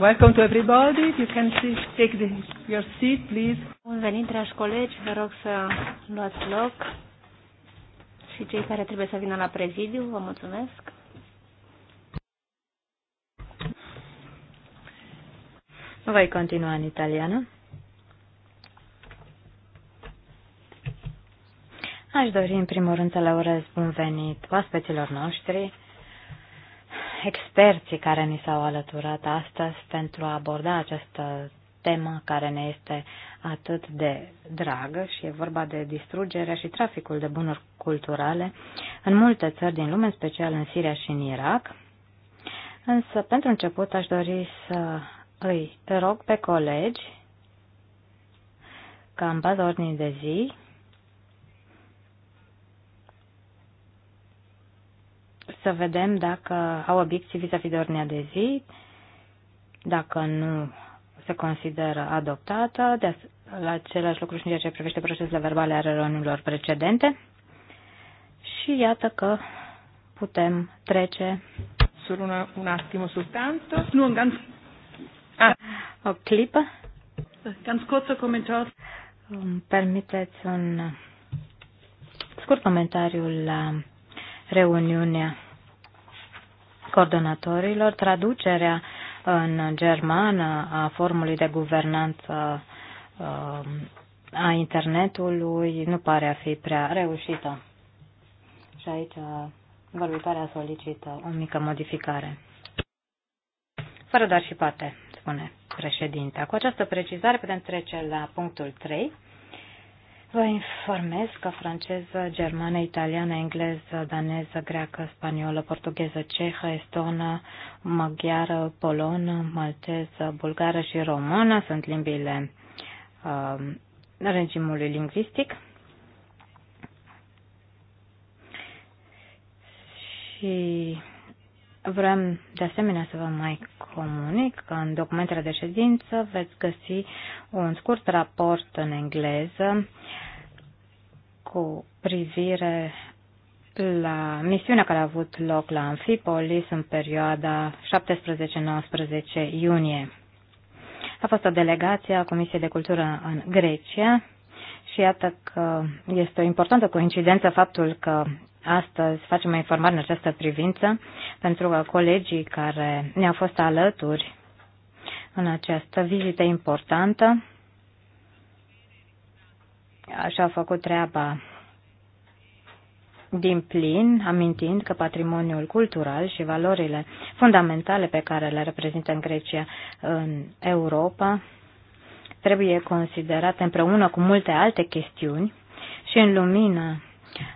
Welcome to everybody. If you can please take the, your seat, please. Bun venit, dragi colegi. Vă rog să luați loc. Și cei care trebuie să vină la prezidiu, vă mulțumesc. Nu Voi continua în italiană. Aș dori în primul rând să le urez bun venit oaspeților noștri, experții care ni s-au alăturat astăzi pentru a aborda această temă care ne este atât de dragă și e vorba de distrugerea și traficul de bunuri culturale în multe țări din lume, în special în Siria și în Irak. Însă, pentru început, aș dori să îi rog pe colegi ca în baza ordinii de zi să vedem dacă au obiecții vis-a-vis de ordinea de zi, dacă nu se consideră adoptată, de la același lucru și în ceea ce privește procesele verbale ale reuniunilor precedente. Și iată că putem trece. Sur una, un attimo soltanto. Nu, ganz... Ah. O clipă. Ganz kurzer să Îmi permiteți un scurt comentariu la reuniunea coordonatorilor, traducerea în germană a formului de guvernanță um, a internetului nu pare a fi prea reușită. Și aici uh, vorbitoarea solicită o mică modificare. Fără dar și poate, spune președinta. Cu această precizare putem trece la punctul 3. Vă informez că franceză, germană, italiană, engleză, daneză, greacă, spaniolă, portugheză, cehă, estonă, maghiară, polonă, malteză, bulgară și română sunt limbile uh, regimului lingvistic. Și Vrem de asemenea să vă mai comunic că în documentele de ședință veți găsi un scurt raport în engleză cu privire la misiunea care a avut loc la Amfipolis în perioada 17-19 iunie. A fost o delegație a Comisiei de Cultură în Grecia și iată că este o importantă coincidență faptul că astăzi facem o informare în această privință, pentru că colegii care ne-au fost alături în această vizită importantă așa au făcut treaba din plin, amintind că patrimoniul cultural și valorile fundamentale pe care le reprezintă în Grecia în Europa trebuie considerate împreună cu multe alte chestiuni și în lumina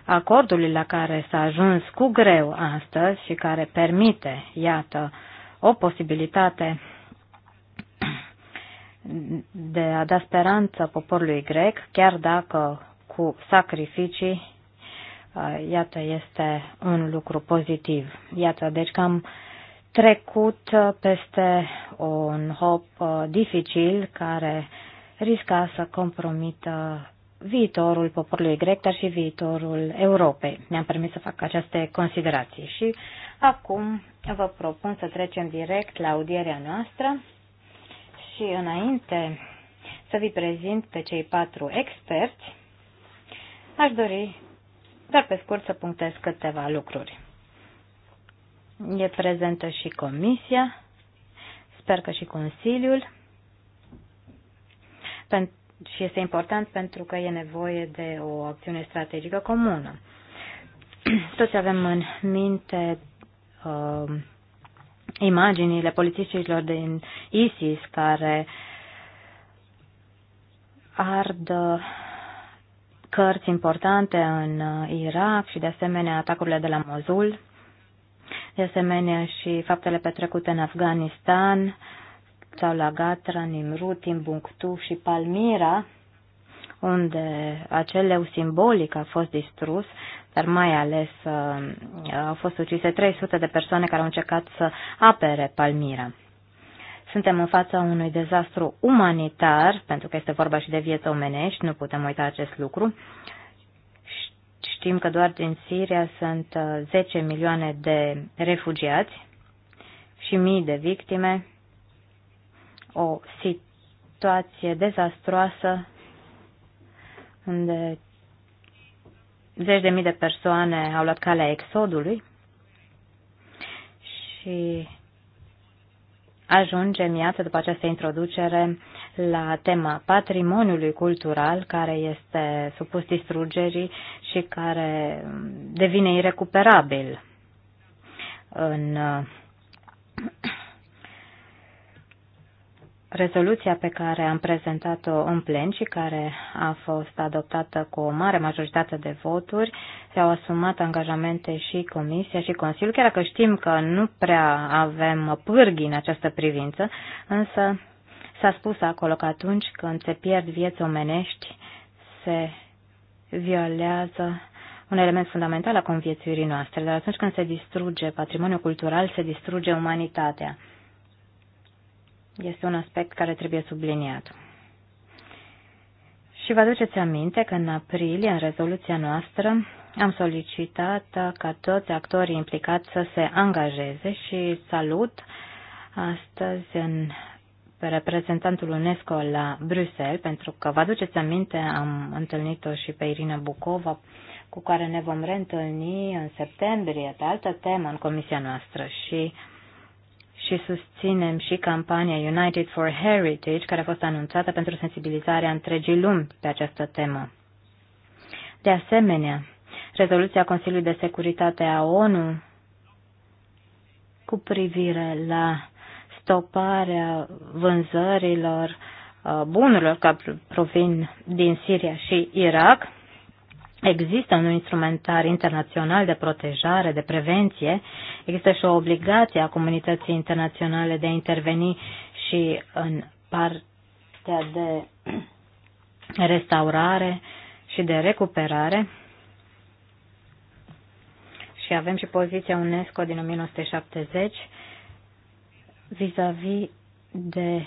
acordului la care s-a ajuns cu greu astăzi și care permite, iată, o posibilitate de a da speranță poporului grec, chiar dacă cu sacrificii, uh, iată, este un lucru pozitiv. Iată, deci că am trecut peste un hop uh, dificil care risca să compromită viitorul poporului grec, dar și viitorul Europei. Ne-am permis să fac aceste considerații și acum vă propun să trecem direct la audierea noastră și înainte să vi prezint pe cei patru experți, aș dori dar pe scurt să punctez câteva lucruri. E prezentă și comisia, sper că și Consiliul, pentru și este important pentru că e nevoie de o acțiune strategică comună. Toți avem în minte uh, imaginile polițiștilor din ISIS care ard uh, cărți importante în uh, Irak și de asemenea atacurile de la Mosul, de asemenea și faptele petrecute în Afganistan, uh, sau la Gatra, Nimru, Timbuktu și Palmira, unde acel leu simbolic a fost distrus, dar mai ales uh, au fost ucise 300 de persoane care au încercat să apere Palmira. Suntem în fața unui dezastru umanitar, pentru că este vorba și de vieți omenești, nu putem uita acest lucru. Știm că doar din Siria sunt 10 uh, milioane de refugiați și mii de victime o situație dezastroasă unde zeci de mii de persoane au luat calea exodului și ajungem, iată, după această introducere, la tema patrimoniului cultural care este supus distrugerii și care devine irecuperabil în rezoluția pe care am prezentat-o în plen și care a fost adoptată cu o mare majoritate de voturi, s-au asumat angajamente și Comisia și Consiliul, chiar că știm că nu prea avem pârghii în această privință, însă s-a spus acolo că atunci când se pierd vieți omenești, se violează un element fundamental a conviețuirii noastre, dar atunci când se distruge patrimoniul cultural, se distruge umanitatea este un aspect care trebuie subliniat. Și vă aduceți aminte că în aprilie, în rezoluția noastră, am solicitat ca toți actorii implicați să se angajeze și salut astăzi în pe reprezentantul UNESCO la Bruxelles, pentru că vă aduceți aminte, am întâlnit-o și pe Irina Bucova, cu care ne vom reîntâlni în septembrie pe altă temă în comisia noastră și și susținem și campania United for Heritage, care a fost anunțată pentru sensibilizarea întregii lumi pe această temă. De asemenea, rezoluția Consiliului de Securitate a ONU cu privire la stoparea vânzărilor uh, bunurilor care provin din Siria și Irak Există un instrumentar internațional de protejare, de prevenție, există și o obligație a comunității internaționale de a interveni și în partea de restaurare și de recuperare. Și avem și poziția UNESCO din 1970 vis-a-vis -vis de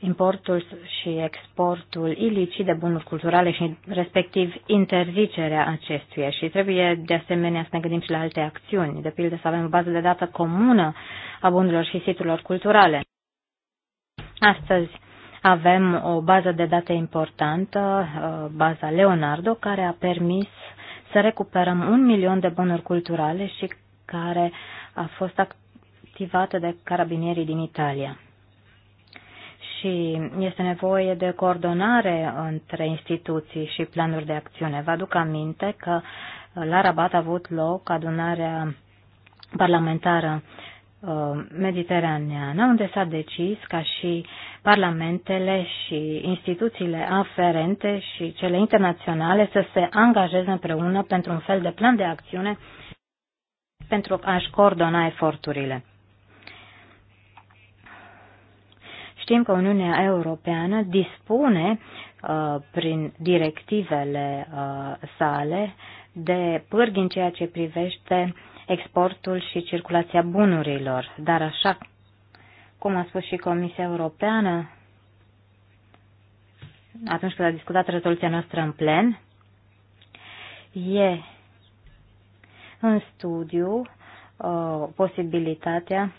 importul și exportul ilicit de bunuri culturale și respectiv interzicerea acestuia și trebuie de asemenea să ne gândim și la alte acțiuni, de pildă să avem o bază de dată comună a bunurilor și siturilor culturale. Astăzi avem o bază de date importantă, uh, baza Leonardo, care a permis să recuperăm un milion de bunuri culturale și care a fost activată de carabinierii din Italia și este nevoie de coordonare între instituții și planuri de acțiune. Vă aduc aminte că la Rabat a avut loc adunarea parlamentară uh, mediteraneană, unde s-a decis ca și parlamentele și instituțiile aferente și cele internaționale să se angajeze împreună pentru un fel de plan de acțiune pentru a-și coordona eforturile. știm că Uniunea Europeană dispune uh, prin directivele uh, sale de pârg în ceea ce privește exportul și circulația bunurilor. Dar așa cum a spus și Comisia Europeană atunci când a discutat rezoluția noastră în plen, e în studiu uh, posibilitatea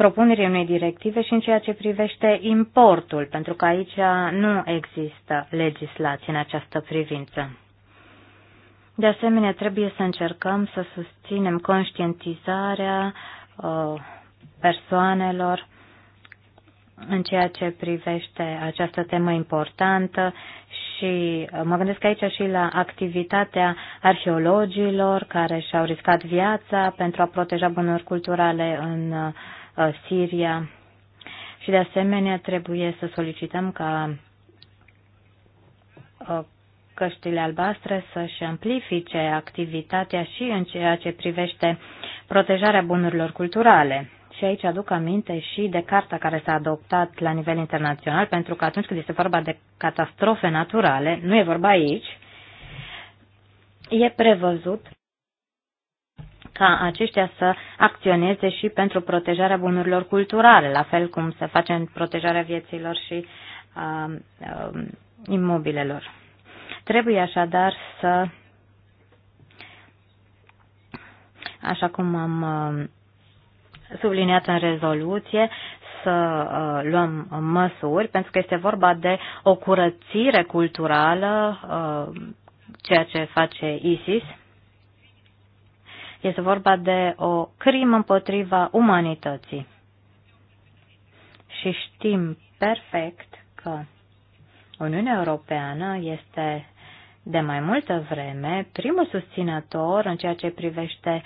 propunerii unei directive și în ceea ce privește importul, pentru că aici nu există legislație în această privință. De asemenea, trebuie să încercăm să susținem conștientizarea uh, persoanelor în ceea ce privește această temă importantă și uh, mă gândesc aici și la activitatea arheologilor care și-au riscat viața pentru a proteja bunuri culturale în uh, Uh, Siria și de asemenea trebuie să solicităm ca uh, căștile albastre să-și amplifice activitatea și în ceea ce privește protejarea bunurilor culturale. Și aici aduc aminte și de carta care s-a adoptat la nivel internațional, pentru că atunci când este vorba de catastrofe naturale, nu e vorba aici, e prevăzut ca aceștia să acționeze și pentru protejarea bunurilor culturale, la fel cum se face în protejarea vieților și a, um, a, um, imobilelor. Trebuie așadar să, așa cum am a, um, subliniat în rezoluție, să uh, luăm măsuri, pentru că este vorba de o curățire culturală, uh, ceea ce face ISIS, este vorba de o crimă împotriva umanității. Și știm perfect că Uniunea Europeană este de mai multă vreme primul susținător în ceea ce privește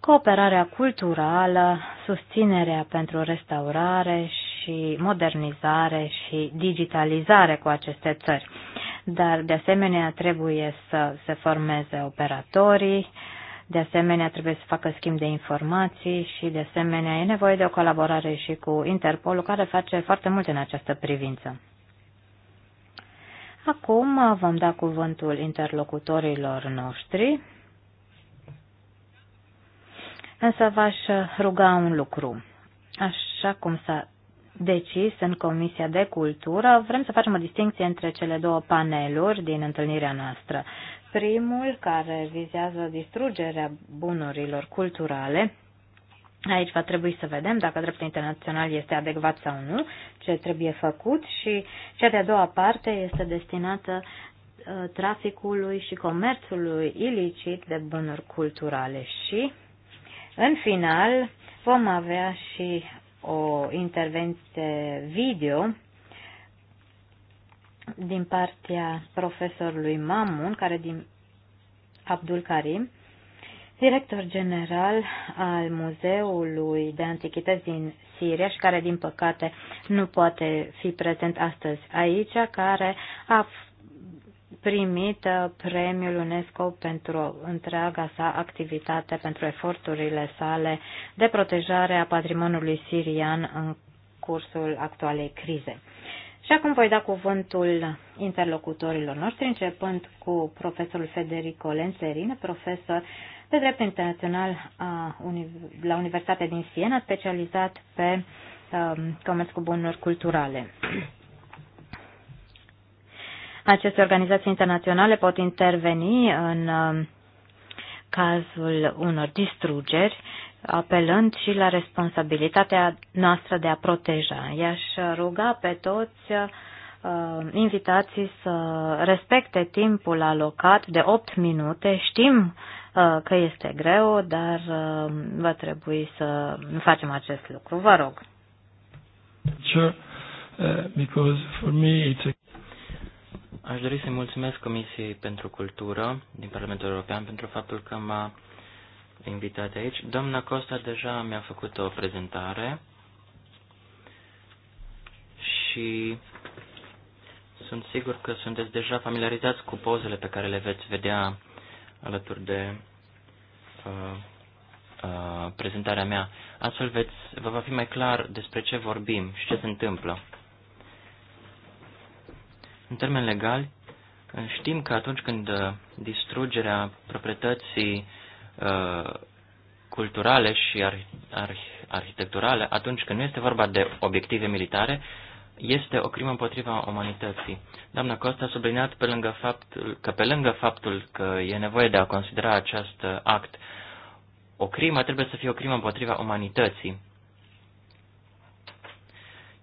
cooperarea culturală, susținerea pentru restaurare și modernizare și digitalizare cu aceste țări. Dar, de asemenea, trebuie să se formeze operatorii, de asemenea, trebuie să facă schimb de informații și, de asemenea, e nevoie de o colaborare și cu Interpolul, care face foarte mult în această privință. Acum uh, vom da cuvântul interlocutorilor noștri, însă v-aș uh, ruga un lucru. Așa cum s-a decis în Comisia de Cultură, vrem să facem o distinție între cele două paneluri din întâlnirea noastră. Primul, care vizează distrugerea bunurilor culturale, Aici va trebui să vedem dacă dreptul internațional este adecvat sau nu, ce trebuie făcut și cea de-a doua parte este destinată uh, traficului și comerțului ilicit de bunuri culturale și, în final, vom avea și o intervenție video din partea profesorului Mamun, care din Abdul Karim, director general al Muzeului de Antichități din Siria și care, din păcate, nu poate fi prezent astăzi aici, care a primit uh, premiul UNESCO pentru întreaga sa activitate, pentru eforturile sale de protejare a patrimoniului sirian în cursul actualei crize. Și acum voi da cuvântul interlocutorilor noștri, începând cu profesorul Federico Lențerine, profesor de drept internațional la Universitatea din Siena, specializat pe um, comerț cu bunuri culturale. Aceste organizații internaționale pot interveni în um, cazul unor distrugeri apelând și la responsabilitatea noastră de a proteja. I-aș ruga pe toți uh, invitații să respecte timpul alocat de 8 minute. Știm uh, că este greu, dar uh, va trebui să facem acest lucru. Vă rog. Sure. Uh, because for me it's a... Aș dori să mulțumesc Comisiei pentru Cultură din Parlamentul European pentru faptul că m-a invitate aici. Doamna Costa deja mi-a făcut o prezentare și sunt sigur că sunteți deja familiarizați cu pozele pe care le veți vedea alături de uh, uh, prezentarea mea. Astfel veți, vă va fi mai clar despre ce vorbim și ce se întâmplă. În termeni legali, știm că atunci când distrugerea proprietății Uh, culturale și ar, ar, arhitecturale, atunci când nu este vorba de obiective militare, este o crimă împotriva umanității. Doamna Costa a subliniat pe lângă faptul, că pe lângă faptul că e nevoie de a considera acest act o crimă, trebuie să fie o crimă împotriva umanității.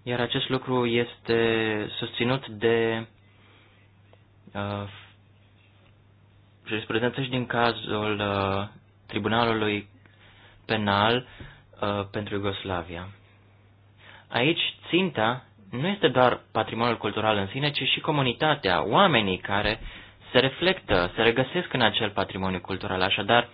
Iar acest lucru este susținut de uh, jurisprudență și din cazul uh, Tribunalului Penal uh, pentru Iugoslavia. Aici ținta nu este doar patrimoniul cultural în sine, ci și comunitatea, oamenii care se reflectă, se regăsesc în acel patrimoniu cultural. Așadar,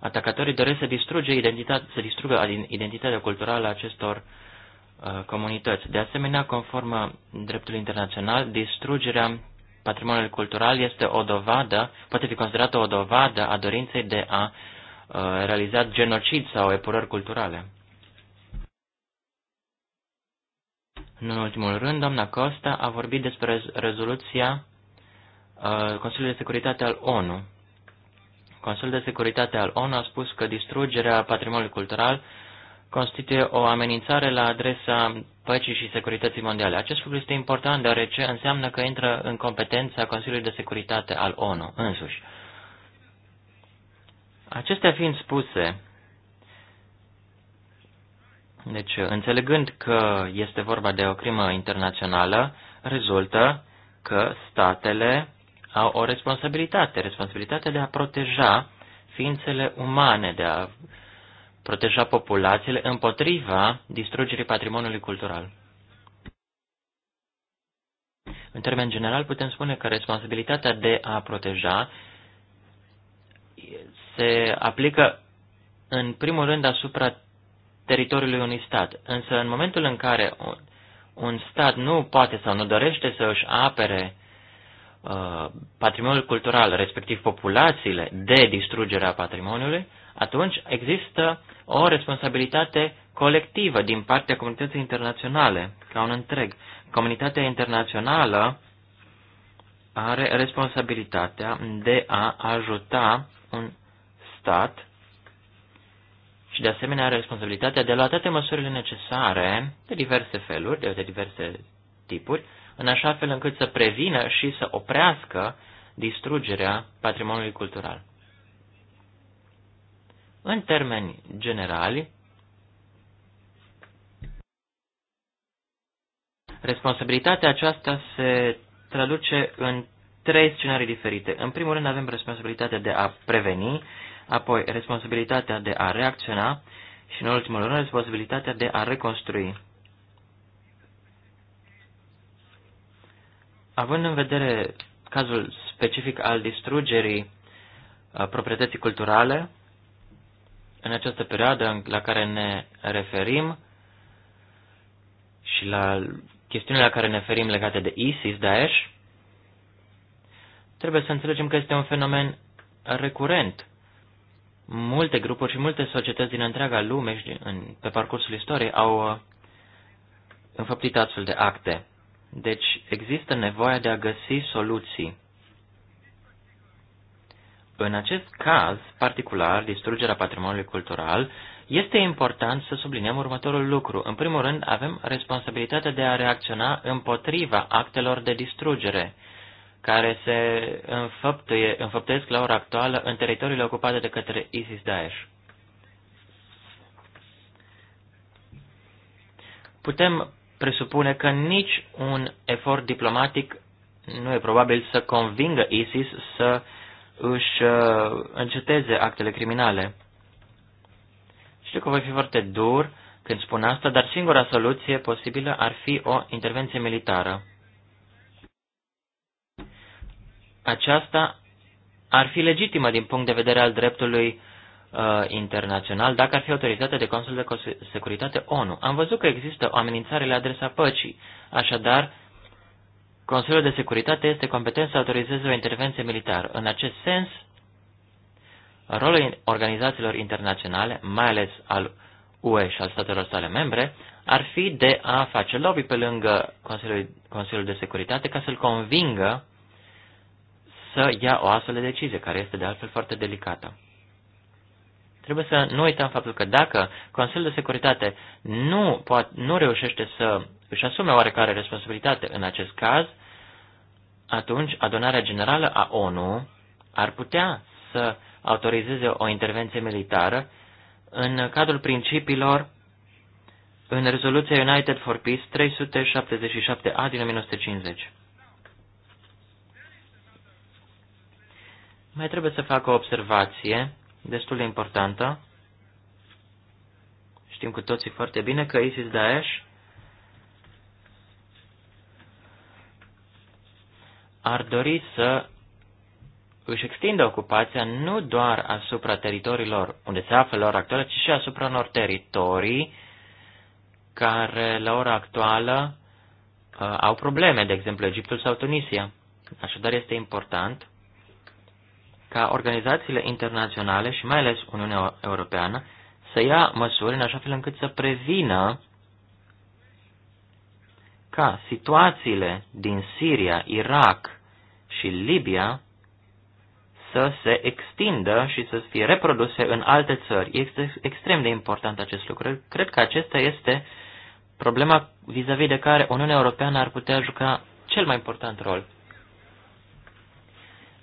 atacatorii doresc să, distruge identitate, să distrugă identitatea culturală a acestor uh, comunități. De asemenea, conform dreptului internațional, distrugerea patrimoniului cultural este o dovadă, poate fi considerată o dovadă a dorinței de a uh, Uh, realizat genocid sau epurări culturale. În ultimul rând, doamna Costa a vorbit despre rezoluția uh, Consiliului de Securitate al ONU. Consiliul de Securitate al ONU a spus că distrugerea patrimoniului cultural constituie o amenințare la adresa păcii și securității mondiale. Acest lucru este important deoarece înseamnă că intră în competența Consiliului de Securitate al ONU însuși. Acestea fiind spuse, deci înțelegând că este vorba de o crimă internațională, rezultă că statele au o responsabilitate, responsabilitatea de a proteja ființele umane, de a proteja populațiile împotriva distrugerii patrimoniului cultural. În termen general, putem spune că responsabilitatea de a proteja se aplică în primul rând asupra teritoriului unui stat. Însă în momentul în care un stat nu poate sau nu dorește să își apere uh, patrimoniul cultural, respectiv populațiile, de distrugerea patrimoniului, atunci există o responsabilitate colectivă din partea comunității internaționale, ca un întreg. Comunitatea internațională are responsabilitatea de a ajuta un stat și, de asemenea, are responsabilitatea de a lua toate măsurile necesare, de diverse feluri, de, de diverse tipuri, în așa fel încât să prevină și să oprească distrugerea patrimoniului cultural. În termeni generali, responsabilitatea aceasta se traduce în trei scenarii diferite. În primul rând avem responsabilitatea de a preveni apoi responsabilitatea de a reacționa și, în ultimul rând, responsabilitatea de a reconstrui. Având în vedere cazul specific al distrugerii uh, proprietății culturale, în această perioadă la care ne referim și la chestiunile la care ne referim legate de ISIS, Daesh, trebuie să înțelegem că este un fenomen recurent multe grupuri și multe societăți din întreaga lume și în, pe parcursul istoriei au uh, înfăptit astfel de acte. Deci există nevoia de a găsi soluții. În acest caz particular, distrugerea patrimoniului cultural, este important să subliniem următorul lucru. În primul rând, avem responsabilitatea de a reacționa împotriva actelor de distrugere care se înfăptuie, înfăptuiesc la ora actuală în teritoriile ocupate de către ISIS-Daesh. Putem presupune că nici un efort diplomatic nu e probabil să convingă ISIS să își uh, înceteze actele criminale. Știu că voi fi foarte dur când spun asta, dar singura soluție posibilă ar fi o intervenție militară. aceasta ar fi legitimă din punct de vedere al dreptului uh, internațional dacă ar fi autorizată de Consul de Securitate ONU. Am văzut că există o amenințare la adresa păcii, așadar, Consiliul de Securitate este competent să autorizeze o intervenție militară. În acest sens, rolul organizațiilor internaționale, mai ales al UE și al statelor sale membre, ar fi de a face lobby pe lângă Consiliul, Consiliul de Securitate ca să-l convingă să ia o astfel de decizie, care este de altfel foarte delicată. Trebuie să nu uităm faptul că dacă Consiliul de Securitate nu, poate, nu reușește să își asume oarecare responsabilitate în acest caz, atunci adunarea generală a ONU ar putea să autorizeze o intervenție militară în cadrul principiilor în rezoluția United for Peace 377A din 1950. Mai trebuie să fac o observație destul de importantă. Știm cu toții foarte bine că ISIS-Daesh ar dori să își extindă ocupația nu doar asupra teritoriilor unde se află la ora actuală, ci și asupra unor teritorii care la ora actuală uh, au probleme, de exemplu Egiptul sau Tunisia. Așadar este important ca organizațiile internaționale și mai ales Uniunea Europeană să ia măsuri în așa fel încât să prevină ca situațiile din Siria, Irak și Libia să se extindă și să fie reproduse în alte țări. Este extrem de important acest lucru. Cred că acesta este problema vis-a-vis -vis de care Uniunea Europeană ar putea juca cel mai important rol.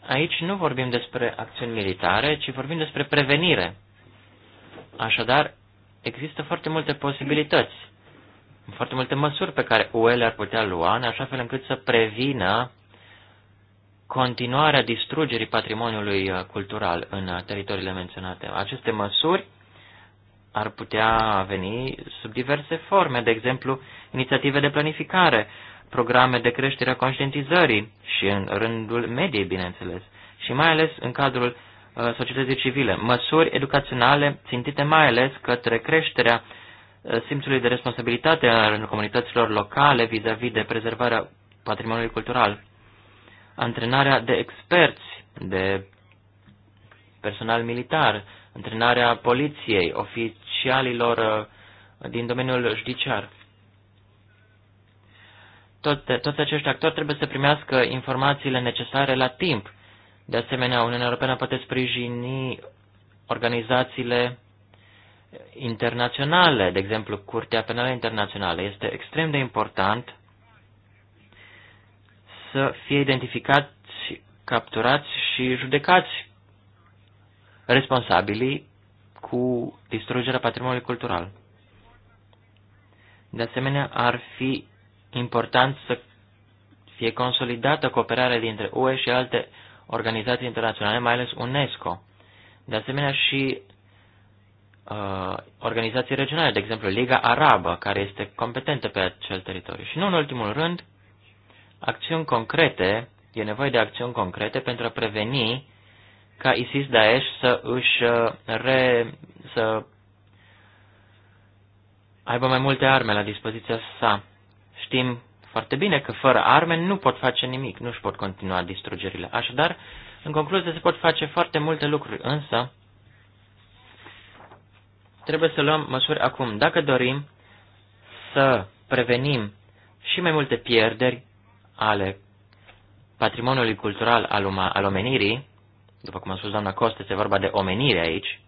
Aici nu vorbim despre acțiuni militare, ci vorbim despre prevenire. Așadar, există foarte multe posibilități, foarte multe măsuri pe care UE le-ar putea lua, în așa fel încât să prevină continuarea distrugerii patrimoniului uh, cultural în teritoriile menționate. Aceste măsuri ar putea veni sub diverse forme, de exemplu, inițiative de planificare, programe de creștere a conștientizării și în rândul mediei, bineînțeles, și mai ales în cadrul uh, societății civile, măsuri educaționale țintite mai ales către creșterea uh, simțului de responsabilitate în rândul comunităților locale vis-a-vis -vis de prezervarea patrimoniului cultural, antrenarea de experți, de personal militar, antrenarea poliției, oficialilor uh, din domeniul judiciar toate, toți acești actori trebuie să primească informațiile necesare la timp. De asemenea, Uniunea Europeană poate sprijini organizațiile internaționale, de exemplu Curtea Penală Internațională. Este extrem de important să fie identificați, capturați și judecați responsabilii cu distrugerea patrimoniului cultural. De asemenea, ar fi important să fie consolidată cooperarea dintre UE și alte organizații internaționale, mai ales UNESCO. De asemenea și uh, organizații regionale, de exemplu Liga Arabă, care este competentă pe acel teritoriu. Și nu în ultimul rând, acțiuni concrete, e nevoie de acțiuni concrete pentru a preveni ca ISIS-Daesh să își uh, re, să aibă mai multe arme la dispoziția sa știm foarte bine că fără arme nu pot face nimic, nu își pot continua distrugerile. Așadar, în concluzie, se pot face foarte multe lucruri, însă trebuie să luăm măsuri acum. Dacă dorim să prevenim și mai multe pierderi ale patrimoniului cultural al, uma, al omenirii, după cum a spus doamna Coste, se vorba de omenire aici,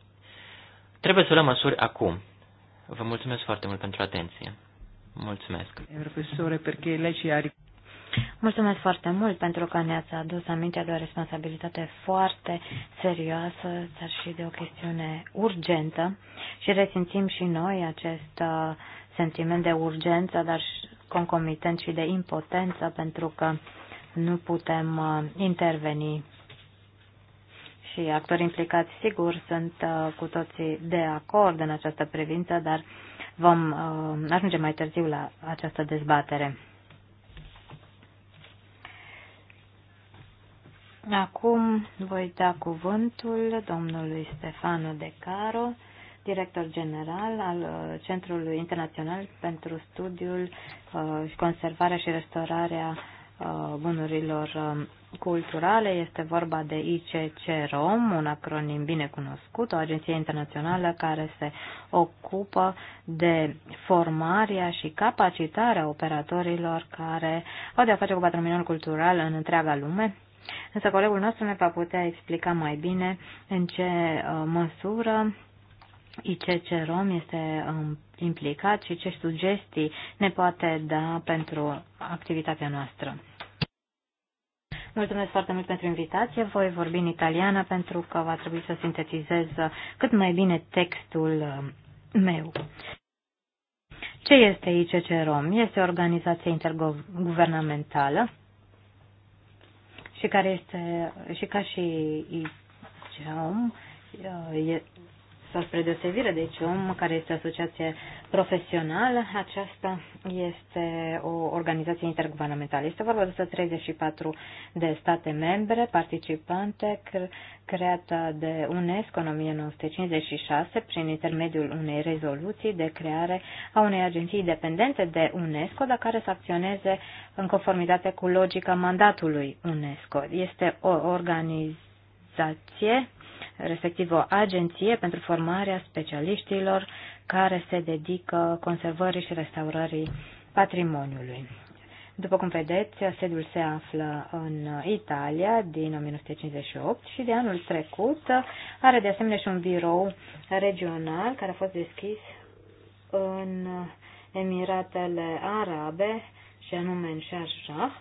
trebuie să luăm măsuri acum. Vă mulțumesc foarte mult pentru atenție. Mulțumesc. Profesore, perché lei ci ha Mulțumesc foarte mult pentru că ne-ați adus aminte de o responsabilitate foarte serioasă, dar și de o chestiune urgentă și resimțim și noi acest uh, sentiment de urgență, dar și concomitent și de impotență pentru că nu putem uh, interveni și actorii implicați, sigur, sunt uh, cu toții de acord în această privință, dar uh, vom uh, ajunge mai târziu la această dezbatere. Acum voi da cuvântul domnului Stefano De Caro, director general al uh, Centrului Internațional pentru Studiul uh, și Conservarea și Restaurarea Uh, bunurilor um, culturale. Este vorba de ICC-ROM, un acronim bine cunoscut, o agenție internațională care se ocupă de formarea și capacitarea operatorilor care au de-a face cu patrimoniul cultural în întreaga lume. Însă colegul nostru ne va putea explica mai bine în ce uh, măsură ICC Rom este um, implicat și ce sugestii ne poate da pentru activitatea noastră. Mulțumesc foarte mult pentru invitație. Voi vorbi în italiană pentru că va trebui să sintetizez cât mai bine textul uh, meu. Ce este ICCROM? Este o organizație interguvernamentală și care este și ca și ICCROM uh, sau spre deosebire de CIOM, deci, care este o asociație profesională, aceasta este o organizație interguvernamentală. Este vorba de 134 de state membre participante creată de UNESCO în 1956 prin intermediul unei rezoluții de creare a unei agenții independente de UNESCO, dar care să acționeze în conformitate cu logica mandatului UNESCO. Este o organizație respectiv o agenție pentru formarea specialiștilor care se dedică conservării și restaurării patrimoniului. După cum vedeți, sediul se află în Italia din 1958 și de anul trecut are de asemenea și un birou regional care a fost deschis în Emiratele Arabe și anume în Sharjah,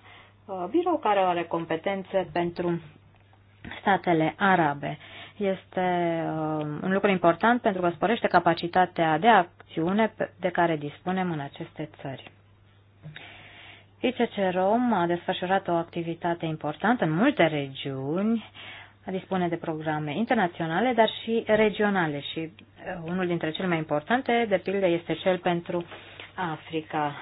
birou care are competențe pentru statele arabe este um, un lucru important pentru că sporește capacitatea de acțiune de care dispunem în aceste țări. ICC Rom a desfășurat o activitate importantă în multe regiuni, dispune de programe internaționale, dar și regionale și uh, unul dintre cele mai importante, de pildă, este cel pentru Africa.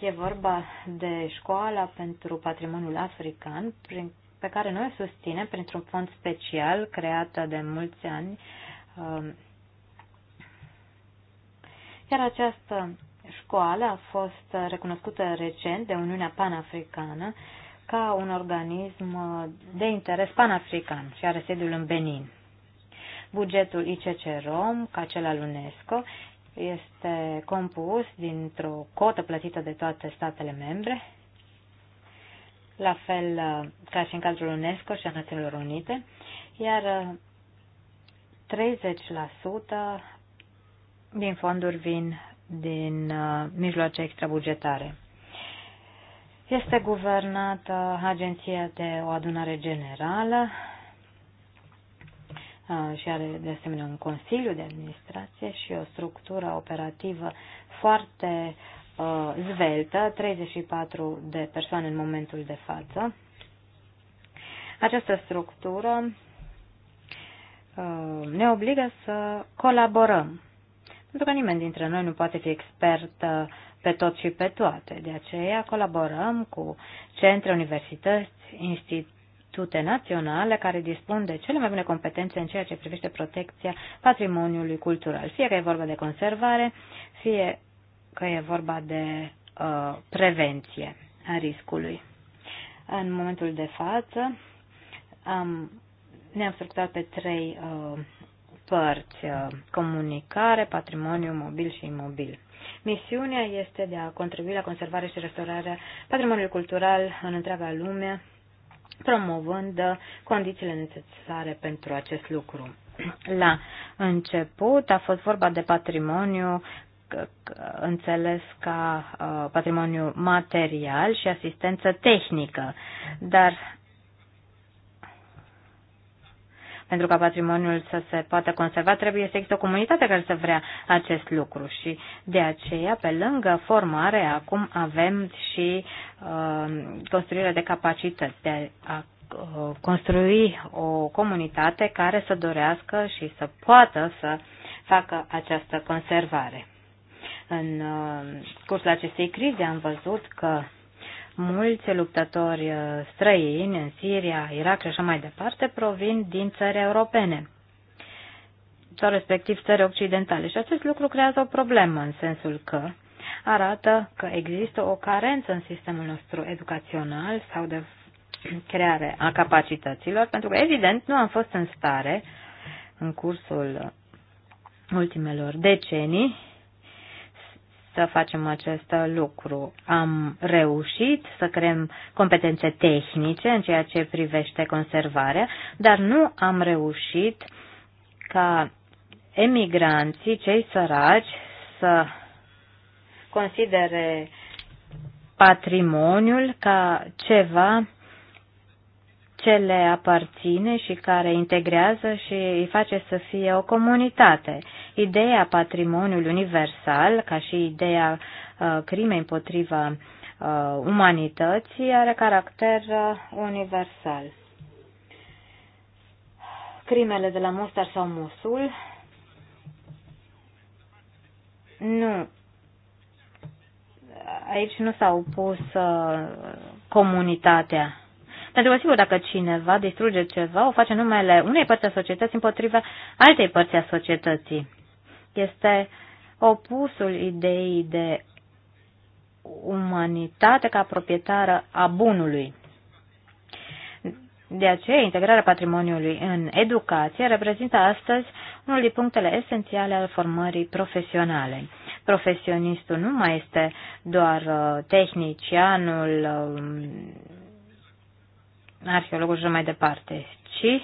E vorba de școala pentru patrimoniul african, prin pe care noi o susținem printr-un fond special creat de mulți ani. Um, Iar această școală a fost recunoscută recent de Uniunea Panafricană ca un organism de interes panafrican și are sediul în Benin. Bugetul ICC Rom, ca cel al UNESCO, este compus dintr-o cotă plătită de toate statele membre, la fel uh, ca și în cadrul UNESCO și a Națiunilor Unite, iar 30% uh, din fonduri vin din uh, mijloace extrabugetare. Este guvernată agenția de o adunare generală și are de asemenea un consiliu de administrație și o structură operativă foarte uh, zveltă, 34 de persoane în momentul de față. Această structură uh, ne obligă să colaborăm, pentru că nimeni dintre noi nu poate fi expert uh, pe tot și pe toate. De aceea colaborăm cu centre, universități, institute naționale care dispun de cele mai bune competențe în ceea ce privește protecția patrimoniului cultural, fie că e vorba de conservare, fie că e vorba de uh, prevenție a riscului. În momentul de față am, ne-am structurat pe trei uh, părți, uh, comunicare, patrimoniu mobil și imobil. Misiunea este de a contribui la conservarea și restaurarea patrimoniului cultural în întreaga lume, promovând condițiile necesare pentru acest lucru. La început a fost vorba de patrimoniu înțeles ca uh, patrimoniu material și asistență tehnică, dar pentru ca patrimoniul să se poată conserva, trebuie să există o comunitate care să vrea acest lucru și de aceea, pe lângă formare, acum avem și uh, construirea de capacități de a uh, construi o comunitate care să dorească și să poată să facă această conservare. În uh, cursul acestei crize am văzut că mulți luptători uh, străini în Siria, Irak și așa mai departe provin din țări europene sau respectiv țări occidentale. Și acest lucru creează o problemă în sensul că arată că există o carență în sistemul nostru educațional sau de creare a capacităților, pentru că, evident, nu am fost în stare, în cursul ultimelor decenii, să facem acest lucru. Am reușit să creăm competențe tehnice în ceea ce privește conservarea, dar nu am reușit ca emigranții, cei săraci, să considere patrimoniul ca ceva ce le aparține și care integrează și îi face să fie o comunitate ideea patrimoniului universal, ca și ideea uh, crimei împotriva uh, umanității, are caracter uh, universal. Crimele de la Mostar sau Mosul nu. Aici nu s-a opus uh, comunitatea. Pentru că, sigur, dacă cineva distruge ceva, o face numele unei părți a societății împotriva altei părți a societății. Este opusul ideii de umanitate ca proprietară a bunului. De aceea, integrarea patrimoniului în educație reprezintă astăzi unul din punctele esențiale ale formării profesionale. Profesionistul nu mai este doar uh, tehnicianul, um, arheologul și mai departe, ci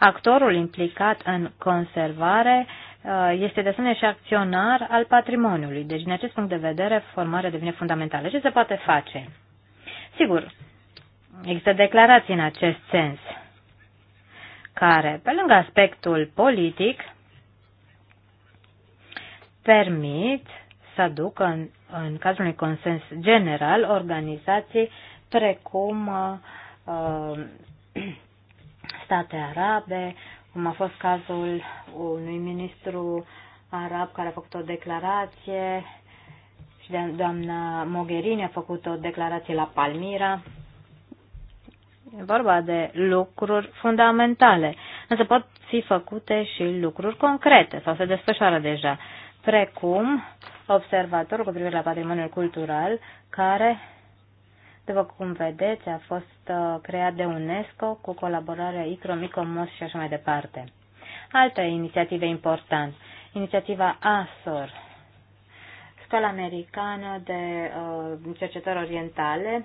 Actorul implicat în conservare uh, este de asemenea și acționar al patrimoniului. Deci, din acest punct de vedere, formarea devine fundamentală. Ce se poate face? Sigur, există declarații în acest sens, care, pe lângă aspectul politic, permit să aducă în, în cazul unui consens general organizații precum uh, uh, state arabe, cum a fost cazul unui ministru arab care a făcut o declarație și de doamna Mogherini a făcut o declarație la Palmira. E vorba de lucruri fundamentale, însă pot fi făcute și lucruri concrete sau se desfășoară deja, precum observatorul cu privire la patrimoniul cultural care după cum vedeți, a fost uh, creat de UNESCO cu colaborarea ICRO, MICOMOS și așa mai departe. Alte inițiative importante. Inițiativa ASOR, Școala Americană de uh, Cercetări Orientale,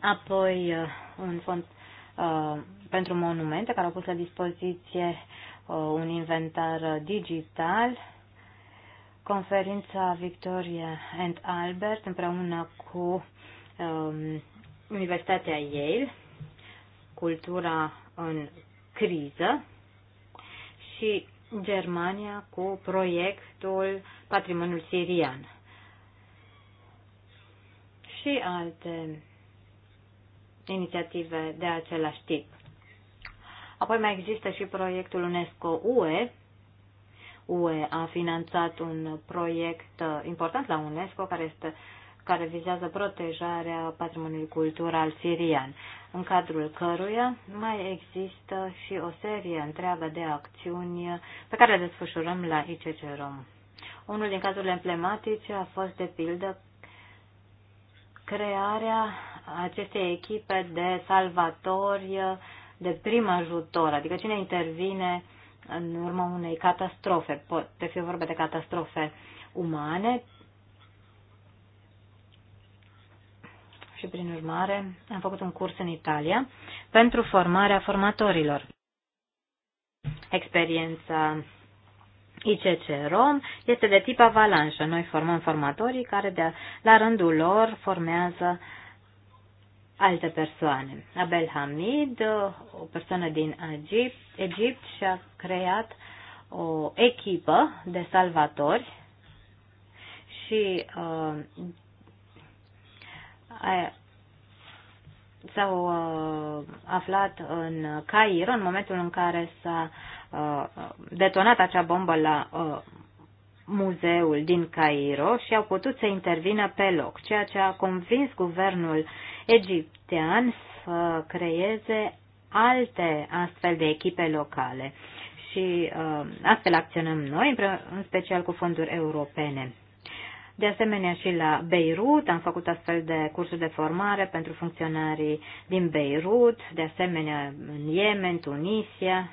apoi uh, un fond uh, pentru monumente care au pus la dispoziție uh, un inventar uh, digital conferința Victoria and Albert împreună cu um, Universitatea Yale, Cultura în criză și Germania cu proiectul Patrimoniul Sirian și alte inițiative de același tip. Apoi mai există și proiectul UNESCO-UE, UE a finanțat un proiect uh, important la UNESCO care este care vizează protejarea patrimoniului cultural sirian, în cadrul căruia mai există și o serie întreagă de acțiuni pe care le desfășurăm la Rom. Unul din cazurile emblematice a fost, de pildă, crearea acestei echipe de salvatori de prim ajutor, adică cine intervine uh, în urma unei catastrofe. Poate fi vorba de catastrofe umane și, prin urmare, am făcut un curs în Italia pentru formarea formatorilor. Experiența ICC Rom este de tip avalanșă. Noi formăm formatorii care, de, la rândul lor, formează alte persoane. Abel Hamid, o persoană din Egipt, Egipt și-a creat o echipă de salvatori și uh, s-au uh, aflat în Cairo în momentul în care s-a uh, detonat acea bombă la uh, muzeul din Cairo și au putut să intervină pe loc, ceea ce a convins guvernul egiptean să creeze alte astfel de echipe locale. Și uh, astfel acționăm noi, în special cu fonduri europene. De asemenea și la Beirut am făcut astfel de cursuri de formare pentru funcționarii din Beirut, de asemenea în Yemen, Tunisia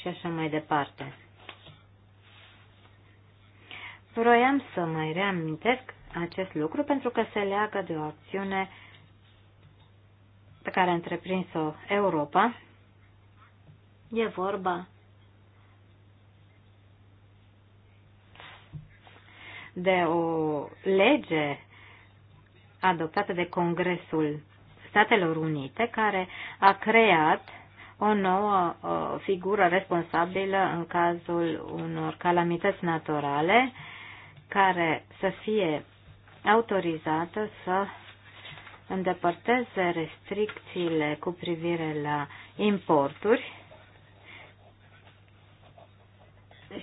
și așa mai departe. Vroiam să mai reamintesc acest lucru pentru că se leagă de o acțiune pe care a întreprins-o Europa. E vorba de o lege adoptată de Congresul Statelor Unite care a creat o nouă o figură responsabilă în cazul unor calamități naturale care să fie autorizată să îndepărteze restricțiile cu privire la importuri.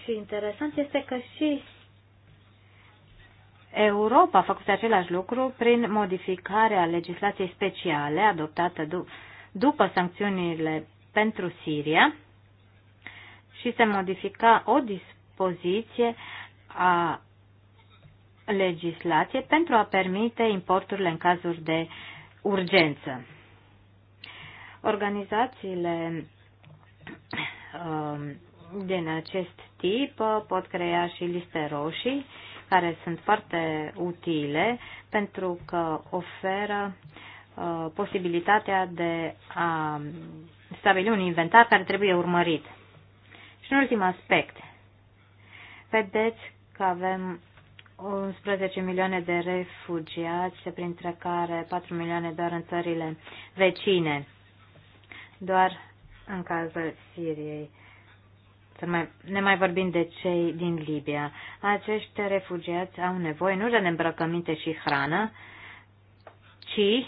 Și interesant este că și Europa a făcut același lucru prin modificarea legislației speciale adoptată după sancțiunile pentru Siria și se modifica o dispoziție a legislație pentru a permite importurile în cazuri de urgență. Organizațiile um, din acest tip uh, pot crea și liste roșii care sunt foarte utile pentru că oferă uh, posibilitatea de a stabili un inventar care trebuie urmărit. Și un ultim aspect. Vedeți că avem 11 milioane de refugiați, printre care 4 milioane doar în țările vecine, doar în cazul Siriei. Să mai, ne mai vorbim de cei din Libia. Acești refugiați au nevoie nu de îmbrăcăminte și hrană, ci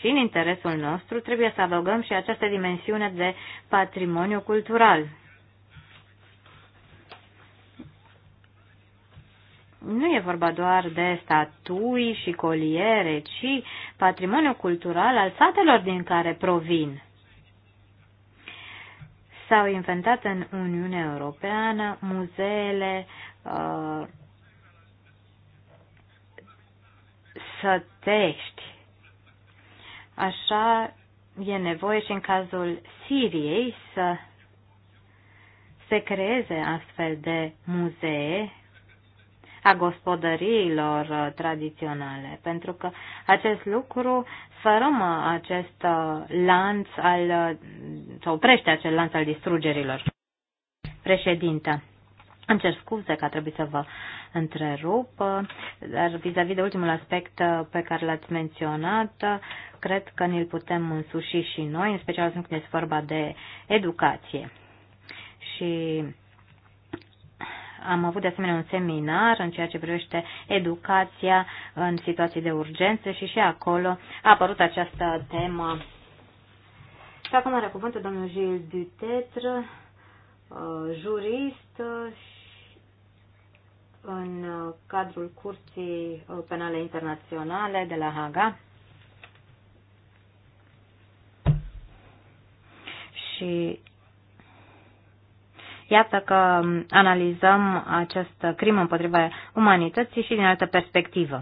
și în interesul nostru trebuie să adăugăm și această dimensiune de patrimoniu cultural. nu e vorba doar de statui și coliere, ci patrimoniul cultural al satelor din care provin. S-au inventat în Uniunea Europeană muzeele uh, sătești. Așa e nevoie și în cazul Siriei să se creeze astfel de muzee a gospodăriilor uh, tradiționale, pentru că acest lucru sfărâmă acest uh, lanț al, uh, sau oprește acel lanț al distrugerilor. Președinte, îmi cer scuze că a trebuit să vă întrerup, dar vis-a-vis -vis de ultimul aspect pe care l-ați menționat, cred că ne-l putem însuși și noi, în special când este vorba de educație. Și am avut de asemenea un seminar în ceea ce privește educația în situații de urgență și și acolo a apărut această temă. Și acum are cuvântul domnul Gilles Dutetre, uh, jurist uh, în cadrul Curții Penale Internaționale de la Haga. Și Iată că analizăm acest crimă împotriva umanității și din altă perspectivă.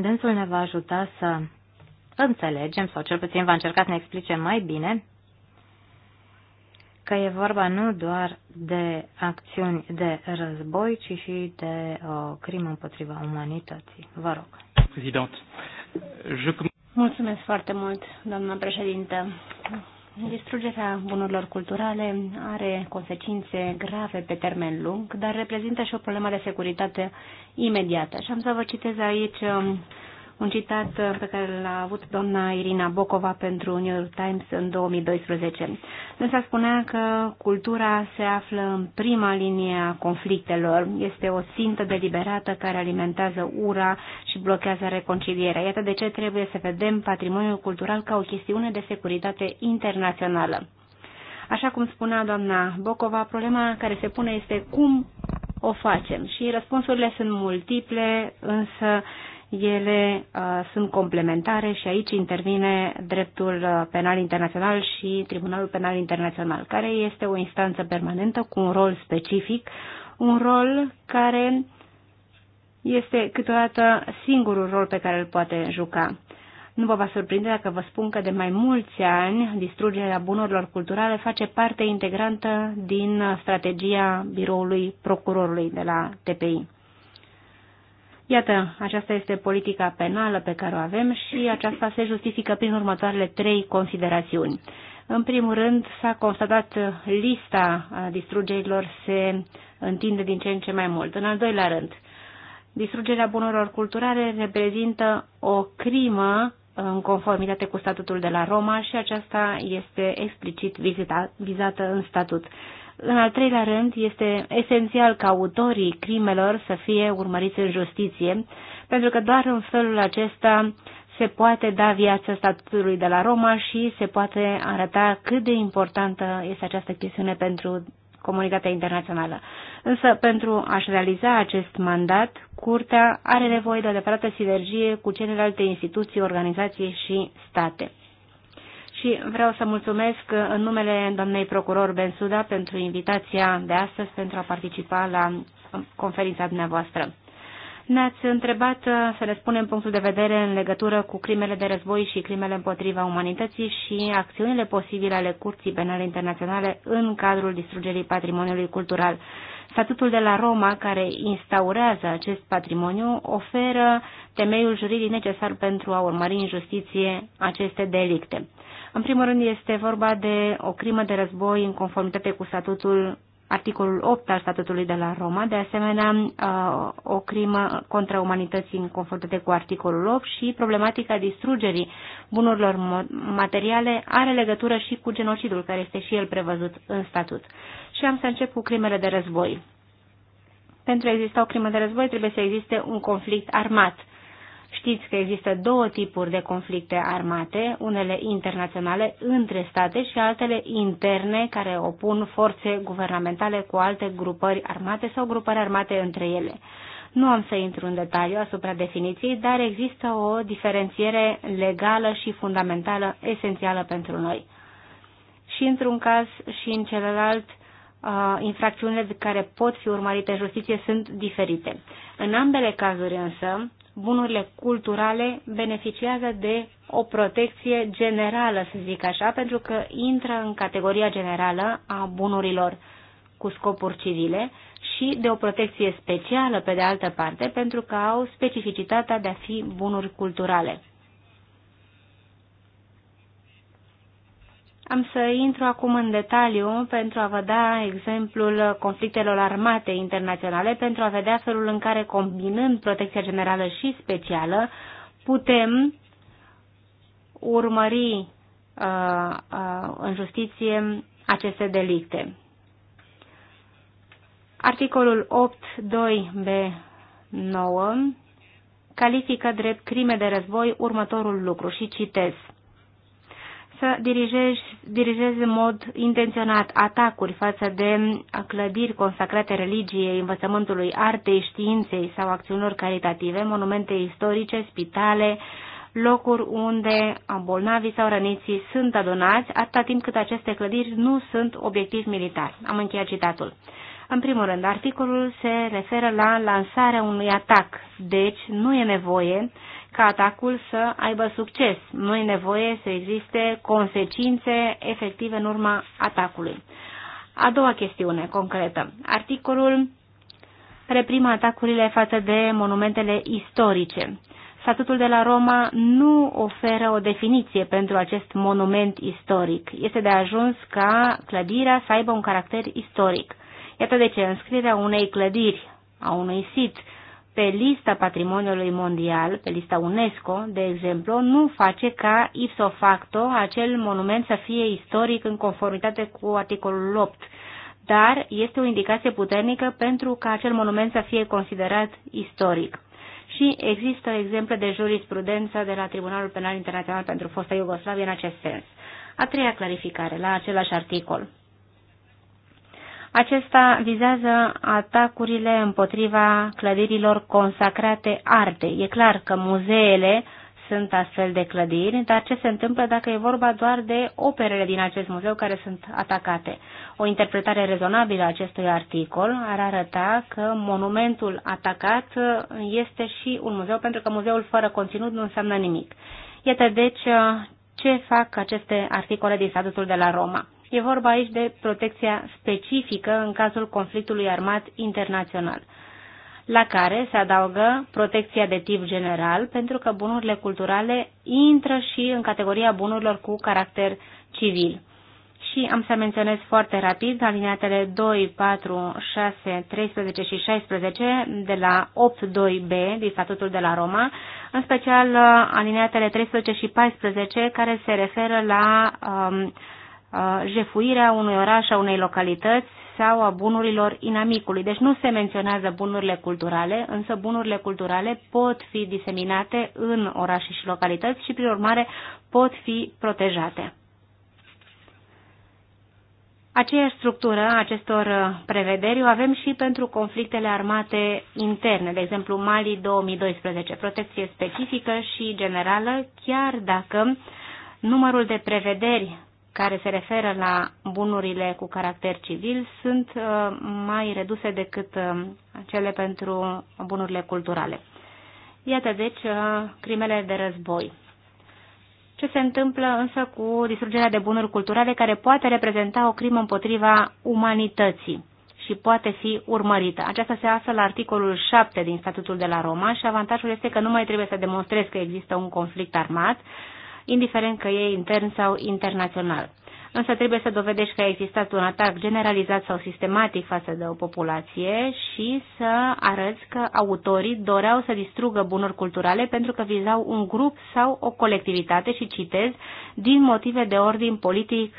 Dânsul ne va ajuta să înțelegem, sau cel puțin va încerca să ne explice mai bine, că e vorba nu doar de acțiuni de război, ci și de o uh, crimă împotriva umanității. Vă rog. Présidente, je Mulțumesc foarte mult, doamna președintă. Distrugerea bunurilor culturale are consecințe grave pe termen lung, dar reprezintă și o problemă de securitate imediată. Și am să vă citez aici um, un citat uh, pe care l-a avut doamna Irina Bocova pentru New York Times în 2012. Însă spunea că cultura se află în prima linie a conflictelor, este o țintă deliberată care alimentează ura și blochează reconcilierea. Iată de ce trebuie să vedem patrimoniul cultural ca o chestiune de securitate internațională. Așa cum spunea doamna Bocova, problema care se pune este cum o facem. Și răspunsurile sunt multiple, însă ele uh, sunt complementare și aici intervine dreptul uh, penal internațional și Tribunalul Penal Internațional, care este o instanță permanentă cu un rol specific, un rol care este câteodată singurul rol pe care îl poate juca. Nu vă va surprinde dacă vă spun că de mai mulți ani distrugerea bunurilor culturale face parte integrantă din strategia biroului procurorului de la TPI. Iată, aceasta este politica penală pe care o avem și aceasta se justifică prin următoarele trei considerațiuni. În primul rând, s-a constatat lista distrugerilor se întinde din ce în ce mai mult. În al doilea rând, distrugerea bunurilor culturale reprezintă o crimă în conformitate cu statutul de la Roma și aceasta este explicit vizita, vizată în statut. În al treilea rând, este esențial ca autorii crimelor să fie urmăriți în justiție, pentru că doar în felul acesta se poate da viață statutului de la Roma și se poate arăta cât de importantă este această chestiune pentru comunitatea internațională. Însă, pentru a-și realiza acest mandat, Curtea are nevoie de o adevărată sinergie cu celelalte instituții, organizații și state și vreau să mulțumesc în numele doamnei procuror Bensuda pentru invitația de astăzi pentru a participa la conferința dumneavoastră. Ne-ați întrebat uh, să ne spunem punctul de vedere în legătură cu crimele de război și crimele împotriva umanității și acțiunile posibile ale Curții Penale Internaționale în cadrul distrugerii patrimoniului cultural. Statutul de la Roma, care instaurează acest patrimoniu, oferă temeiul juridic necesar pentru a urmări în justiție aceste delicte. În primul rând este vorba de o crimă de război în conformitate cu statutul articolul 8 al statutului de la Roma, de asemenea uh, o crimă contra umanității în conformitate cu articolul 8 și problematica distrugerii bunurilor materiale are legătură și cu genocidul, care este și el prevăzut în statut. Și am să încep cu crimele de război. Pentru a exista o crimă de război trebuie să existe un conflict armat. Știți că există două tipuri de conflicte armate, unele internaționale între state și altele interne care opun forțe guvernamentale cu alte grupări armate sau grupări armate între ele. Nu am să intru în detaliu asupra definiției, dar există o diferențiere legală și fundamentală esențială pentru noi. Și într-un caz și în celălalt, uh, infracțiunile care pot fi urmărite în justiție sunt diferite. În ambele cazuri însă, bunurile culturale beneficiază de o protecție generală, să zic așa, pentru că intră în categoria generală a bunurilor cu scopuri civile și de o protecție specială, pe de altă parte, pentru că au specificitatea de a fi bunuri culturale. Am să intru acum în detaliu pentru a vă da exemplul conflictelor armate internaționale, pentru a vedea felul în care, combinând protecția generală și specială, putem urmări uh, uh, în justiție aceste delicte. Articolul 8.2b9 califică drept crime de război următorul lucru și citesc să dirigezi, dirigezi în mod intenționat atacuri față de clădiri consacrate religiei, învățământului artei, științei sau acțiunilor caritative, monumente istorice, spitale, locuri unde bolnavii sau răniții sunt adunați, atâta timp cât aceste clădiri nu sunt obiectiv militar. Am încheiat citatul. În primul rând, articolul se referă la lansarea unui atac, deci nu e nevoie ca atacul să aibă succes. Nu e nevoie să existe consecințe efective în urma atacului. A doua chestiune concretă. Articolul reprimă atacurile față de monumentele istorice. Statutul de la Roma nu oferă o definiție pentru acest monument istoric. Este de ajuns ca clădirea să aibă un caracter istoric. Iată de ce înscrierea unei clădiri, a unui sit, pe lista patrimoniului mondial, pe lista UNESCO, de exemplu, nu face ca ipso facto acel monument să fie istoric în conformitate cu articolul 8, dar este o indicație puternică pentru ca acel monument să fie considerat istoric. Și există exemple de jurisprudență de la Tribunalul Penal Internațional pentru fosta Iugoslavie în acest sens. A treia clarificare la același articol. Acesta vizează atacurile împotriva clădirilor consacrate arte. E clar că muzeele sunt astfel de clădiri, dar ce se întâmplă dacă e vorba doar de operele din acest muzeu care sunt atacate? O interpretare rezonabilă a acestui articol ar arăta că monumentul atacat este și un muzeu, pentru că muzeul fără conținut nu înseamnă nimic. Iată deci ce fac aceste articole din statutul de la Roma. E vorba aici de protecția specifică în cazul conflictului armat internațional, la care se adaugă protecția de tip general, pentru că bunurile culturale intră și în categoria bunurilor cu caracter civil. Și am să menționez foarte rapid alineatele 2, 4, 6, 13 și 16 de la 8.2b din statutul de la Roma, în special uh, alineatele 13 și 14 care se referă la um, Uh, jefuirea unui oraș, a unei localități sau a bunurilor inamicului. Deci nu se menționează bunurile culturale, însă bunurile culturale pot fi diseminate în orașe și localități și, prin urmare, pot fi protejate. Aceeași structură a acestor uh, prevederi o avem și pentru conflictele armate interne, de exemplu Mali 2012, protecție specifică și generală, chiar dacă numărul de prevederi care se referă la bunurile cu caracter civil sunt uh, mai reduse decât uh, cele pentru bunurile culturale. Iată deci uh, crimele de război. Ce se întâmplă însă cu distrugerea de bunuri culturale care poate reprezenta o crimă împotriva umanității și poate fi urmărită. Aceasta se află la articolul 7 din statutul de la Roma și avantajul este că nu mai trebuie să demonstrezi că există un conflict armat, indiferent că e intern sau internațional. Însă trebuie să dovedești că a existat un atac generalizat sau sistematic față de o populație și să arăți că autorii doreau să distrugă bunuri culturale pentru că vizau un grup sau o colectivitate și citez din motive de ordin politic,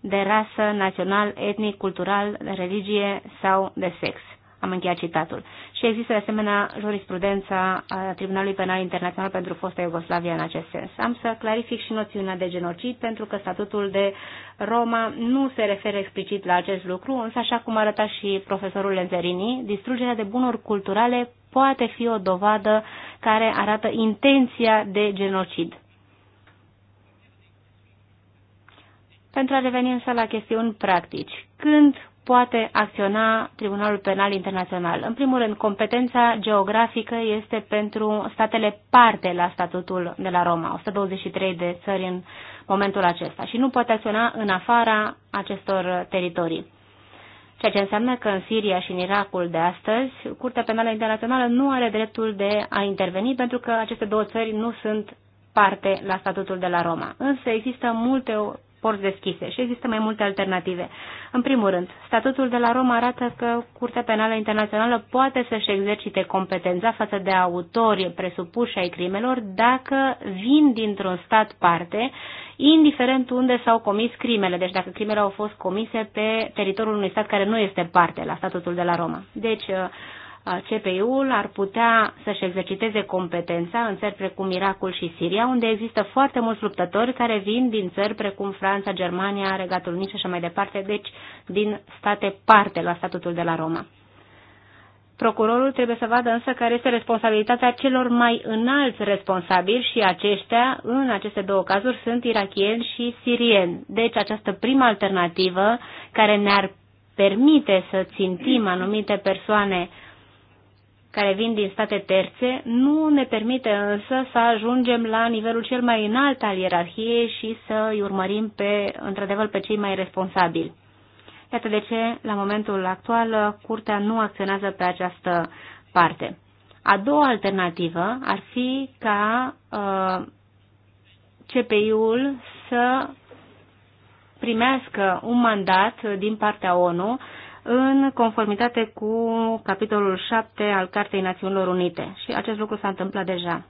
de rasă, național, etnic, cultural, religie sau de sex. Am încheiat citatul. Și există de asemenea jurisprudența a Tribunalului Penal Internațional pentru fosta Iugoslavia în acest sens. Am să clarific și noțiunea de genocid pentru că statutul de Roma nu se referă explicit la acest lucru, însă așa cum arăta și profesorul Lenzerini, distrugerea de bunuri culturale poate fi o dovadă care arată intenția de genocid. Pentru a reveni însă la chestiuni practici, când poate acționa Tribunalul Penal Internațional. În primul rând, competența geografică este pentru statele parte la statutul de la Roma, 123 de țări în momentul acesta, și nu poate acționa în afara acestor teritorii. Ceea ce înseamnă că în Siria și în Irakul de astăzi, Curtea Penală Internațională nu are dreptul de a interveni pentru că aceste două țări nu sunt parte la statutul de la Roma. Însă există multe porți deschise și există mai multe alternative. În primul rând, statutul de la Roma arată că Curtea Penală Internațională poate să-și exercite competența față de autori presupuși ai crimelor dacă vin dintr-un stat parte, indiferent unde s-au comis crimele, deci dacă crimele au fost comise pe teritoriul unui stat care nu este parte la statutul de la Roma. Deci, CPI-ul ar putea să-și exerciteze competența în țări precum Irakul și Siria, unde există foarte mulți luptători care vin din țări precum Franța, Germania, Regatul Unit și așa mai departe, deci din state parte la statutul de la Roma. Procurorul trebuie să vadă însă care este responsabilitatea celor mai înalți responsabili și aceștia, în aceste două cazuri, sunt irachieni și sirieni. Deci această prima alternativă care ne-ar permite să țintim anumite persoane care vin din state terțe nu ne permite însă să ajungem la nivelul cel mai înalt al ierarhiei și să îi urmărim pe, într-adevăr pe cei mai responsabili. Iată de ce, la momentul actual, Curtea nu acționează pe această parte. A doua alternativă ar fi ca uh, CPI-ul să primească un mandat din partea ONU în conformitate cu capitolul 7 al Cartei Națiunilor Unite. Și acest lucru s-a întâmplat deja.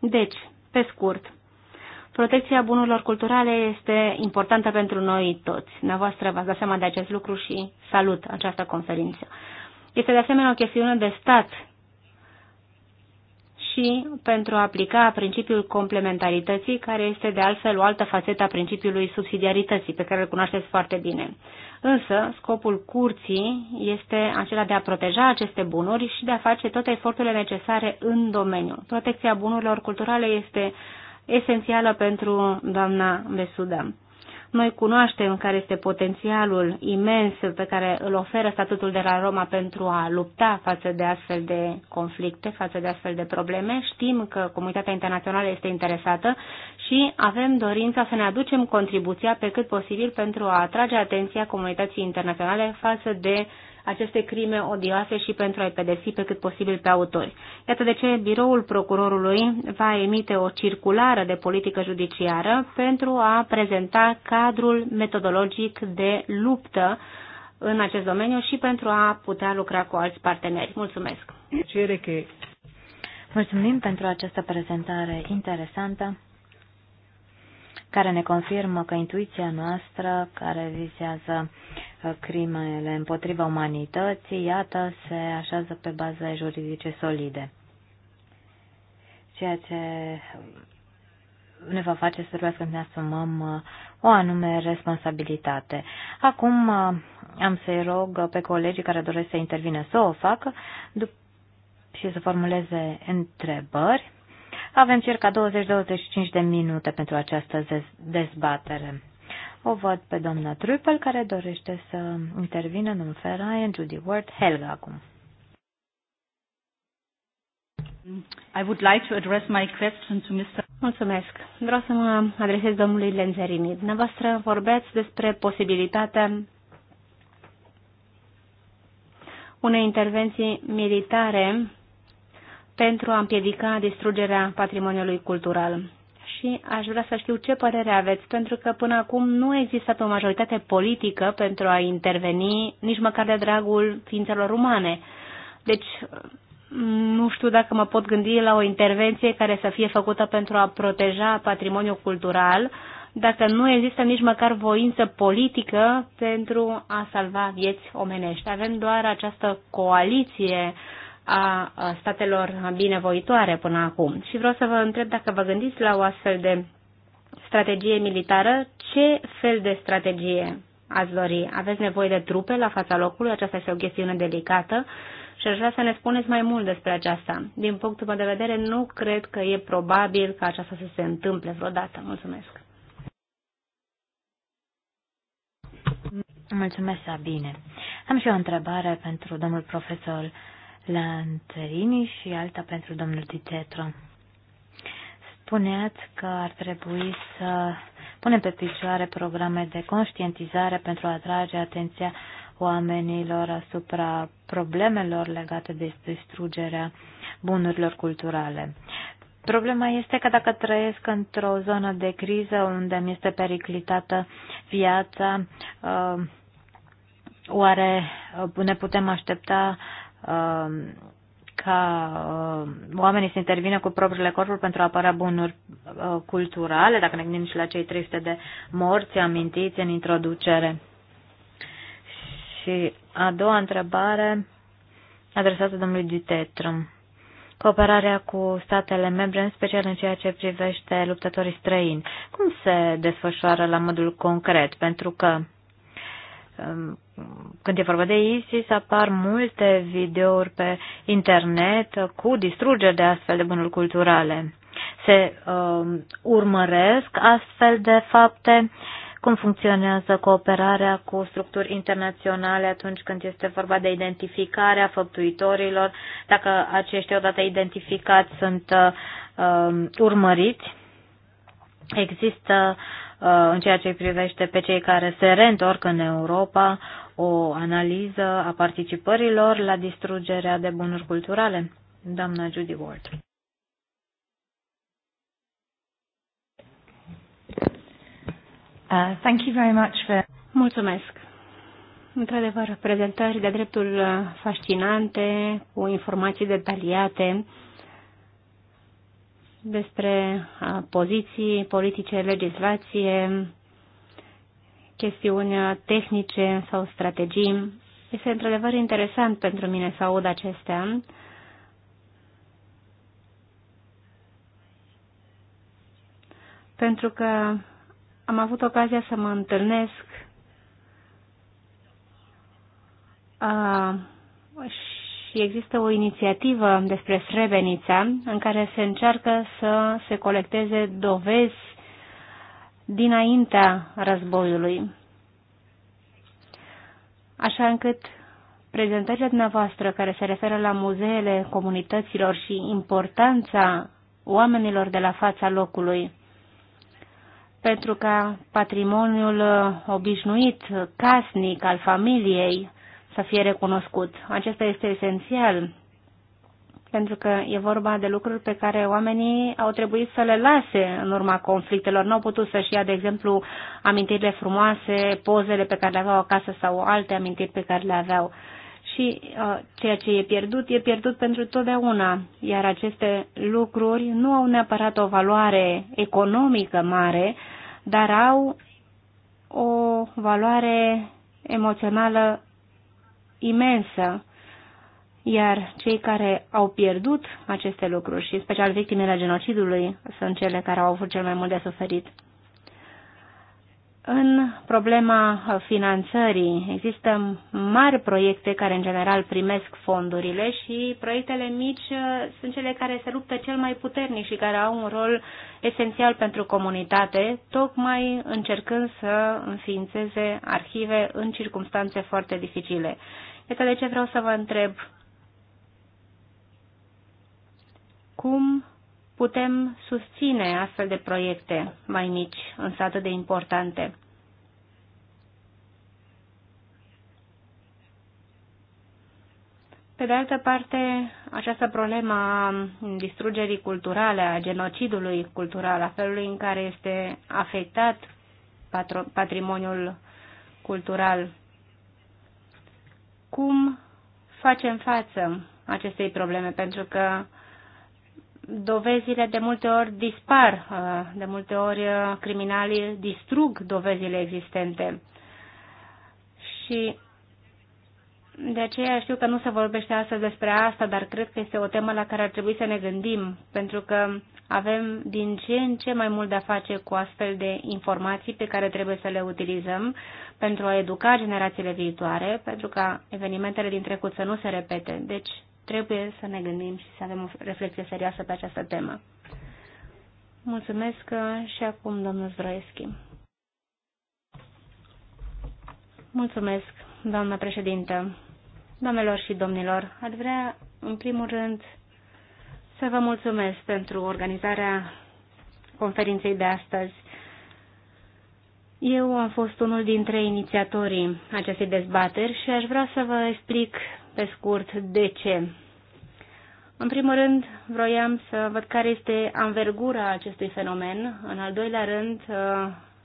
Deci, pe scurt, protecția bunurilor culturale este importantă pentru noi toți. Dumneavoastră v-ați dat seama de acest lucru și salut această conferință. Este de asemenea o chestiune de stat și pentru a aplica principiul complementarității, care este de altfel o altă fațetă a principiului subsidiarității, pe care îl cunoașteți foarte bine. Însă, scopul curții este acela de a proteja aceste bunuri și de a face toate eforturile necesare în domeniu. Protecția bunurilor culturale este esențială pentru doamna Vesuda. Noi cunoaștem care este potențialul imens pe care îl oferă statutul de la Roma pentru a lupta față de astfel de conflicte, față de astfel de probleme. Știm că comunitatea internațională este interesată și avem dorința să ne aducem contribuția pe cât posibil pentru a atrage atenția comunității internaționale față de uh, aceste crime odioase și pentru a-i pedepsi pe cât posibil pe autori. Iată de ce biroul procurorului va emite o circulară de politică judiciară pentru a prezenta cadrul metodologic de luptă în acest domeniu și pentru a putea lucra cu alți parteneri. Mulțumesc! Mulțumim pentru această prezentare interesantă care ne confirmă că intuiția noastră, care vizează crimele împotriva umanității, iată, se așează pe baze juridice solide. Ceea ce ne va face să trebuiască să ne asumăm uh, o anume responsabilitate. Acum uh, am să-i rog pe colegii care doresc să intervină să o facă și să formuleze întrebări. Avem circa 20-25 de minute pentru această dezbatere. O văd pe doamna Trupel, care dorește să intervină, domnul în Judy Ward, Helga acum. I would like to address my question to Mr. Mulțumesc. Vreau să mă adresez domnului Lenzerini. Dumneavoastră vorbeați despre posibilitatea unei intervenții militare pentru a împiedica distrugerea patrimoniului cultural și aș vrea să știu ce părere aveți, pentru că până acum nu a existat o majoritate politică pentru a interveni, nici măcar de dragul ființelor umane. Deci, nu știu dacă mă pot gândi la o intervenție care să fie făcută pentru a proteja patrimoniul cultural, dacă nu există nici măcar voință politică pentru a salva vieți omenești. Avem doar această coaliție uh, a statelor binevoitoare până acum. Și vreau să vă întreb dacă vă gândiți la o astfel de strategie militară, ce fel de strategie ați dori? Aveți nevoie de trupe la fața locului? Aceasta este o chestiune delicată și aș vrea să ne spuneți mai mult despre aceasta. Din punctul meu de vedere, nu cred că e probabil ca aceasta să se întâmple vreodată. Mulțumesc! Mulțumesc, Sabine. Am și o întrebare pentru domnul profesor Lanțărini și alta pentru domnul Di Spuneați că ar trebui să punem pe picioare programe de conștientizare pentru a atrage atenția oamenilor asupra problemelor legate de distrugerea bunurilor culturale. Problema este că dacă trăiesc într-o zonă de criză unde mi este periclitată viața, uh, oare ne putem aștepta Um, ca um, oamenii să intervină cu propriile corpuri pentru a apăra bunuri uh, culturale, dacă ne gândim și la cei 300 de morți amintiți în introducere. Și a doua întrebare adresată domnului Dutetru. Cooperarea cu statele membre, în special în ceea ce privește luptătorii străini. Cum se desfășoară la modul concret? Pentru că um, când e vorba de ISIS, apar multe videouri pe internet cu distrugeri de astfel de bunuri culturale. Se uh, urmăresc astfel de fapte, cum funcționează cooperarea cu structuri internaționale atunci când este vorba de identificarea făptuitorilor, dacă aceștia odată identificați sunt uh, urmăriți. Există uh, în ceea ce privește pe cei care se reîntorc în Europa, o analiză a participărilor la distrugerea de bunuri culturale? Doamna Judy Ward. Uh, thank you very much for... Mulțumesc. Într-adevăr, prezentări de dreptul uh, fascinante, cu informații detaliate despre uh, poziții politice, legislație, chestiuni tehnice sau strategii. Este într-adevăr interesant pentru mine să aud acestea. Pentru că am avut ocazia să mă întâlnesc a, și există o inițiativă despre Srebrenica în care se încearcă să se colecteze dovezi dinaintea războiului. Așa încât prezentările dumneavoastră care se referă la muzeele comunităților și importanța oamenilor de la fața locului, pentru ca patrimoniul obișnuit, casnic, al familiei, să fie recunoscut. Acesta este esențial pentru că e vorba de lucruri pe care oamenii au trebuit să le lase în urma conflictelor. Nu au putut să-și ia, de exemplu, amintirile frumoase, pozele pe care le aveau acasă sau alte amintiri pe care le aveau. Și uh, ceea ce e pierdut, e pierdut pentru totdeauna, iar aceste lucruri nu au neapărat o valoare economică mare, dar au o valoare emoțională imensă iar cei care au pierdut aceste lucruri și special victimele genocidului sunt cele care au avut cel mai mult de suferit. În problema finanțării există mari proiecte care în general primesc fondurile și proiectele mici uh, sunt cele care se luptă cel mai puternic și care au un rol esențial pentru comunitate, tocmai încercând să înființeze arhive în circunstanțe foarte dificile. Iată de ce vreau să vă întreb cum putem susține astfel de proiecte mai mici, însă atât de importante. Pe de altă parte, această problemă a distrugerii culturale, a genocidului cultural, a felului în care este afectat patrimoniul cultural. Cum facem față acestei probleme? Pentru că dovezile de multe ori dispar, uh, de multe ori uh, criminalii distrug dovezile existente. Și de aceea știu că nu se vorbește astăzi despre asta, dar cred că este o temă la care ar trebui să ne gândim, pentru că avem din ce în ce mai mult de-a face cu astfel de informații pe care trebuie să le utilizăm pentru a educa generațiile viitoare, pentru ca evenimentele din trecut să nu se repete. Deci Trebuie să ne gândim și să avem o reflexie serioasă pe această temă. Mulțumesc uh, și acum, domnul Zdroieschi. Mulțumesc, doamna președintă. Doamnelor și domnilor, ar vrea, în primul rând, să vă mulțumesc pentru organizarea conferinței de astăzi. Eu am fost unul dintre inițiatorii acestei dezbateri și aș vrea să vă explic pe scurt de ce. În primul rând, vroiam să văd care este anvergura acestui fenomen, în al doilea rând, uh,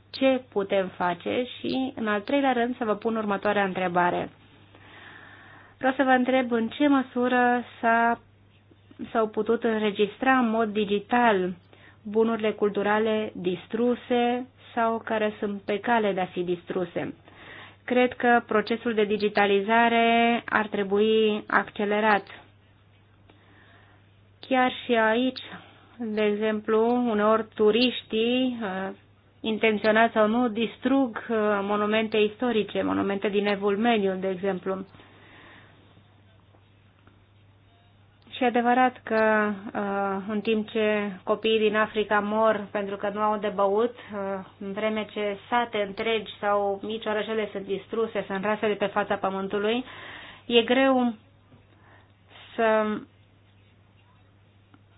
ce putem face și, în al treilea rând, să vă pun următoarea întrebare. Vreau să vă întreb în ce măsură s au putut înregistra în mod digital bunurile culturale distruse sau care sunt pe cale de a fi distruse. Cred că procesul de digitalizare ar trebui accelerat. Chiar și aici, de exemplu, uneori turiștii, uh, intenționați sau nu, distrug uh, monumente istorice, monumente din evul mediu, de exemplu. Și adevărat că uh, în timp ce copiii din Africa mor pentru că nu au de băut, uh, în vreme ce sate întregi sau mici orășele sunt distruse, sunt rase de pe fața pământului, e greu să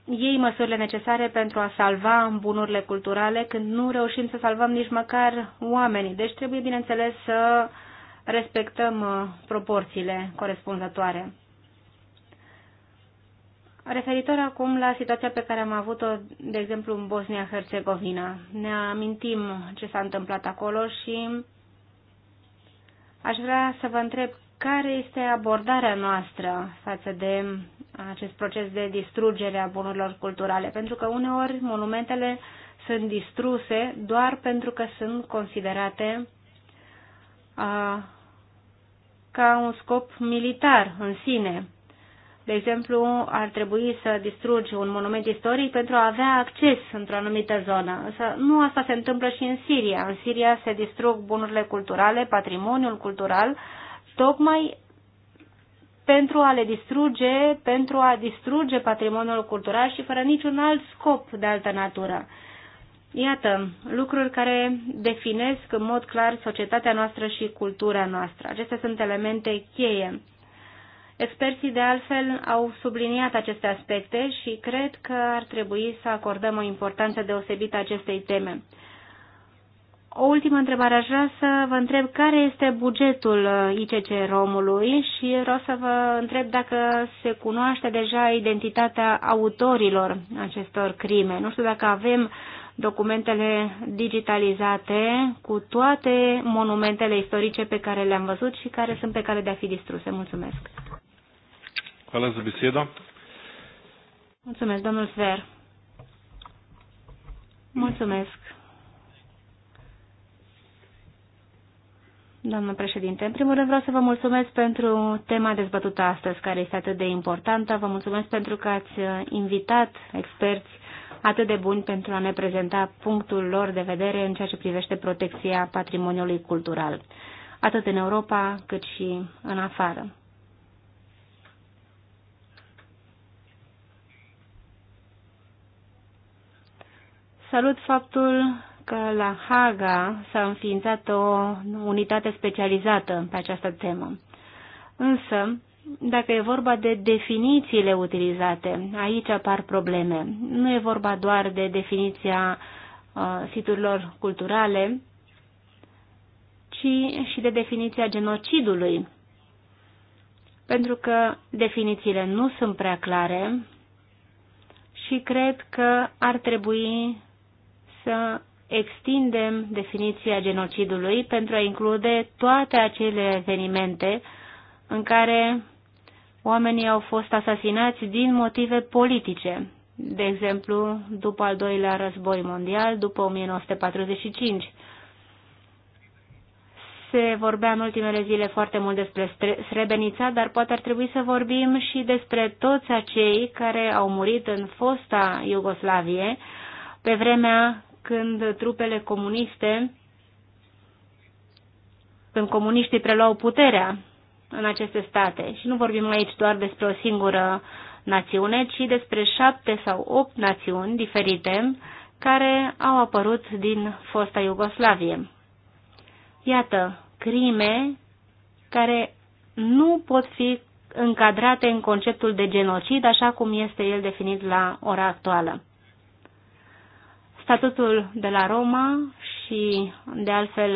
iei măsurile necesare pentru a salva bunurile culturale când nu reușim să salvăm nici măcar oamenii. Deci trebuie, bineînțeles, să respectăm uh, proporțiile corespunzătoare. Referitor acum la situația pe care am avut-o, de exemplu, în Bosnia-Herzegovina. Ne amintim ce s-a întâmplat acolo și aș vrea să vă întreb care este abordarea noastră față de acest proces de distrugere a bunurilor culturale, pentru că uneori monumentele sunt distruse doar pentru că sunt considerate uh, ca un scop militar în sine. De exemplu, ar trebui să distrugi un monument istoric pentru a avea acces într-o anumită zonă. Însă nu asta se întâmplă și în Siria. În Siria se distrug bunurile culturale, patrimoniul cultural, tocmai pentru a le distruge, pentru a distruge patrimoniul cultural și fără niciun alt scop de altă natură. Iată, lucruri care definesc în mod clar societatea noastră și cultura noastră. Acestea sunt elemente cheie Experții, de altfel, au subliniat aceste aspecte și cred că ar trebui să acordăm o importanță deosebită acestei teme. O ultimă întrebare. Aș vrea să vă întreb care este bugetul uh, ICC Romului și vreau să vă întreb dacă se cunoaște deja identitatea autorilor acestor crime. Nu știu dacă avem documentele digitalizate cu toate monumentele istorice pe care le-am văzut și care sunt pe care de a fi distruse. Mulțumesc. Hvala za besedo. Mulțumesc, domnul Sver. Mulțumesc. Doamnă președinte, în primul rând vreau să vă mulțumesc pentru tema dezbătută astăzi, care este atât de importantă. Vă mulțumesc pentru că ați invitat experți atât de buni pentru a ne prezenta punctul lor de vedere în ceea ce privește protecția patrimoniului cultural, atât în Europa cât și în afară. Salut faptul că la Haga s-a înființat o unitate specializată pe această temă. Însă, dacă e vorba de definițiile utilizate, aici apar probleme. Nu e vorba doar de definiția uh, siturilor culturale, ci și de definiția genocidului. Pentru că definițiile nu sunt prea clare și cred că ar trebui să extindem definiția genocidului pentru a include toate acele evenimente în care oamenii au fost asasinați din motive politice, de exemplu după al doilea război mondial, după 1945. Se vorbea în ultimele zile foarte mult despre Srebrenica, dar poate ar trebui să vorbim și despre toți acei care au murit în fosta Iugoslavie, pe vremea când trupele comuniste, când comuniștii preluau puterea în aceste state. Și nu vorbim aici doar despre o singură națiune, ci despre șapte sau opt națiuni diferite care au apărut din fosta Iugoslavie. Iată, crime care nu pot fi încadrate în conceptul de genocid, așa cum este el definit la ora actuală. Statutul de la Roma și, de altfel,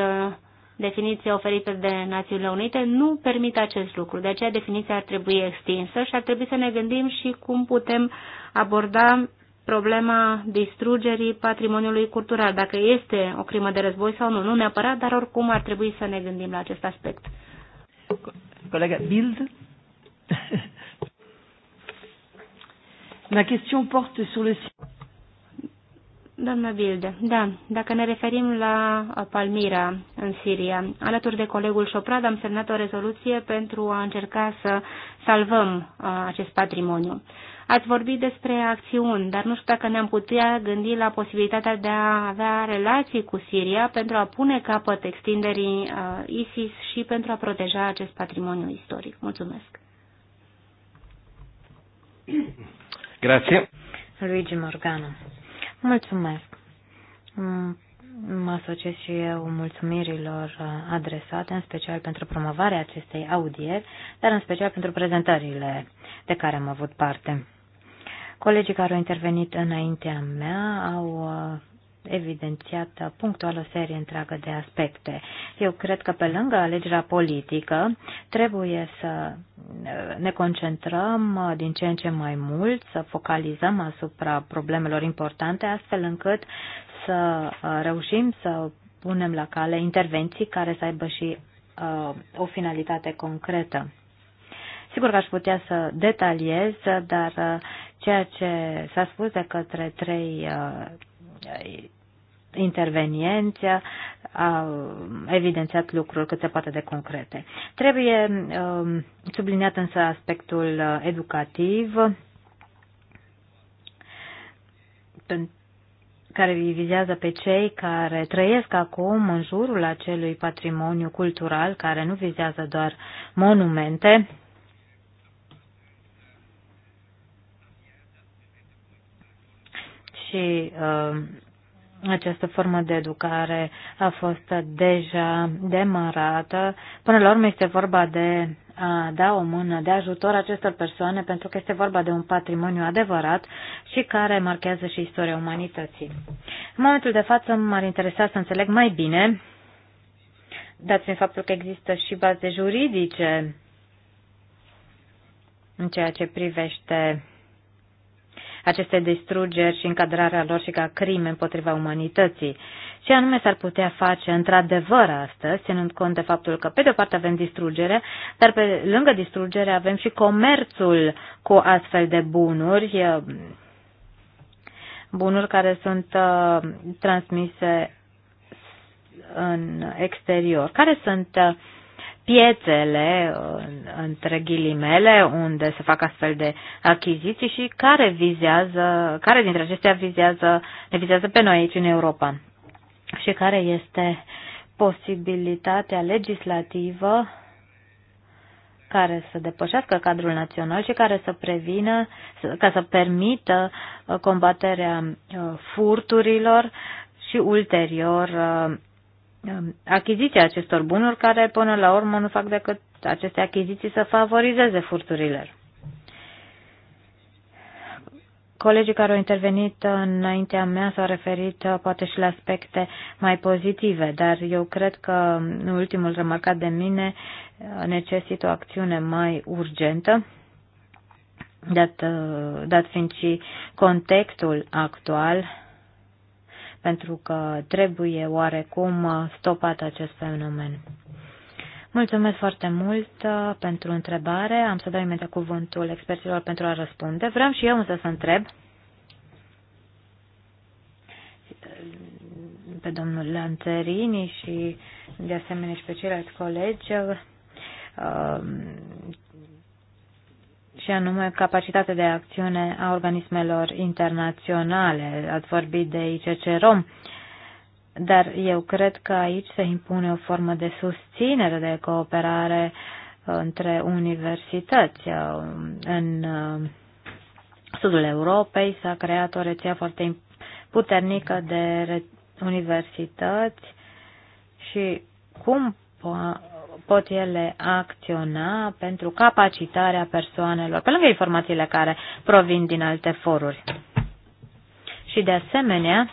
definiția oferită de Națiunile Unite nu permite acest lucru. De aceea definiția ar trebui extinsă și ar trebui să ne gândim și cum putem aborda problema distrugerii patrimoniului cultural, dacă este o crimă de război sau nu. Nu neapărat, dar oricum ar trebui să ne gândim la acest aspect. Colega Bild. La question porte sur le Doamna Bilde, da, dacă ne referim la Palmira, în Siria, alături de colegul Șoprad am semnat o rezoluție pentru a încerca să salvăm acest patrimoniu. Ați vorbit despre acțiuni, dar nu știu dacă ne-am putea gândi la posibilitatea de a avea relații cu Siria pentru a pune capăt extinderii ISIS și pentru a proteja acest patrimoniu istoric. Mulțumesc! Grazie. Luigi Morgano. Mulțumesc. Mă asociez și eu mulțumirilor adresate, în special pentru promovarea acestei audieri, dar în special pentru prezentările de care am avut parte. Colegii care au intervenit înaintea mea au evidențiată punctual o serie întreagă de aspecte. Eu cred că pe lângă alegerea politică trebuie să uh, ne concentrăm uh, din ce în ce mai mult, să focalizăm asupra problemelor importante, astfel încât să uh, reușim să punem la cale intervenții care să aibă și o finalitate concretă. Sigur că aș putea să detaliez, dar ceea ce s-a spus de către trei intervenienți au evidențiat lucruri cât se poate de concrete. Trebuie um, subliniat însă aspectul uh, educativ care vizează pe cei care trăiesc acum în jurul acelui patrimoniu cultural care nu vizează doar monumente, și uh, această formă de educare a fost deja demarată. Până la urmă este vorba de a da o mână de ajutor acestor persoane pentru că este vorba de un patrimoniu adevărat și care marchează și istoria umanității. În momentul de față m-ar interesa să înțeleg mai bine, dat fiind faptul că există și baze juridice în ceea ce privește aceste distrugeri și încadrarea lor și ca crime împotriva umanității. Ce anume s-ar putea face într-adevăr astăzi, ținând cont de faptul că pe de o parte avem distrugere, dar pe lângă distrugere avem și comerțul cu astfel de bunuri, bunuri care sunt uh, transmise în exterior. Care sunt uh, piețele, între ghilimele, unde se fac astfel de achiziții și care vizează, care dintre acestea vizează, ne vizează pe noi aici în Europa și care este posibilitatea legislativă care să depășească cadrul național și care să prevină, ca să permită uh, combaterea uh, furturilor și ulterior uh, Um, achiziția acestor bunuri care până la urmă nu fac decât aceste achiziții să favorizeze furturile. Colegii care au intervenit înaintea mea s-au referit uh, poate și la aspecte mai pozitive, dar eu cred că ultimul remarcat de mine uh, necesită o acțiune mai urgentă, dat, uh, dat fiind și contextul actual pentru că trebuie oarecum stopat acest fenomen. Mulțumesc foarte mult uh, pentru întrebare. Am să dau imediat cuvântul experților pentru a răspunde. Vreau și eu însă să întreb pe domnul Lanțerini și de asemenea și pe ceilalți colegi uh, și anume capacitatea de acțiune a organismelor internaționale. Ați vorbit de ICC-ROM, dar eu cred că aici se impune o formă de susținere, de cooperare uh, între universități. Uh, în uh, sudul Europei s-a creat o rețea foarte puternică de universități și cum pot ele acționa pentru capacitarea persoanelor, pe lângă informațiile care provin din alte foruri. Și de asemenea,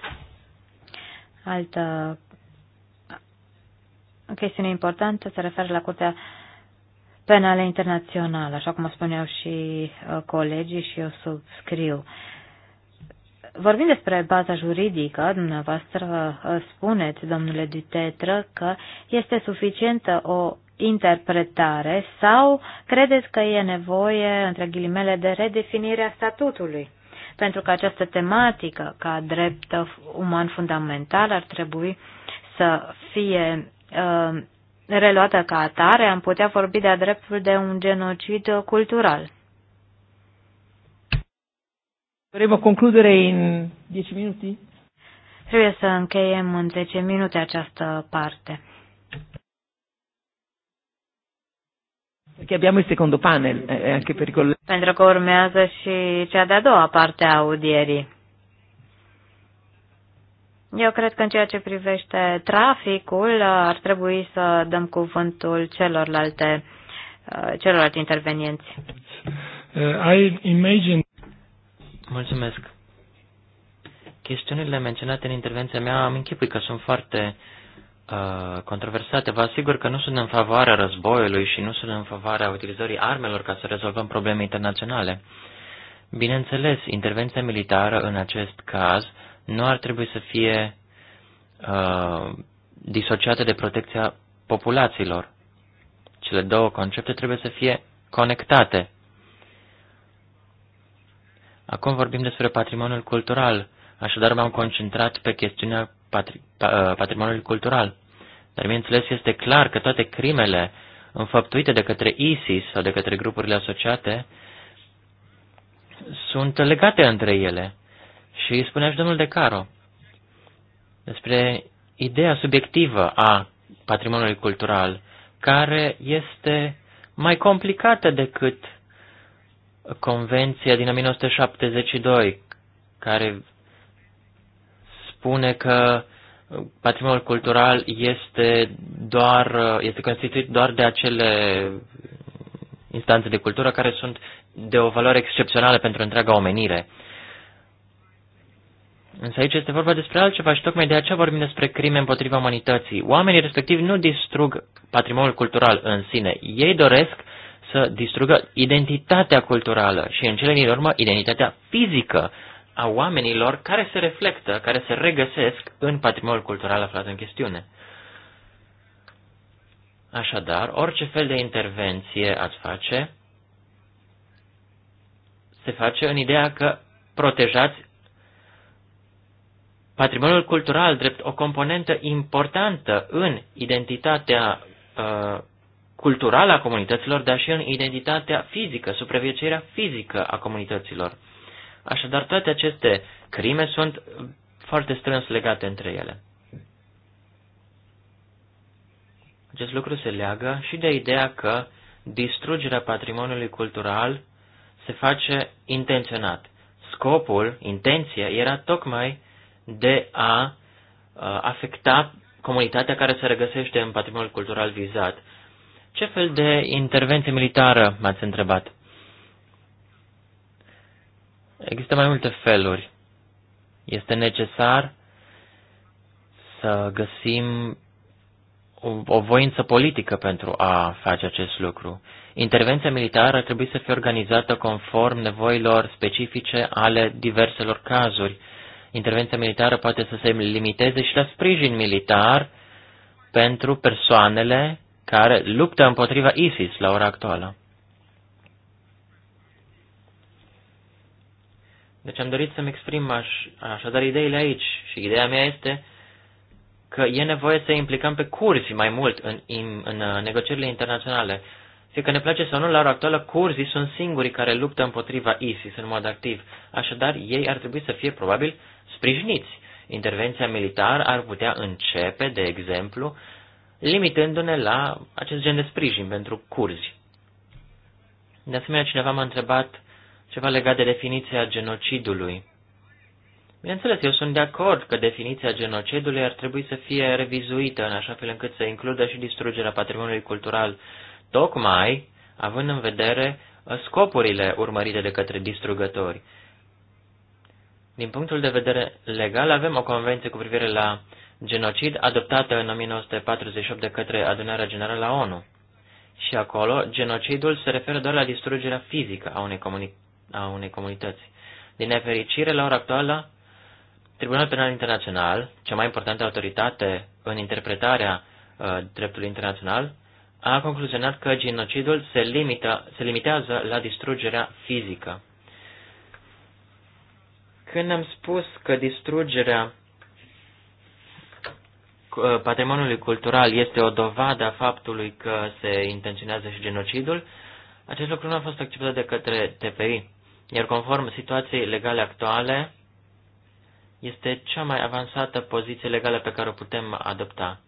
altă chestiune importantă se referă la Curtea Penală Internațională, așa cum spuneau și uh, colegii și eu subscriu. Uh, Vorbim despre baza juridică, dumneavoastră uh, spuneți, domnule Dutetră, că este suficientă o interpretare sau credeți că e nevoie, între ghilimele, de redefinirea statutului? Pentru că această tematică, ca drept uh, uman fundamental, ar trebui să fie uh, reluată ca atare, am putea vorbi de-a dreptul de un genocid cultural. Vrem o concludere în 10 minute? Trebuie să încheiem în 10 minute această parte. Perché abbiamo il secondo panel, eh, anche Pentru că urmează și cea de-a doua parte a audierii. Eu cred că în ceea ce privește traficul uh, ar trebui să dăm cuvântul celorlalte, uh, celorlalte intervenienți. Uh, I imagine... Mulțumesc. Chestiunile menționate în intervenția mea am închipui că sunt foarte uh, controversate. Vă asigur că nu sunt în favoarea războiului și nu sunt în favoarea utilizării armelor ca să rezolvăm probleme internaționale. Bineînțeles, intervenția militară în acest caz nu ar trebui să fie uh, disociată de protecția populațiilor. Cele două concepte trebuie să fie conectate. Acum vorbim despre patrimoniul cultural, așadar m-am concentrat pe chestiunea patri, ă, patrimoniului cultural. Dar, bineînțeles, este clar că toate crimele înfăptuite de către ISIS sau de către grupurile asociate sunt legate între ele. Și îi spunea și domnul De Caro despre ideea subiectivă a patrimoniului cultural, care este mai complicată decât Convenția din 1972, care spune că patrimoniul cultural este doar este constituit doar de acele instanțe de cultură care sunt de o valoare excepțională pentru întreaga omenire. Însă aici este vorba despre altceva și tocmai de aceea vorbim despre crime împotriva umanității. Oamenii respectivi nu distrug patrimoniul cultural în sine. Ei doresc să distrugă identitatea culturală și, în cele din urmă, identitatea fizică a oamenilor care se reflectă, care se regăsesc în patrimoniul cultural aflat în chestiune. Așadar, orice fel de intervenție ați face, se face în ideea că protejați patrimoniul cultural drept o componentă importantă în identitatea uh, culturală a comunităților, dar și în identitatea fizică, supraviețuirea fizică a comunităților. Așadar, toate aceste crime sunt foarte strâns legate între ele. Acest lucru se leagă și de ideea că distrugerea patrimoniului cultural se face intenționat. Scopul, intenția, era tocmai de a afecta comunitatea care se regăsește în patrimoniul cultural vizat. Ce fel de intervenție militară m-ați întrebat? Există mai multe feluri. Este necesar să găsim o, o voință politică pentru a face acest lucru. Intervenția militară ar trebui să fie organizată conform nevoilor specifice ale diverselor cazuri. Intervenția militară poate să se limiteze și la sprijin militar pentru persoanele care luptă împotriva ISIS la ora actuală. Deci am dorit să-mi exprim aș, așadar ideile aici și ideea mea este că e nevoie să implicăm pe curzi mai mult în, în, în uh, negocierile internaționale. Fie că ne place sau nu, la ora actuală, curzii sunt singurii care luptă împotriva ISIS în mod activ. Așadar, ei ar trebui să fie probabil sprijiniți. Intervenția militară ar putea începe, de exemplu, limitându-ne la acest gen de sprijin pentru curzi. De asemenea, cineva m-a întrebat ceva legat de definiția genocidului. Bineînțeles, eu sunt de acord că definiția genocidului ar trebui să fie revizuită în așa fel încât să includă și distrugerea patrimoniului cultural, tocmai având în vedere uh, scopurile urmărite de către distrugători. Din punctul de vedere legal, avem o convenție cu privire la genocid adoptată în 1948 de către Adunarea Generală a ONU. Și acolo, genocidul se referă doar la distrugerea fizică a unei, comuni- a unei comunități. Din nefericire, la ora actuală, Tribunalul Penal Internațional, cea mai importantă autoritate în interpretarea uh, dreptului internațional, a concluzionat că genocidul se, limită, se limitează la distrugerea fizică. Când am spus că distrugerea Uh, patrimoniului cultural este o dovadă a faptului că se intenționează și genocidul, acest lucru nu a fost acceptat de către TPI, iar conform situației legale actuale, este cea mai avansată poziție legală pe care o putem adopta.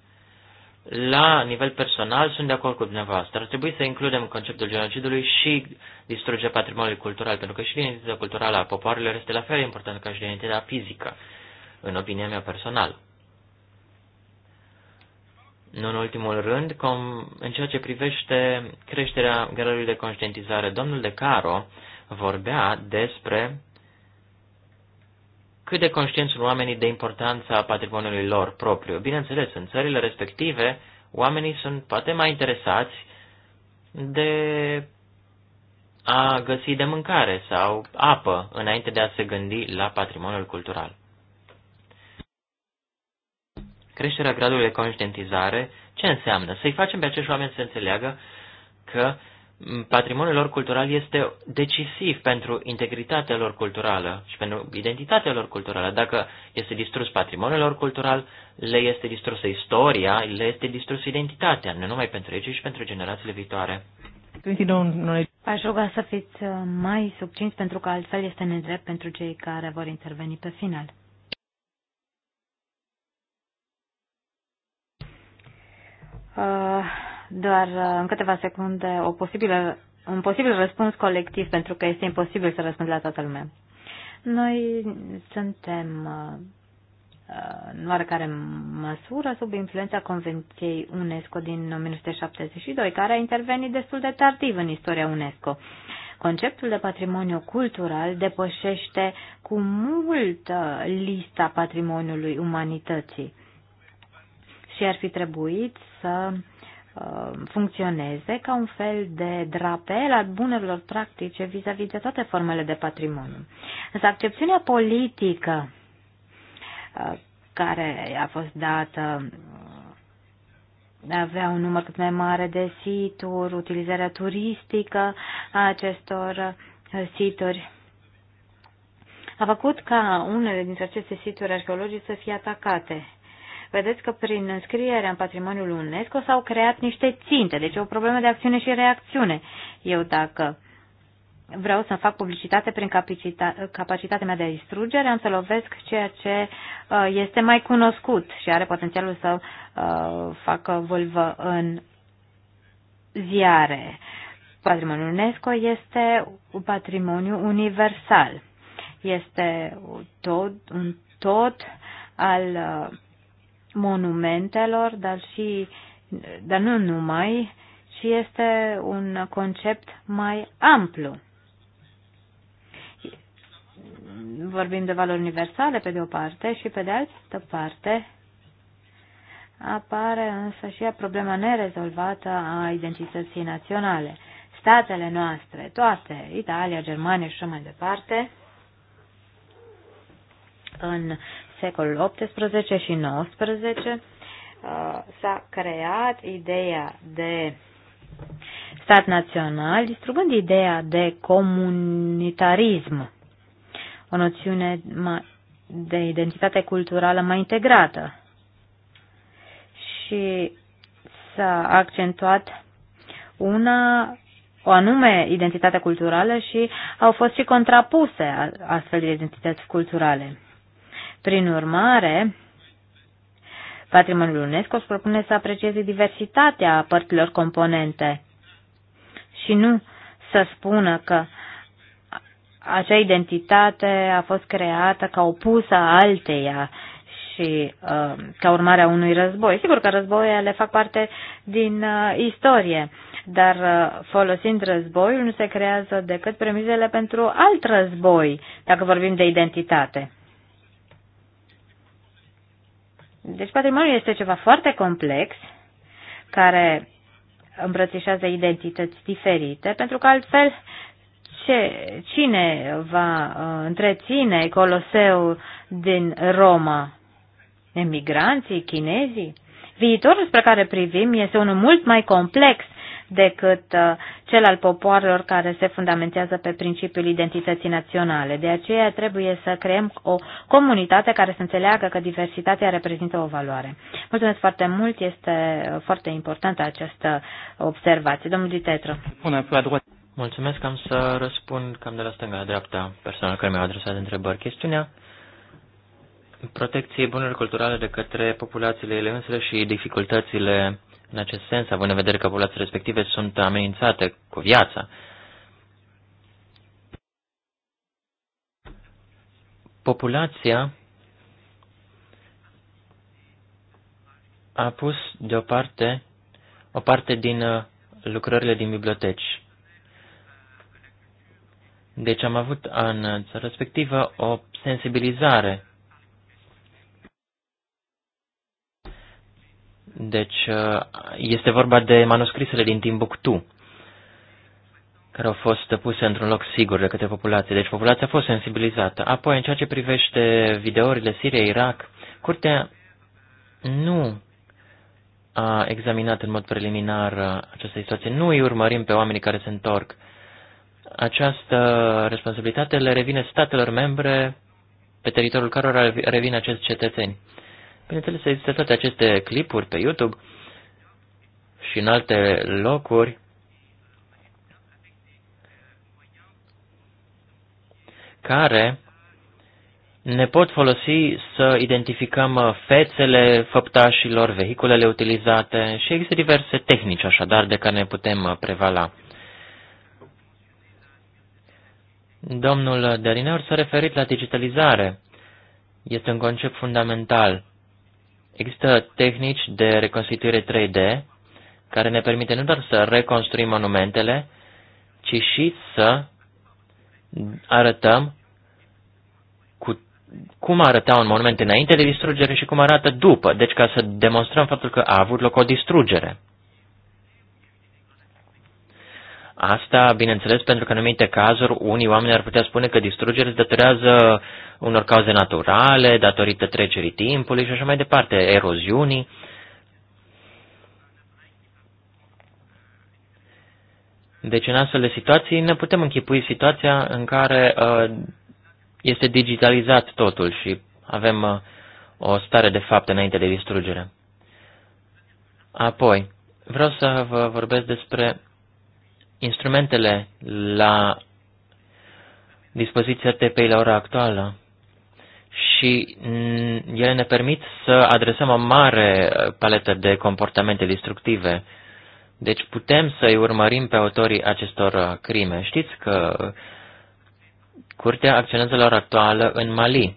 La nivel personal, sunt de acord cu dumneavoastră. Ar trebui să includem conceptul genocidului și distrugerea patrimoniului cultural, pentru că și identitatea culturală a popoarelor este la fel important ca și identitatea fizică, în opinia mea personală. Nu în ultimul rând, com, în ceea ce privește creșterea gradului de conștientizare, domnul De Caro vorbea despre cât de conștienți sunt oamenii de importanța patrimoniului lor propriu. Bineînțeles, în țările respective, oamenii sunt poate mai interesați de a găsi de mâncare sau apă înainte de a se gândi la patrimoniul cultural creșterea gradului de conștientizare, ce înseamnă? Să-i facem pe acești oameni să înțeleagă că patrimoniul lor cultural este decisiv pentru integritatea lor culturală și pentru identitatea lor culturală. Dacă este distrus patrimoniul lor cultural, le este distrusă istoria, le este distrusă identitatea, nu numai pentru ei, ci și pentru generațiile viitoare. Aș ruga să fiți uh, mai succinți pentru că altfel este nedrept pentru cei care vor interveni pe final. Uh, doar uh, în câteva secunde o posibilă, un posibil răspuns colectiv, pentru că este imposibil să răspund la toată lumea. Noi suntem uh, în oarecare măsură sub influența Convenției UNESCO din 1972, care a intervenit destul de tardiv în istoria UNESCO. Conceptul de patrimoniu cultural depășește cu mult lista patrimoniului umanității și ar fi trebuit să uh, funcționeze ca un fel de drapel al bunelor practice vis-a-vis -vis de toate formele de patrimoniu. Însă accepțiunea politică uh, care a fost dată uh, avea un număr cât mai mare de situri, utilizarea turistică a acestor situri. A făcut ca unele dintre aceste situri arheologice să fie atacate Vedeți că prin înscrierea în patrimoniul UNESCO s-au creat niște ținte, deci e o problemă de acțiune și reacțiune. Eu dacă vreau să fac publicitate prin capacitatea mea de distrugere, am să lovesc ceea ce uh, este mai cunoscut și are potențialul să uh, facă vâlvă în ziare. Patrimoniul UNESCO este un patrimoniu universal. Este tot, un tot al uh, monumentelor, dar și, dar nu numai, și este un concept mai amplu. Vorbim de valori universale pe de o parte și pe de altă parte apare însă și problema nerezolvată a identității naționale. Statele noastre, toate, Italia, Germania și așa mai departe, în secolul XVIII și XIX uh, s-a creat ideea de stat național, distrugând ideea de comunitarism, o noțiune de identitate culturală mai integrată. Și s-a accentuat una, o anume identitate culturală și au fost și contrapuse astfel de identități culturale. Prin urmare, patrimoniul UNESCO își propune să aprecieze diversitatea părților componente și nu să spună că acea identitate a fost creată ca opusă a alteia și uh, ca urmare a unui război. Sigur că războiele fac parte din uh, istorie, dar uh, folosind războiul nu se creează decât premizele pentru alt război, dacă vorbim de identitate. Deci patrimoniul este ceva foarte complex care îmbrățișează identități diferite, pentru că altfel ce, cine va uh, întreține Coloseul din Roma? Emigranții, chinezii? Viitorul spre care privim este unul mult mai complex decât uh, cel al popoarelor care se fundamentează pe principiul identității naționale. De aceea trebuie să creăm o comunitate care să înțeleagă că diversitatea reprezintă o valoare. Mulțumesc foarte mult, este uh, foarte importantă această observație. Domnul Ditetru. Bună, la Mulțumesc, am să răspund cam de la stânga la dreapta persoana care mi-a adresat întrebări. Chestiunea protecției bunurilor culturale de către populațiile ele însele și dificultățile în acest sens, având în vedere că populații respective sunt amenințate cu viața, populația a pus deoparte o parte din uh, lucrările din biblioteci. Deci am avut în țara respectivă o sensibilizare Deci uh, este vorba de manuscrisele din Timbuktu, care au fost puse într-un loc sigur de către populație. Deci populația a fost sensibilizată. Apoi, în ceea ce privește videourile Siria-Irak, curtea nu a examinat în mod preliminar această situație. Nu îi urmărim pe oamenii care se întorc. Această responsabilitate le revine statelor membre pe teritoriul cărora revin acești cetățeni. Bineînțeles, există toate aceste clipuri pe YouTube și în alte locuri. care ne pot folosi să identificăm uh, fețele făptașilor, vehiculele utilizate și există diverse tehnici așadar de care ne putem uh, prevala. Domnul Derineur s-a referit la digitalizare. Este un concept fundamental. Există tehnici de reconstituire 3D care ne permite nu doar să reconstruim monumentele, ci și să arătăm cu, cum arăta un monument înainte de distrugere și cum arată după, deci ca să demonstrăm faptul că a avut loc o distrugere. Asta, bineînțeles, pentru că în anumite cazuri unii oameni ar putea spune că distrugerea se datorează unor cauze naturale, datorită trecerii timpului și așa mai departe, eroziunii. Deci, în astfel de situații, ne putem închipui situația în care uh, este digitalizat totul și avem uh, o stare de fapt înainte de distrugere. Apoi, vreau să vă vorbesc despre instrumentele la dispoziția TPI la ora actuală și mm, ele ne permit să adresăm o mare uh, paletă de comportamente destructive. Deci putem să-i urmărim pe autorii acestor uh, crime. Știți că curtea acționează la ora actuală în Mali.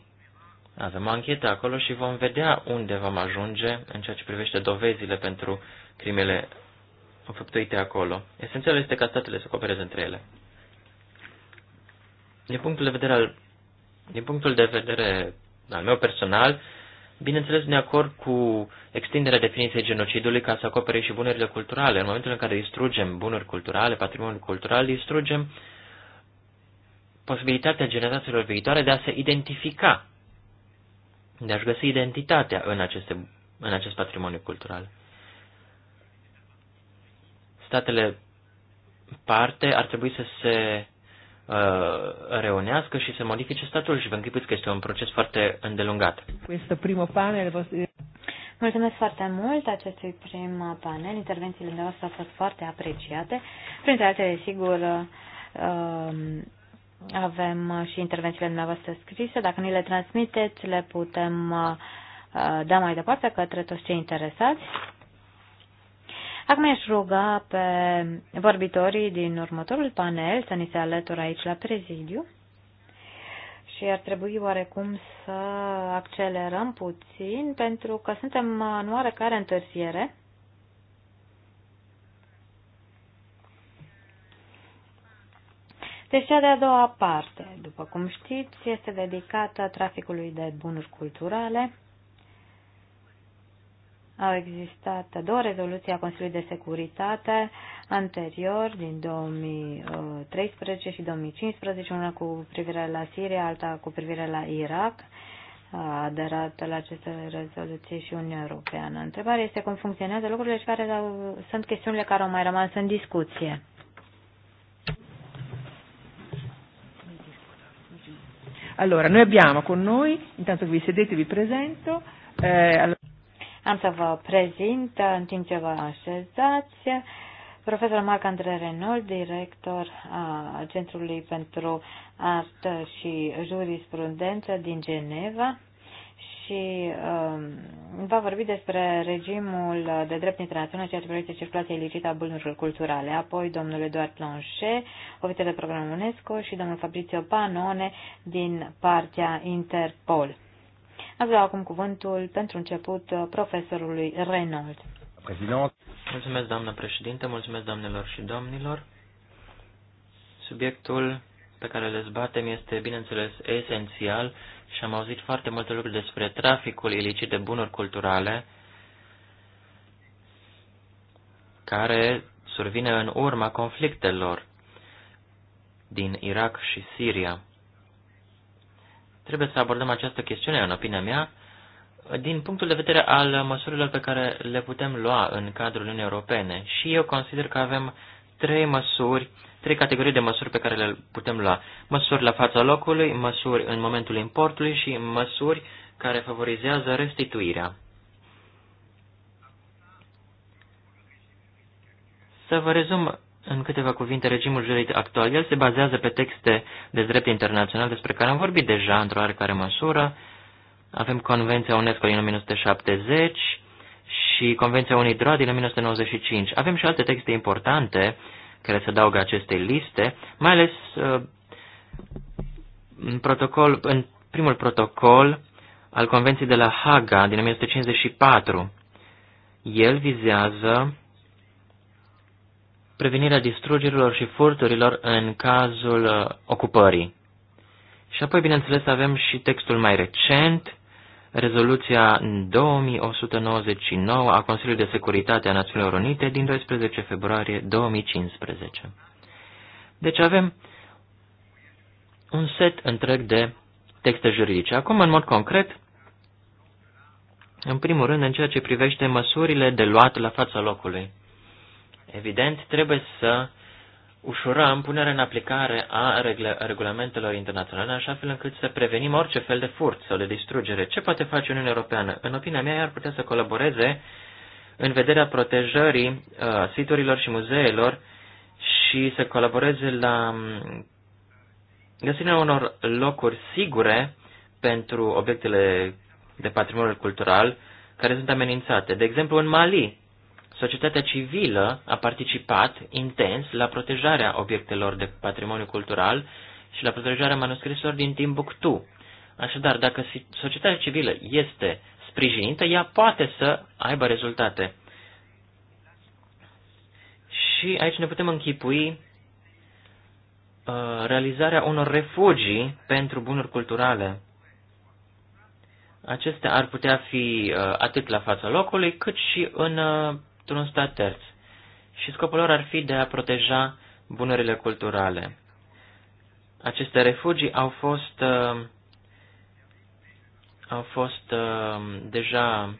Avem o anchetă acolo și vom vedea unde vom ajunge în ceea ce privește dovezile pentru crimele făptuite acolo. Esențial este ca statele să coopereze între ele. Din punctul de vedere al, din punctul de vedere al meu personal, bineînțeles ne acord cu extinderea definiției genocidului ca să acopere și bunurile culturale. În momentul în care distrugem bunuri culturale, patrimoniul cultural, distrugem posibilitatea generațiilor viitoare de a se identifica, de a-și găsi identitatea în, aceste, în acest patrimoniu cultural statele parte ar trebui să se uh, reunească și să modifice statul și vă închipuiți că este un proces foarte îndelungat. panel. Mulțumesc foarte mult acestui prim panel. Intervențiile noastre au fost foarte apreciate. Printre altele, sigur, uh, um, avem și intervențiile dumneavoastră scrise. Dacă ni le transmiteți, le putem uh, da mai departe către toți cei interesați. Acum aș ruga pe vorbitorii din următorul panel să ni se alătură aici la prezidiu și ar trebui oarecum să accelerăm puțin pentru că suntem în oarecare întârziere. Deci cea de-a doua parte, după cum știți, este dedicată traficului de bunuri culturale au existat două rezoluții a Consiliului de Securitate anterior, din 2013 și 2015, una cu privire la Siria, alta cu privire la Irak. A aderat la aceste rezoluții și Uniunea Europeană. Întrebarea este cum funcționează lucrurile și care sunt chestiunile care au mai rămas în discuție. Allora, noi abbiamo con noi, intanto che vi sedete vi presento, eh, am să vă prezint, în timp ce vă așezați, profesor Marc Andre Renol, director al Centrului pentru Art și Jurisprudență din Geneva și uh, va vorbi despre regimul de drept internațional ceea ce privește circulația ilicită a bunurilor culturale. Apoi domnul Eduard Planche, ofițer de program UNESCO și domnul Fabrizio Panone din partea Interpol. Am vrea acum cuvântul pentru început uh, profesorului Reynolds. Prezident. Mulțumesc, doamnă președinte, mulțumesc, doamnelor și domnilor. Subiectul pe care le zbatem este, bineînțeles, esențial și am auzit foarte multe lucruri despre traficul ilicit de bunuri culturale care survine în urma conflictelor din Irak și Siria. Trebuie să abordăm această chestiune, în opinia mea, din punctul de vedere al măsurilor pe care le putem lua în cadrul Uniunii Europene. Și eu consider că avem trei măsuri, trei categorii de măsuri pe care le putem lua. Măsuri la fața locului, măsuri în momentul importului și măsuri care favorizează restituirea. Să vă rezum în câteva cuvinte, regimul juridic actual, el se bazează pe texte de drept internațional despre care am vorbit deja într-o oarecare măsură. Avem Convenția UNESCO din 1970 și Convenția Droa din 1995. Avem și alte texte importante care se adaugă acestei liste, mai ales uh, în, protocol, în primul protocol al Convenției de la Haga din 1954. El vizează prevenirea distrugerilor și furturilor în cazul uh, ocupării. Și apoi, bineînțeles, avem și textul mai recent, rezoluția 2199 a Consiliului de Securitate a Națiunilor Unite din 12 februarie 2015. Deci avem un set întreg de texte juridice. Acum, în mod concret, în primul rând, în ceea ce privește măsurile de luat la fața locului. Evident, trebuie să ușurăm punerea în aplicare a regulamentelor internaționale, așa fel încât să prevenim orice fel de furt sau de distrugere. Ce poate face Uniunea Europeană? În opinia mea, ea ar putea să colaboreze în vederea protejării uh, siturilor și muzeelor și să colaboreze la mm, găsirea unor locuri sigure pentru obiectele de patrimoniu cultural care sunt amenințate. De exemplu, în Mali, Societatea civilă a participat intens la protejarea obiectelor de patrimoniu cultural și la protejarea manuscriselor din Timbuktu. Așadar, dacă societatea civilă este sprijinită, ea poate să aibă rezultate. Și aici ne putem închipui uh, realizarea unor refugii pentru bunuri culturale. Acestea ar putea fi uh, atât la fața locului, cât și în uh, într-un stat terț și scopul lor ar fi de a proteja bunurile culturale. Aceste refugii au fost, uh, au fost uh, deja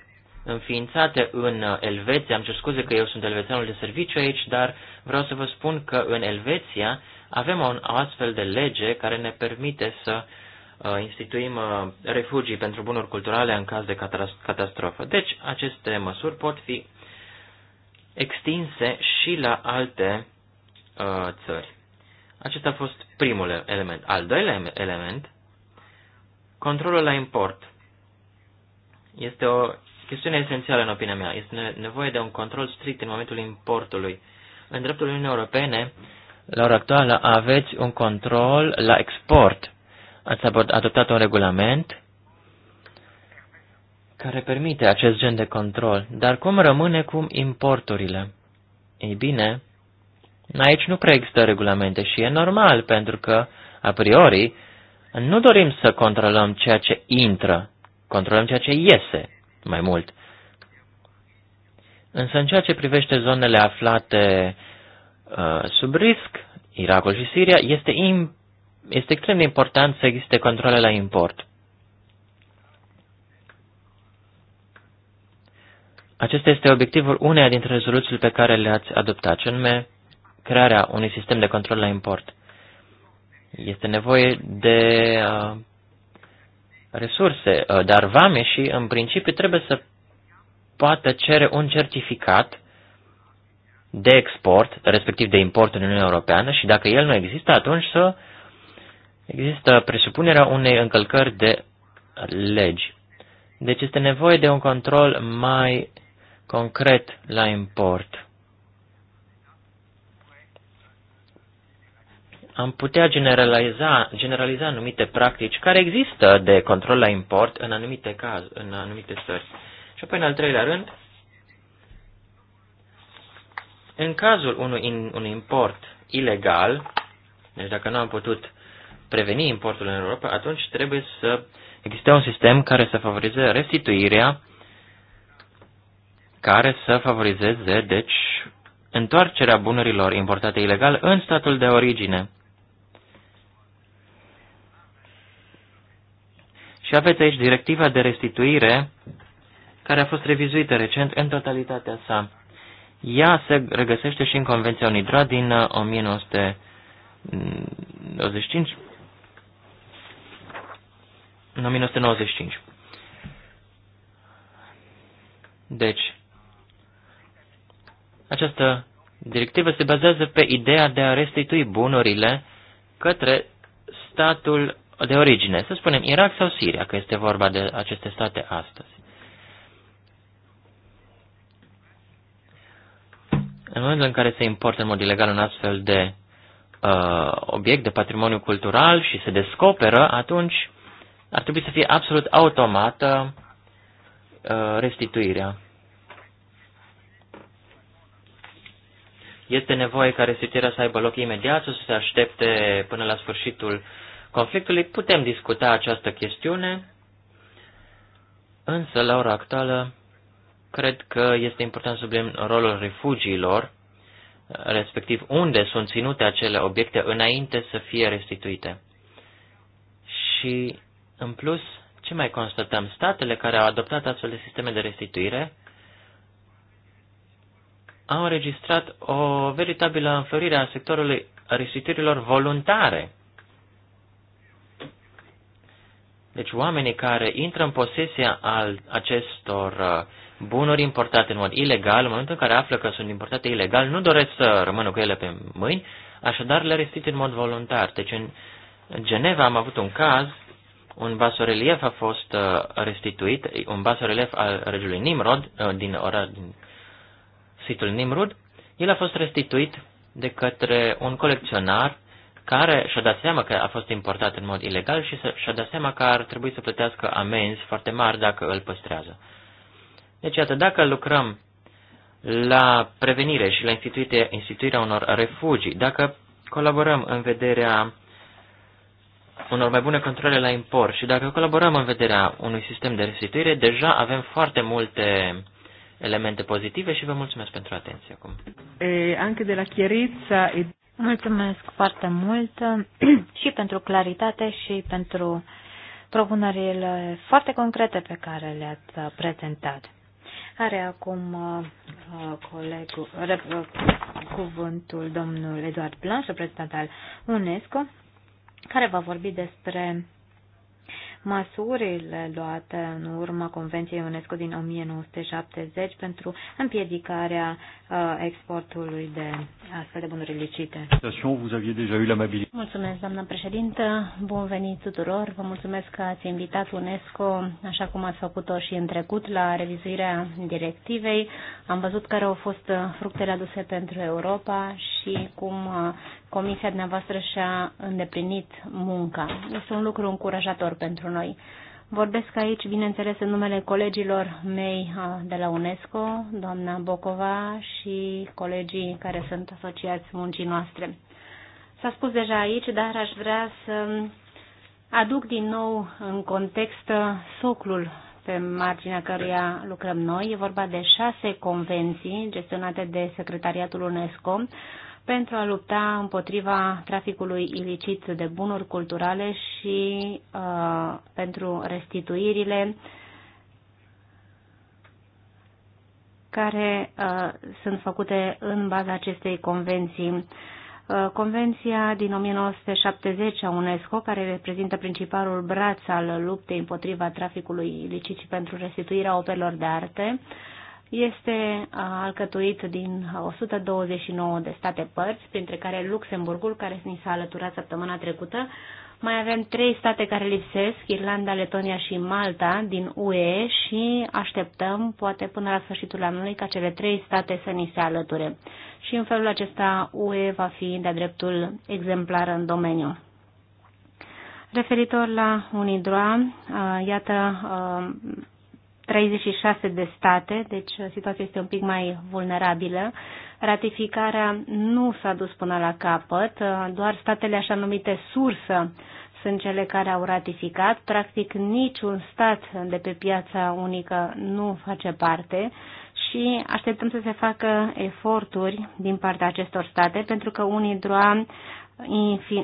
înființate în Elveția. Am cer scuze că eu sunt elvețeanul de serviciu aici, dar vreau să vă spun că în Elveția avem o astfel de lege care ne permite să uh, instituim uh, refugii pentru bunuri culturale în caz de catastrofă. Deci, aceste măsuri pot fi extinse și la alte uh, țări. Acesta a fost primul element. Al doilea element, controlul la import. Este o chestiune esențială în opinia mea. Este nevoie de un control strict în momentul importului. În dreptul Uniunii Europene, la ora actuală, aveți un control la export. Ați adoptat un regulament care permite acest gen de control. Dar cum rămâne cu importurile? Ei bine, aici nu prea există regulamente și e normal, pentru că, a priori, nu dorim să controlăm ceea ce intră, controlăm ceea ce iese mai mult. Însă în ceea ce privește zonele aflate uh, sub risc, Irakul și Siria, este, este extrem de important să existe controle la import. Acesta este obiectivul uneia dintre rezoluțiile pe care le-ați adoptat, ce anume crearea unui sistem de control la import. Este nevoie de uh, resurse, uh, dar vame și în principiu trebuie să poată cere un certificat de export, respectiv de import în Uniunea Europeană și dacă el nu există, atunci să există presupunerea unei încălcări de legi. Deci este nevoie de un control mai concret la import. Am putea generaliza, generaliza anumite practici care există de control la import în anumite caz, în anumite țări. Și apoi, în al treilea rând, în cazul unui, unui import ilegal, deci dacă nu am putut preveni importul în Europa, atunci trebuie să existe un sistem care să favorizeze restituirea care să favorizeze, deci, întoarcerea bunurilor importate ilegal în statul de origine. Și aveți aici directiva de restituire, care a fost revizuită recent în totalitatea sa. Ea se regăsește și în Convenția UNIDRA din 1925. Uh, în 1995. Deci, această directivă se bazează pe ideea de a restitui bunurile către statul de origine, să spunem Irak sau Siria, că este vorba de aceste state astăzi. În momentul în care se importă în mod ilegal un astfel de uh, obiect de patrimoniu cultural și se descoperă, atunci ar trebui să fie absolut automată uh, restituirea. Este nevoie ca restituirea să aibă loc imediat sau să se aștepte până la sfârșitul conflictului. Putem discuta această chestiune, însă la ora actuală cred că este important sublim rolul refugiilor, respectiv unde sunt ținute acele obiecte înainte să fie restituite. Și, în plus, ce mai constatăm? Statele care au adoptat astfel de sisteme de restituire au înregistrat o veritabilă înflorire a sectorului risipirilor voluntare. Deci oamenii care intră în posesia al acestor uh, bunuri importate în mod ilegal, în momentul în care află că sunt importate ilegal, nu doresc să rămână cu ele pe mâini, așadar le restituie în mod voluntar. Deci în Geneva am avut un caz, un basorelief a fost uh, restituit, un basorelief al regiului Nimrod uh, din, ora, din situl Nimrud, el a fost restituit de către un colecționar care și-a dat seama că a fost importat în mod ilegal și și-a dat seama că ar trebui să plătească amenzi foarte mari dacă îl păstrează. Deci, iată, dacă lucrăm la prevenire și la instituirea unor refugii, dacă colaborăm în vederea unor mai bune controle la import și dacă colaborăm în vederea unui sistem de restituire, deja avem foarte multe elemente pozitive și vă mulțumesc pentru atenție acum. E, anche de la chiarezza e... Mulțumesc foarte mult și pentru claritate și pentru propunerile foarte concrete pe care le-ați prezentat. Are acum uh, colegul, rep, uh, cuvântul domnul Eduard Blanș, reprezentant al UNESCO, care va vorbi despre măsurile luate în urma Convenției UNESCO din 1970 pentru împiedicarea uh, exportului de astfel de bunuri ilicite. Mulțumesc, doamnă președintă. Bun venit tuturor. Vă mulțumesc că ați invitat UNESCO, așa cum ați făcut-o și în trecut, la revizuirea directivei. Am văzut care au fost fructele aduse pentru Europa și cum uh, comisia dumneavoastră și-a îndeplinit munca. Este un lucru încurajator pentru noi. Vorbesc aici, bineînțeles, în numele colegilor mei de la UNESCO, doamna Bocova și colegii care sunt asociați muncii noastre. S-a spus deja aici, dar aș vrea să aduc din nou în context soclul pe marginea căruia lucrăm noi. E vorba de șase convenții gestionate de Secretariatul UNESCO, pentru a lupta împotriva traficului ilicit de bunuri culturale și uh, pentru restituirile care uh, sunt făcute în baza acestei convenții uh, Convenția din 1970 a UNESCO, care reprezintă principalul braț al luptei împotriva traficului ilicit și pentru restituirea operelor de arte, este alcătuit din 129 de state părți, printre care Luxemburgul, care ni s-a alăturat săptămâna trecută. Mai avem trei state care lipsesc, Irlanda, Letonia și Malta din UE și așteptăm, poate până la sfârșitul anului, ca cele trei state să ni se alăture. Și în felul acesta UE va fi de dreptul exemplar în domeniu. Referitor la UNIDROA, uh, iată, uh, 36 de state, deci situația este un pic mai vulnerabilă. Ratificarea nu s-a dus până la capăt, doar statele așa numite sursă sunt cele care au ratificat. Practic niciun stat de pe piața unică nu face parte și așteptăm să se facă eforturi din partea acestor state pentru că unii droa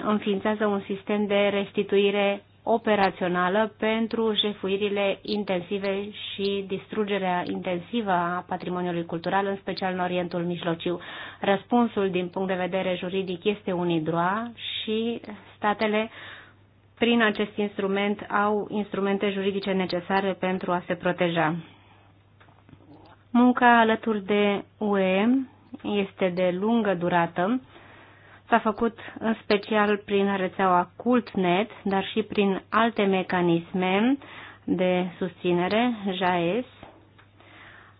înființează un sistem de restituire operațională pentru jefuirile intensive și distrugerea intensivă a patrimoniului cultural, în special în Orientul Mijlociu. Răspunsul din punct de vedere juridic este unidroa și statele prin acest instrument au instrumente juridice necesare pentru a se proteja. Munca alături de UE este de lungă durată S-a făcut în special prin rețeaua CultNet, dar și prin alte mecanisme de susținere, JAES.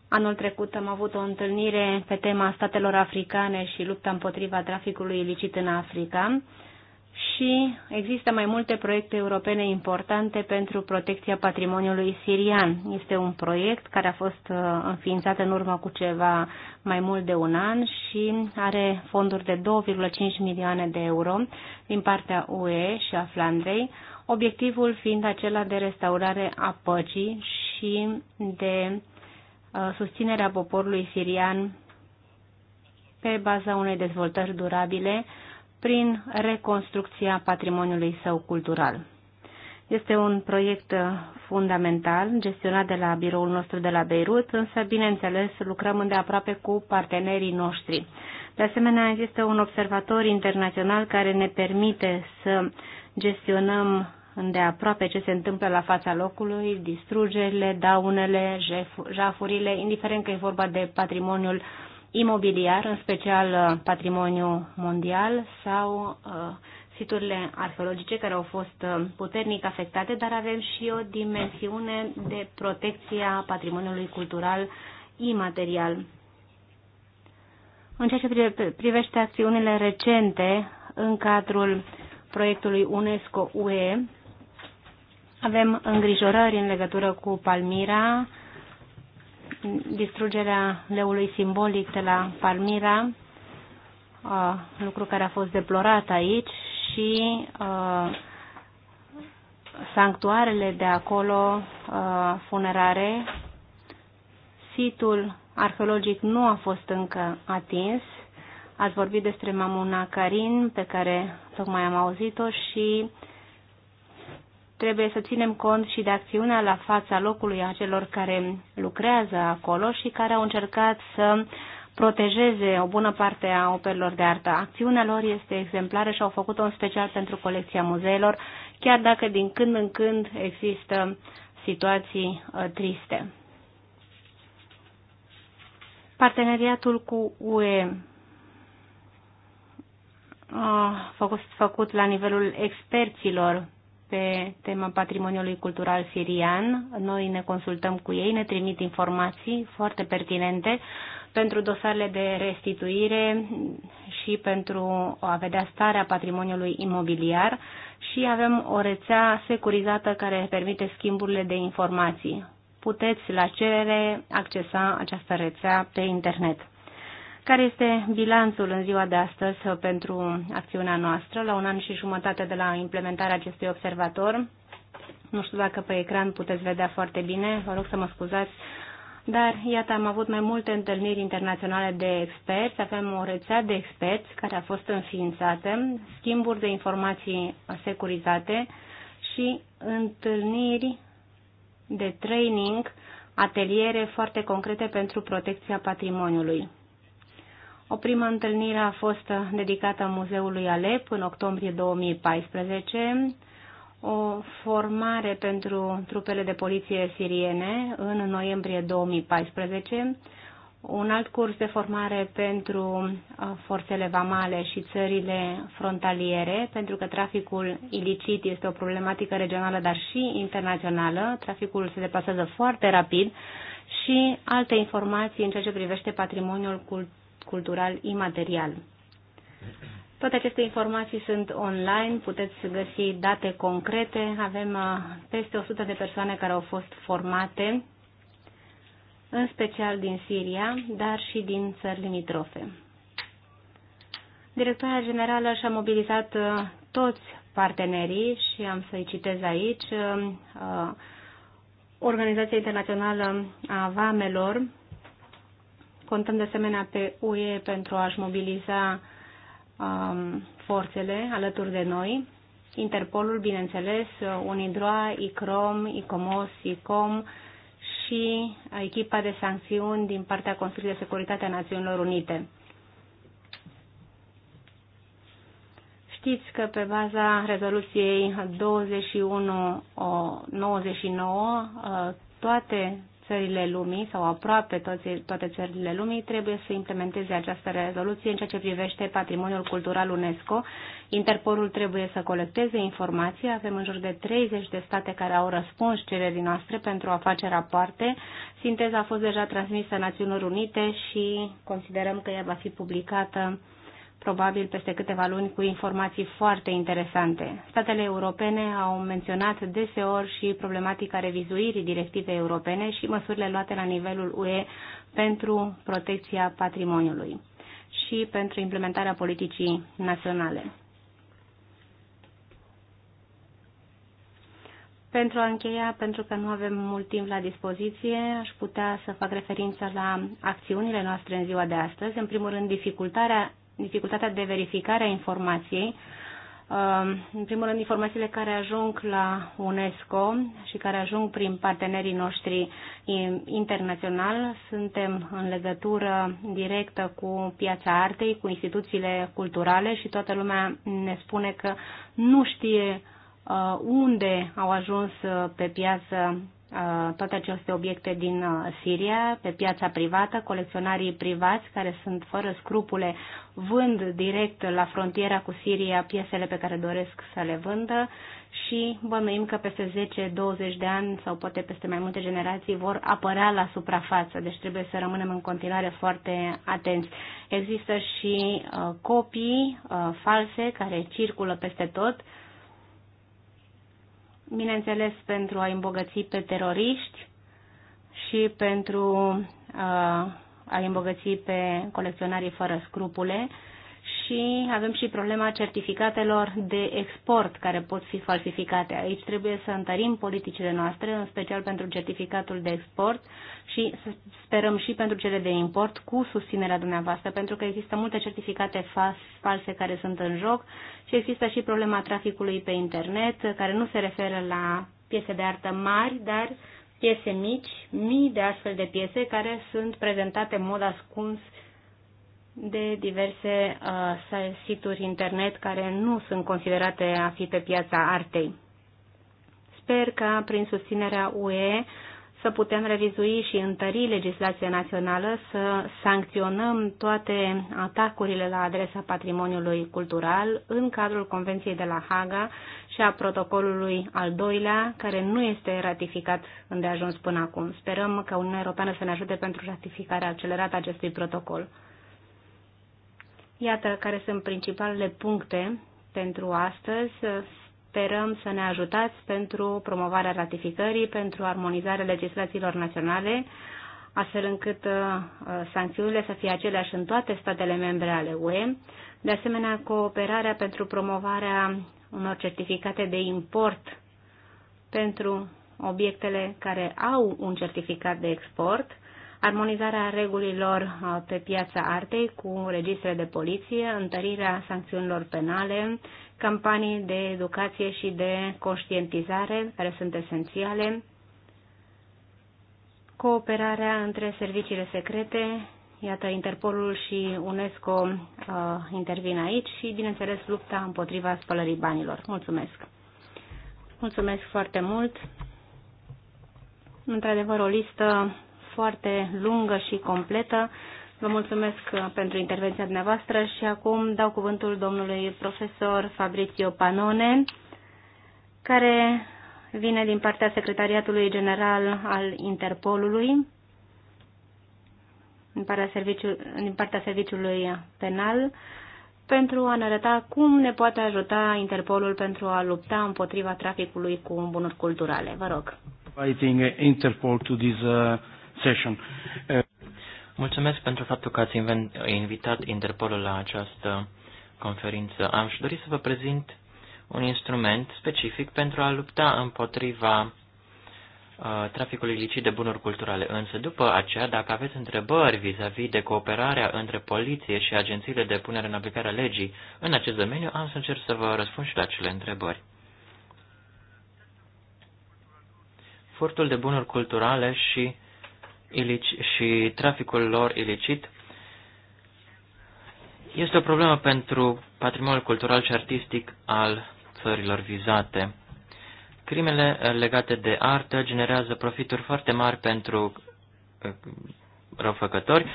Anul trecut am avut o întâlnire pe tema statelor africane și lupta împotriva traficului ilicit în Africa și există mai multe proiecte europene importante pentru protecția patrimoniului sirian. Este un proiect care a fost uh, înființat în urmă cu ceva mai mult de un an și are fonduri de 2,5 milioane de euro din partea UE și a Flandrei, obiectivul fiind acela de restaurare a păcii și de uh, susținerea poporului sirian pe baza unei dezvoltări durabile, prin reconstrucția patrimoniului său cultural. Este un proiect fundamental gestionat de la biroul nostru de la Beirut, însă, bineînțeles, lucrăm îndeaproape cu partenerii noștri. De asemenea, există un observator internațional care ne permite să gestionăm îndeaproape ce se întâmplă la fața locului, distrugerile, daunele, jafurile, indiferent că e vorba de patrimoniul imobiliar, în special uh, patrimoniu mondial sau uh, siturile arheologice care au fost uh, puternic afectate, dar avem și o dimensiune de protecție a patrimoniului cultural imaterial. În ceea ce privește acțiunile recente în cadrul proiectului UNESCO-UE, avem îngrijorări în legătură cu Palmira, distrugerea leului simbolic de la Palmira, lucru care a fost deplorat aici, și sanctuarele de acolo funerare. Situl arheologic nu a fost încă atins. Ați vorbit despre Mamuna Karin, pe care tocmai am auzit-o, și uh, Trebuie să ținem cont și de acțiunea la fața locului a celor care lucrează acolo și care au încercat să protejeze o bună parte a operelor de artă. Acțiunea lor este exemplară și au făcut-o în special pentru colecția muzeelor, chiar dacă din când în când există situații uh, triste. Parteneriatul cu UE a uh, făcut, făcut la nivelul experților pe tema patrimoniului cultural sirian. Noi ne consultăm cu ei, ne trimit informații foarte pertinente pentru dosarele de restituire și pentru a vedea starea patrimoniului imobiliar și avem o rețea securizată care permite schimburile de informații. Puteți, la cerere, accesa această rețea pe internet. Care este bilanțul în ziua de astăzi pentru acțiunea noastră, la un an și jumătate de la implementarea acestui observator? Nu știu dacă pe ecran puteți vedea foarte bine, vă rog să mă scuzați, dar iată, am avut mai multe întâlniri internaționale de experți, avem o rețea de experți care a fost înființată, schimburi de informații securizate și întâlniri de training, ateliere foarte concrete pentru protecția patrimoniului. O primă întâlnire a fost dedicată Muzeului Alep în octombrie 2014, o formare pentru trupele de poliție siriene în noiembrie 2014, un alt curs de formare pentru uh, forțele vamale și țările frontaliere, pentru că traficul ilicit este o problematică regională, dar și internațională. Traficul se deplasează foarte rapid și alte informații în ceea ce privește patrimoniul cultural cultural imaterial. Toate aceste informații sunt online, puteți găsi date concrete. Avem uh, peste 100 de persoane care au fost formate, în special din Siria, dar și din țări limitrofe. Directoarea generală și-a mobilizat uh, toți partenerii și am să-i citez aici. Uh, Organizația Internațională a Vamelor, Contăm de asemenea pe UE pentru a-și mobiliza um, forțele alături de noi. Interpolul, bineînțeles, UNIDROA, ICROM, ICOMOS, ICOM și echipa de sancțiuni din partea Consiliului de Securitate a Națiunilor Unite. Știți că pe baza rezoluției 2199 uh, toate țările lumii sau aproape toți, toate țările lumii trebuie să implementeze această rezoluție în ceea ce privește patrimoniul cultural UNESCO. Interpolul trebuie să colecteze informații. Avem în jur de 30 de state care au răspuns cererii noastre pentru a face rapoarte. Sinteza a fost deja transmisă Națiunilor Unite și considerăm că ea va fi publicată probabil peste câteva luni, cu informații foarte interesante. Statele europene au menționat deseori și problematica revizuirii directivei europene și măsurile luate la nivelul UE pentru protecția patrimoniului și pentru implementarea politicii naționale. Pentru a încheia, pentru că nu avem mult timp la dispoziție, aș putea să fac referință la acțiunile noastre în ziua de astăzi. În primul rând, dificultarea dificultatea de verificare a informației, um, în primul rând informațiile care ajung la UNESCO și care ajung prin partenerii noștri internațional. Suntem în legătură directă cu piața artei, cu instituțiile culturale și toată lumea ne spune că nu știe uh, unde au ajuns pe piață Uh, toate aceste obiecte din uh, Siria pe piața privată, colecționarii privați care sunt fără scrupule vând direct la frontiera cu Siria piesele pe care doresc să le vândă și bănuim că peste 10-20 de ani sau poate peste mai multe generații vor apărea la suprafață, deci trebuie să rămânem în continuare foarte atenți. Există și uh, copii false care circulă peste tot, bineînțeles pentru a îmbogăți pe teroriști și pentru uh, a îmbogăți pe colecționarii fără scrupule, și avem și problema certificatelor de export care pot fi falsificate. Aici trebuie să întărim politicile noastre, în special pentru certificatul de export și sperăm și pentru cele de import cu susținerea dumneavoastră, pentru că există multe certificate false care sunt în joc și există și problema traficului pe internet, care nu se referă la piese de artă mari, dar piese mici, mii de astfel de piese care sunt prezentate în mod ascuns de diverse uh, situri internet care nu sunt considerate a fi pe piața artei. Sper că prin susținerea UE să putem revizui și întări legislația națională, să sancționăm toate atacurile la adresa patrimoniului cultural în cadrul Convenției de la Haga și a protocolului al doilea, care nu este ratificat îndeajuns până acum. Sperăm că Uniunea Europeană să ne ajute pentru ratificarea accelerată a acestui protocol. Iată care sunt principalele puncte pentru astăzi. Sperăm să ne ajutați pentru promovarea ratificării, pentru armonizarea legislațiilor naționale, astfel încât uh, sancțiunile să fie aceleași în toate statele membre ale UE. De asemenea, cooperarea pentru promovarea unor certificate de import pentru obiectele care au un certificat de export armonizarea regulilor uh, pe piața artei cu registre de poliție, întărirea sancțiunilor penale, campanii de educație și de conștientizare, care sunt esențiale, cooperarea între serviciile secrete, iată, Interpolul și UNESCO uh, intervin aici și, bineînțeles, lupta împotriva spălării banilor. Mulțumesc! Mulțumesc foarte mult! Într-adevăr, o listă foarte lungă și completă. Vă mulțumesc pentru intervenția dumneavoastră și acum dau cuvântul domnului profesor Fabrizio Panone, care vine din partea Secretariatului General al Interpolului, din partea, serviciu, din partea Serviciului Penal, pentru a ne arăta cum ne poate ajuta Interpolul pentru a lupta împotriva traficului cu bunuri culturale. Vă rog. Interpol to this, uh session. Mulțumesc pentru faptul că ați invitat Interpolul la această conferință. Am și dorit să vă prezint un instrument specific pentru a lupta împotriva uh, traficului ilicit de bunuri culturale. Însă după aceea, dacă aveți întrebări vis-a-vis -vis de cooperarea între poliție și agențiile de punere în aplicare a legii în acest domeniu, am să încerc să vă răspund și la acele întrebări. Furtul de bunuri culturale și și traficul lor ilicit este o problemă pentru patrimoniul cultural și artistic al țărilor vizate. Crimele legate de artă generează profituri foarte mari pentru uh, răufăcători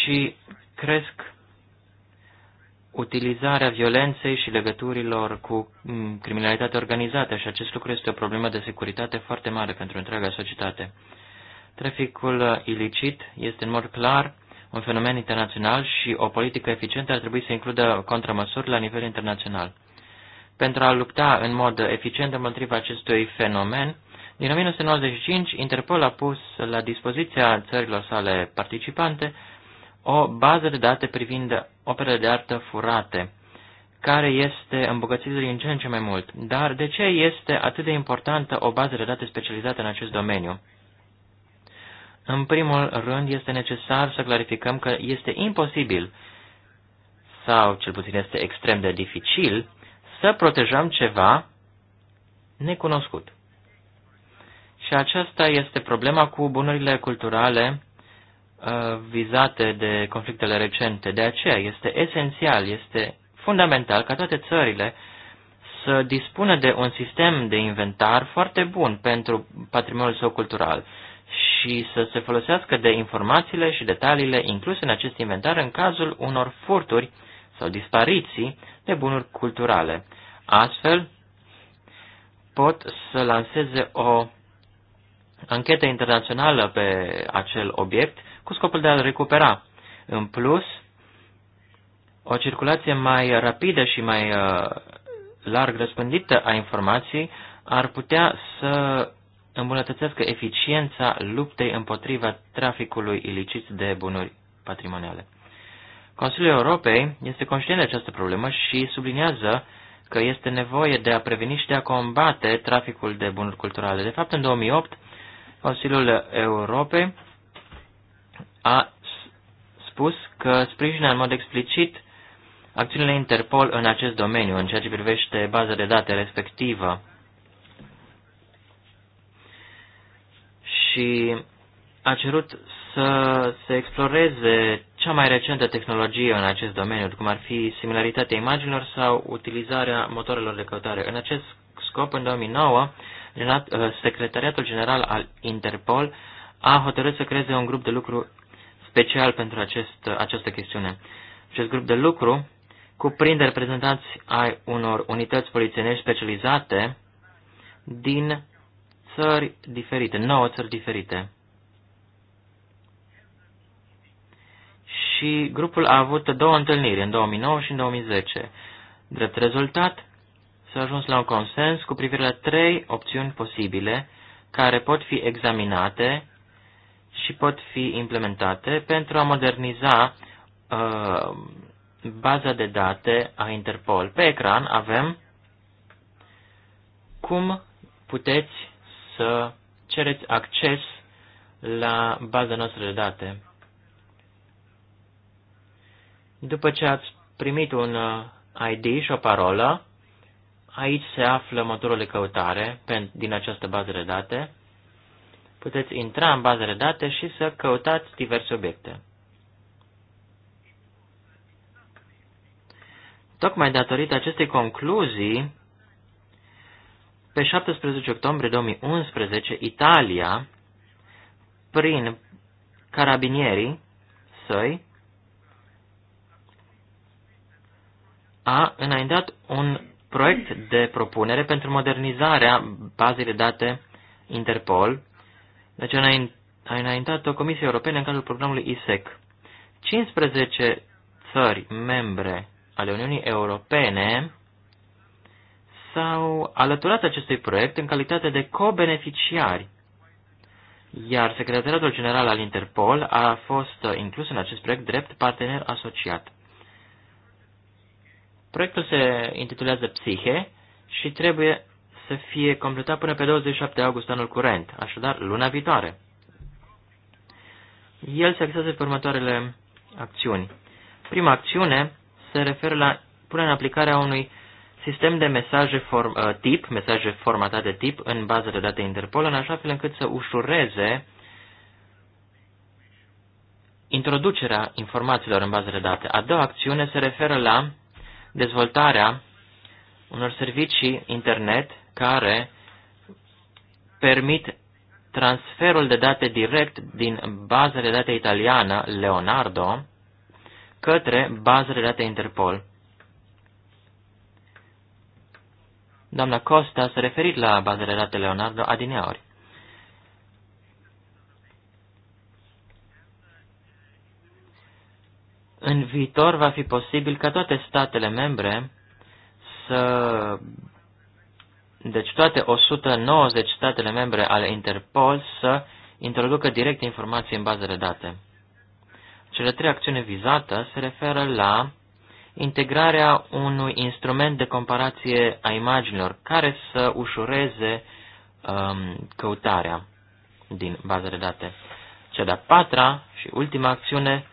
și cresc utilizarea violenței și legăturilor cu mm, criminalitatea organizată și acest lucru este o problemă de securitate foarte mare pentru întreaga societate. Traficul uh, ilicit este în mod clar un fenomen internațional și o politică eficientă ar trebui să includă contramăsuri la nivel internațional. Pentru a lupta în mod eficient împotriva acestui fenomen, din 1995, Interpol a pus la dispoziția țărilor sale participante o bază de date privind operele de artă furate, care este îmbogățită din ce în ce mai mult. Dar de ce este atât de importantă o bază de date specializată în acest domeniu? În primul rând, este necesar să clarificăm că este imposibil, sau cel puțin este extrem de dificil, să protejăm ceva necunoscut. Și aceasta este problema cu bunurile culturale uh, vizate de conflictele recente. De aceea este esențial, este fundamental ca toate țările să dispună de un sistem de inventar foarte bun pentru patrimoniul său cultural și să se folosească de informațiile și detaliile incluse în acest inventar în cazul unor furturi sau dispariții de bunuri culturale. Astfel, pot să lanseze o anchetă internațională pe acel obiect cu scopul de a-l recupera. În plus, o circulație mai rapidă și mai uh, larg răspândită a informației ar putea să îmbunătățească eficiența luptei împotriva traficului ilicit de bunuri patrimoniale. Consiliul Europei este conștient de această problemă și subliniază că este nevoie de a preveni și de a combate traficul de bunuri culturale. De fapt, în 2008, Consiliul Europei a spus că sprijină în mod explicit acțiunile Interpol în acest domeniu, în ceea ce privește baza de date respectivă și a cerut să se exploreze cea mai recentă tehnologie în acest domeniu, cum ar fi similaritatea imaginilor sau utilizarea motorelor de căutare. În acest scop, în 2009, uh, Secretariatul General al Interpol a hotărât să creeze un grup de lucru special pentru acest, uh, această chestiune. Acest grup de lucru cuprinde reprezentanți ai unor unități polițienești specializate din țări diferite, nouă țări diferite. Și grupul a avut două întâlniri, în 2009 și în 2010. Drept rezultat, s-a ajuns la un consens cu privire la trei opțiuni posibile care pot fi examinate și pot fi implementate pentru a moderniza uh, baza de date a Interpol. Pe ecran avem cum puteți să cereți acces la baza noastră de date. După ce ați primit un uh, ID și o parolă, aici se află motorul de căutare din această bază de date. Puteți intra în baza de date și să căutați diverse obiecte. Tocmai datorită acestei concluzii, pe 17 octombrie 2011, Italia, prin carabinierii săi, a înaintat un proiect de propunere pentru modernizarea bazei de date Interpol, deci a înaintat o Comisie Europeană în cadrul programului ISEC. 15 țări membre ale Uniunii Europene s-au alăturat acestui proiect în calitate de co-beneficiari, iar Secretariatul General al Interpol a fost inclus în acest proiect drept partener asociat. Proiectul se intitulează Psihe și trebuie să fie completat până pe 27 august anul curent, așadar luna viitoare. El se axează pe următoarele acțiuni. Prima acțiune se referă la punerea în aplicare a unui sistem de mesaje form, uh, tip, mesaje formatate tip în bază de date Interpol, în așa fel încât să ușureze introducerea informațiilor în bază de date. A doua acțiune se referă la dezvoltarea unor servicii internet care permit transferul de date direct din baza de date italiană Leonardo către baza de date Interpol. Doamna Costa s-a referit la bazele date Leonardo adineori. În viitor va fi posibil ca toate statele membre să... Deci toate 190 statele membre ale Interpol să introducă direct informații în bazele date. Cele trei acțiuni vizate se referă la integrarea unui instrument de comparație a imaginilor care să ușureze um, căutarea din baza de date. Cea de-a patra și ultima acțiune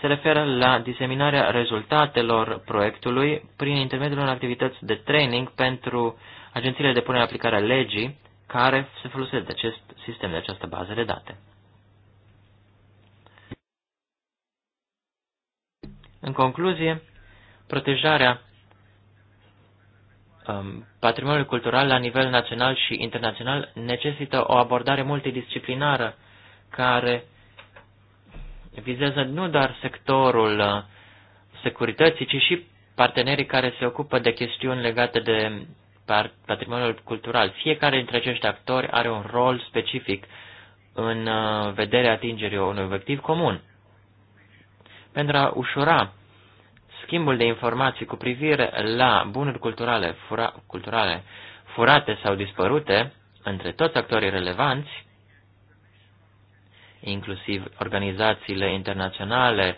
se referă la diseminarea rezultatelor proiectului prin intermediul unor activități de training pentru agențiile de punere în aplicare a legii care se folosesc de acest sistem, de această bază de date. În concluzie, protejarea um, patrimoniului cultural la nivel național și internațional necesită o abordare multidisciplinară care vizează nu doar sectorul uh, securității, ci și partenerii care se ocupă de chestiuni legate de patrimoniul cultural. Fiecare dintre acești actori are un rol specific în uh, vederea atingerii unui obiectiv comun. Pentru a ușura schimbul de informații cu privire la bunuri culturale, fura, culturale furate sau dispărute între toți actorii relevanți, inclusiv organizațiile internaționale,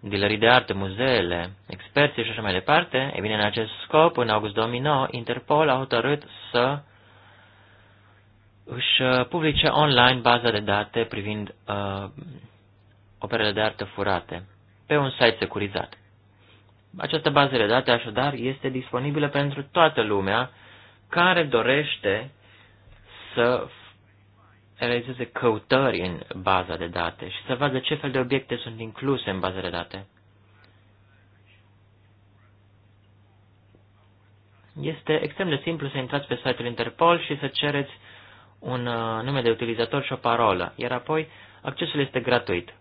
dilării de artă, muzeele, experții și așa mai departe, e bine, în acest scop, în august 2009, Interpol a hotărât să își uh, publice online baza de date privind uh, operele de artă furate pe un site securizat. Această bază de date, așadar, este disponibilă pentru toată lumea care dorește să realizeze căutări în baza de date și să vadă ce fel de obiecte sunt incluse în baza de date. Este extrem de simplu să intrați pe site-ul Interpol și să cereți un uh, nume de utilizator și o parolă, iar apoi accesul este gratuit.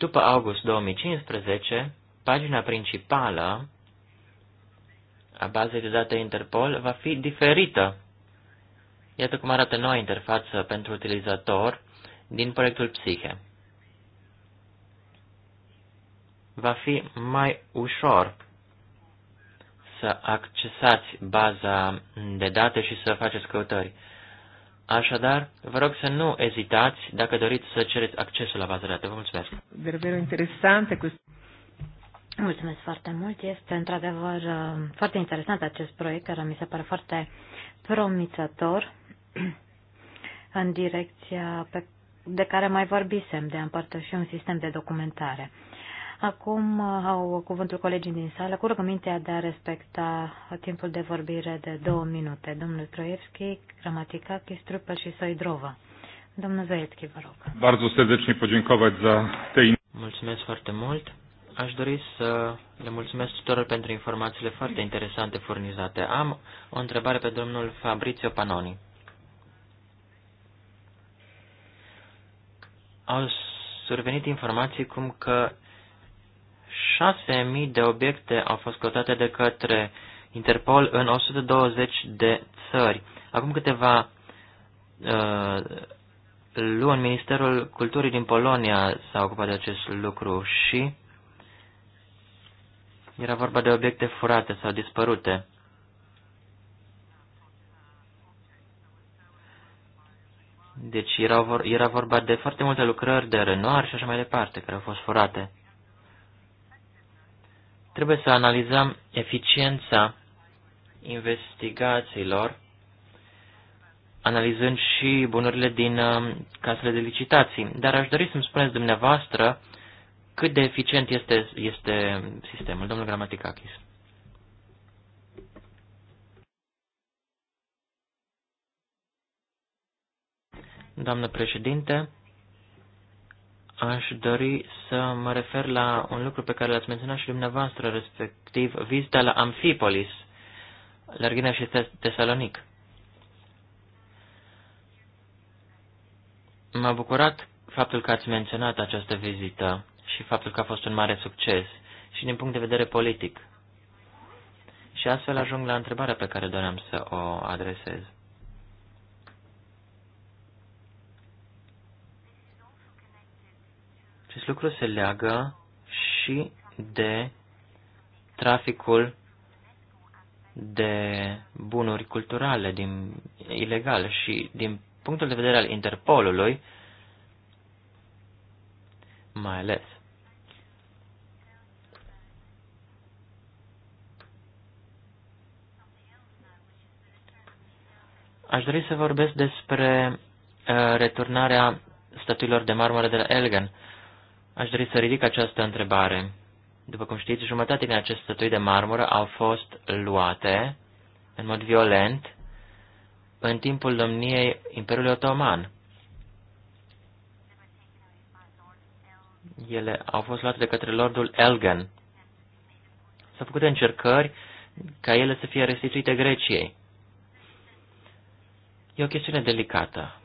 după august 2015, pagina principală a bazei de date Interpol va fi diferită. Iată cum arată noua interfață pentru utilizator din proiectul Psihe. Va fi mai ușor să accesați baza de date și să faceți căutări. Așadar, vă rog să nu ezitați dacă doriți să cereți accesul la bază. de date. Vă mulțumesc. De vero interesante. Mulțumesc foarte mult. Este într-adevăr uh, foarte interesant acest proiect care mi se pare foarte promițător în direcția pe, de care mai vorbisem, de a împărtăși un sistem de documentare. Acum uh, au cuvântul colegii din sală cu rugămintea de a respecta timpul de vorbire de două minute. Domnul Troievski, Gramatica, Chistrupel și Soidrova. Domnul Zaetski, vă rog. Bardzo serdecznie podziękować za te... Mulțumesc foarte mult. Aș dori să le mulțumesc tuturor pentru informațiile foarte interesante furnizate. Am o întrebare pe domnul Fabrizio Panoni. Au survenit informații cum că 6.000 de obiecte au fost căutate de către Interpol în 120 de țări. Acum câteva uh, luni, Ministerul Culturii din Polonia s-a ocupat de acest lucru și era vorba de obiecte furate sau dispărute. Deci era, vor, era vorba de foarte multe lucrări de renoar și așa mai departe, care au fost furate. Trebuie să analizăm eficiența investigațiilor, analizând și bunurile din um, casele de licitații. Dar aș dori să-mi spuneți dumneavoastră cât de eficient este, este sistemul, domnul Gramaticakis. Doamnă președinte, aș dori să mă refer la un lucru pe care l-ați menționat și dumneavoastră, respectiv vizita la Amfipolis, Larghina și Tesalonic. M-a bucurat faptul că ați menționat această vizită și faptul că a fost un mare succes și din punct de vedere politic. Și astfel ajung la întrebarea pe care doream să o adresez. Acest lucru se leagă și de traficul de bunuri culturale din, ilegal și din punctul de vedere al Interpolului, mai ales. Aș dori să vorbesc despre uh, returnarea statuilor de marmură de la Elgin. Aș dori să ridic această întrebare. După cum știți, jumătate din aceste statui de marmură au fost luate în mod violent în timpul domniei Imperiului Otoman. Ele au fost luate de către Lordul Elgen. S-au făcut încercări ca ele să fie restituite Greciei. E o chestiune delicată.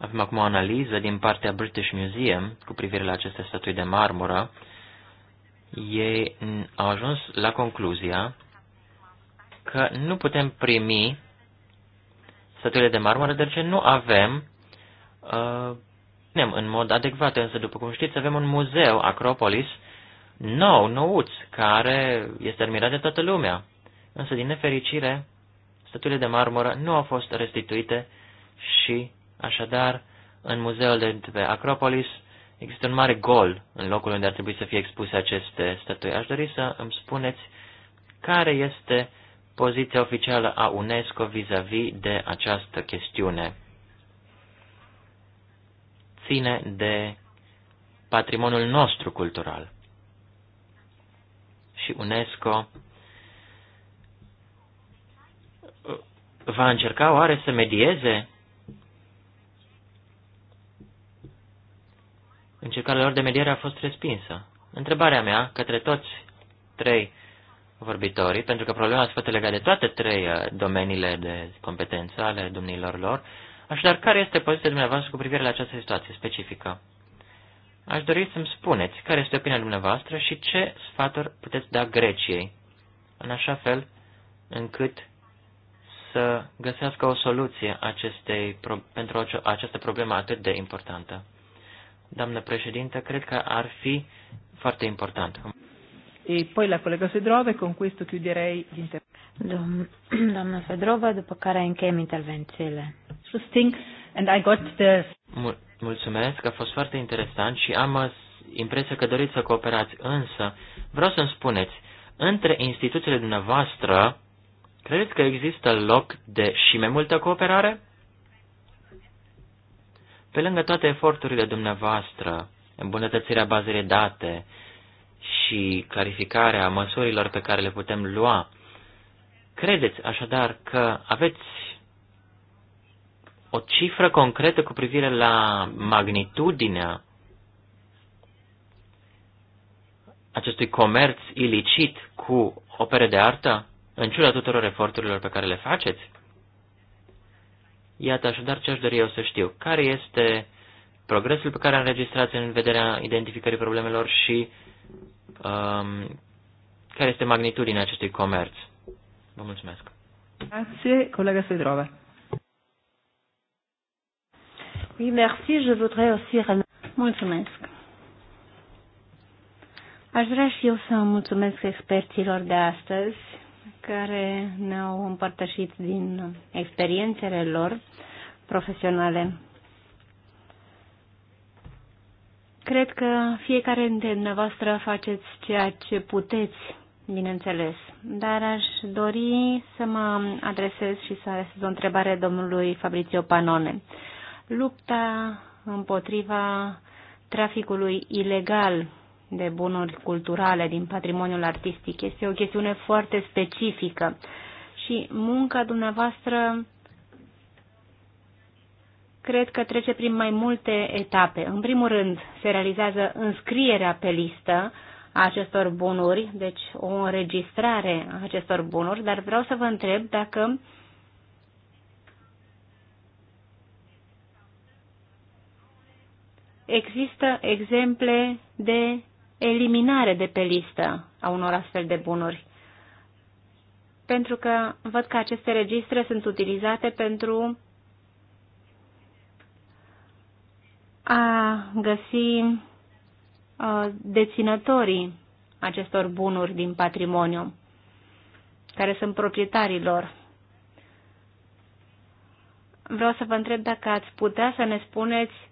Avem acum o analiză din partea British Museum cu privire la aceste statui de marmură. Ei au ajuns la concluzia că nu putem primi statuile de marmură, deoarece nu avem uh, în mod adecvat, însă, după cum știți, avem un muzeu, Acropolis, nou, nouț, care este admirat de toată lumea. Însă, din nefericire, statuile de marmură nu au fost restituite și Așadar, în muzeul de pe Acropolis există un mare gol în locul unde ar trebui să fie expuse aceste statui. Aș dori să îmi spuneți care este poziția oficială a UNESCO vis-a-vis -vis de această chestiune. Ține de patrimoniul nostru cultural. Și UNESCO va încerca oare să medieze Încercarea lor de mediere a fost respinsă. Întrebarea mea către toți trei vorbitorii, pentru că problema se poate lega de toate trei uh, domeniile de competență ale domnilor lor, așadar care este poziția dumneavoastră cu privire la această situație specifică? Aș dori să-mi spuneți care este opinia dumneavoastră și ce sfaturi puteți da Greciei, în așa fel încât să găsească o soluție acestei, pentru această problemă atât de importantă doamnă președintă, cred că ar fi foarte important. E poi la colega Fedrova e con questo chiuderei l'intervento. Doamna Fedrova, după care încheiem intervențiile. Interesting and I got the... Mulțumesc, a fost foarte interesant și am impresia că doriți să cooperați, însă vreau să-mi spuneți, între instituțiile dumneavoastră, credeți că există loc de și mai multă cooperare? Pe lângă toate eforturile dumneavoastră, îmbunătățirea bazei de date și clarificarea măsurilor pe care le putem lua, credeți așadar că aveți o cifră concretă cu privire la magnitudinea acestui comerț ilicit cu opere de artă, în ciuda tuturor eforturilor pe care le faceți? Iată așadar ce aș dori eu să știu. Care este progresul pe care am înregistrat în vederea identificării problemelor și um, care este magnitudinea acestui comerț? Vă mulțumesc. Grazie, colega Sedrova. Oui, merci. Je voudrais aussi... Mulțumesc. Aș vrea și eu să mulțumesc experților de astăzi care ne-au împărtășit din experiențele lor profesionale. Cred că fiecare dintre dumneavoastră faceți ceea ce puteți, bineînțeles, dar aș dori să mă adresez și să adresez o întrebare domnului Fabrizio Panone. Lupta împotriva traficului ilegal de bunuri culturale, din patrimoniul artistic. Este o chestiune foarte specifică și munca dumneavoastră cred că trece prin mai multe etape. În primul rând, se realizează înscrierea pe listă a acestor bunuri, deci o înregistrare a acestor bunuri, dar vreau să vă întreb dacă există exemple de eliminare de pe listă a unor astfel de bunuri. Pentru că văd că aceste registre sunt utilizate pentru a găsi uh, deținătorii acestor bunuri din patrimoniu, care sunt proprietarii lor. Vreau să vă întreb dacă ați putea să ne spuneți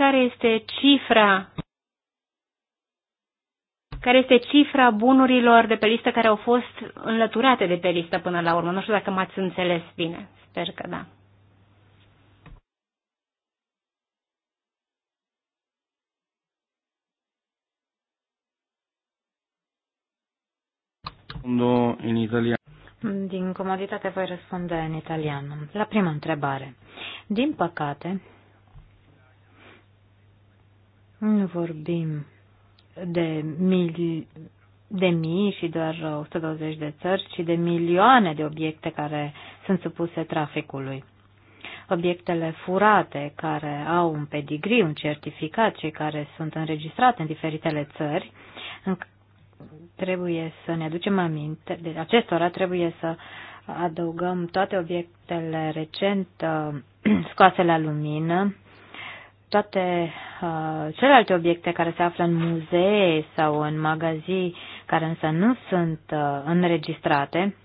care este cifra care este cifra bunurilor de pe listă care au fost înlăturate de pe listă până la urmă. Nu știu dacă m-ați înțeles bine. Sper că da. în Din comoditate voi răspunde în italian. La prima întrebare. Din păcate, nu vorbim de, mil, de mii și doar 120 de țări, ci de milioane de obiecte care sunt supuse traficului. Obiectele furate care au un pedigree, un certificat și care sunt înregistrate în diferitele țări, trebuie să ne aducem aminte, de acestora trebuie să adăugăm toate obiectele recent uh, scoase la lumină, toate uh, celelalte obiecte care se află în muzee sau în magazii, care însă nu sunt uh, înregistrate,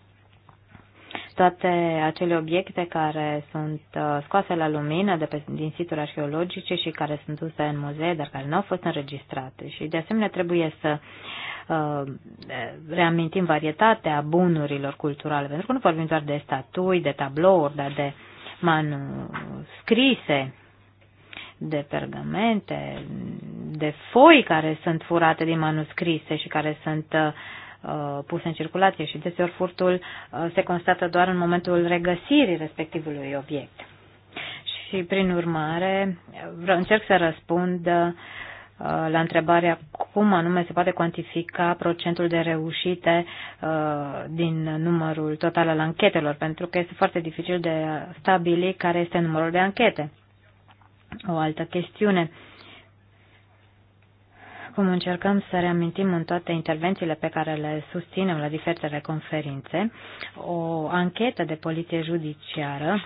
toate acele obiecte care sunt uh, scoase la lumină de pe, din situri arheologice și care sunt duse în muzee, dar care nu au fost înregistrate. Și de asemenea trebuie să uh, reamintim varietatea bunurilor culturale, pentru că nu vorbim doar de statui, de tablouri, dar de manuscrise de pergamente, de foi care sunt furate din manuscrise și care sunt uh, puse în circulație și deseori furtul uh, se constată doar în momentul regăsirii respectivului obiect. Și prin urmare încerc să răspund uh, la întrebarea cum anume se poate cuantifica procentul de reușite uh, din numărul total al anchetelor, pentru că este foarte dificil de stabili care este numărul de anchete o altă chestiune. Cum încercăm să reamintim în toate intervențiile pe care le susținem la diferitele conferințe, o anchetă de poliție judiciară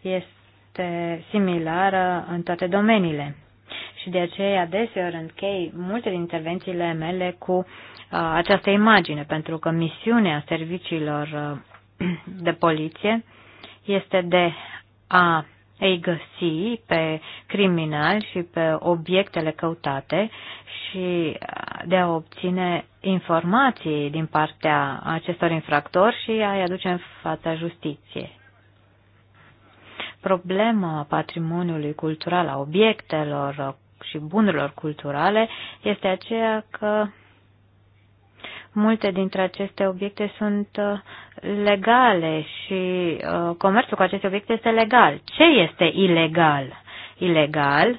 este similară în toate domeniile. Și de aceea adeseori închei multe din intervențiile mele cu uh, această imagine, pentru că misiunea serviciilor uh, de poliție este de a ei găsi pe criminal și pe obiectele căutate și de a obține informații din partea acestor infractori și a-i aduce în fața justiției. Problema patrimoniului cultural, a obiectelor și bunurilor culturale este aceea că Multe dintre aceste obiecte sunt uh, legale și uh, comerțul cu aceste obiecte este legal. Ce este ilegal? Ilegal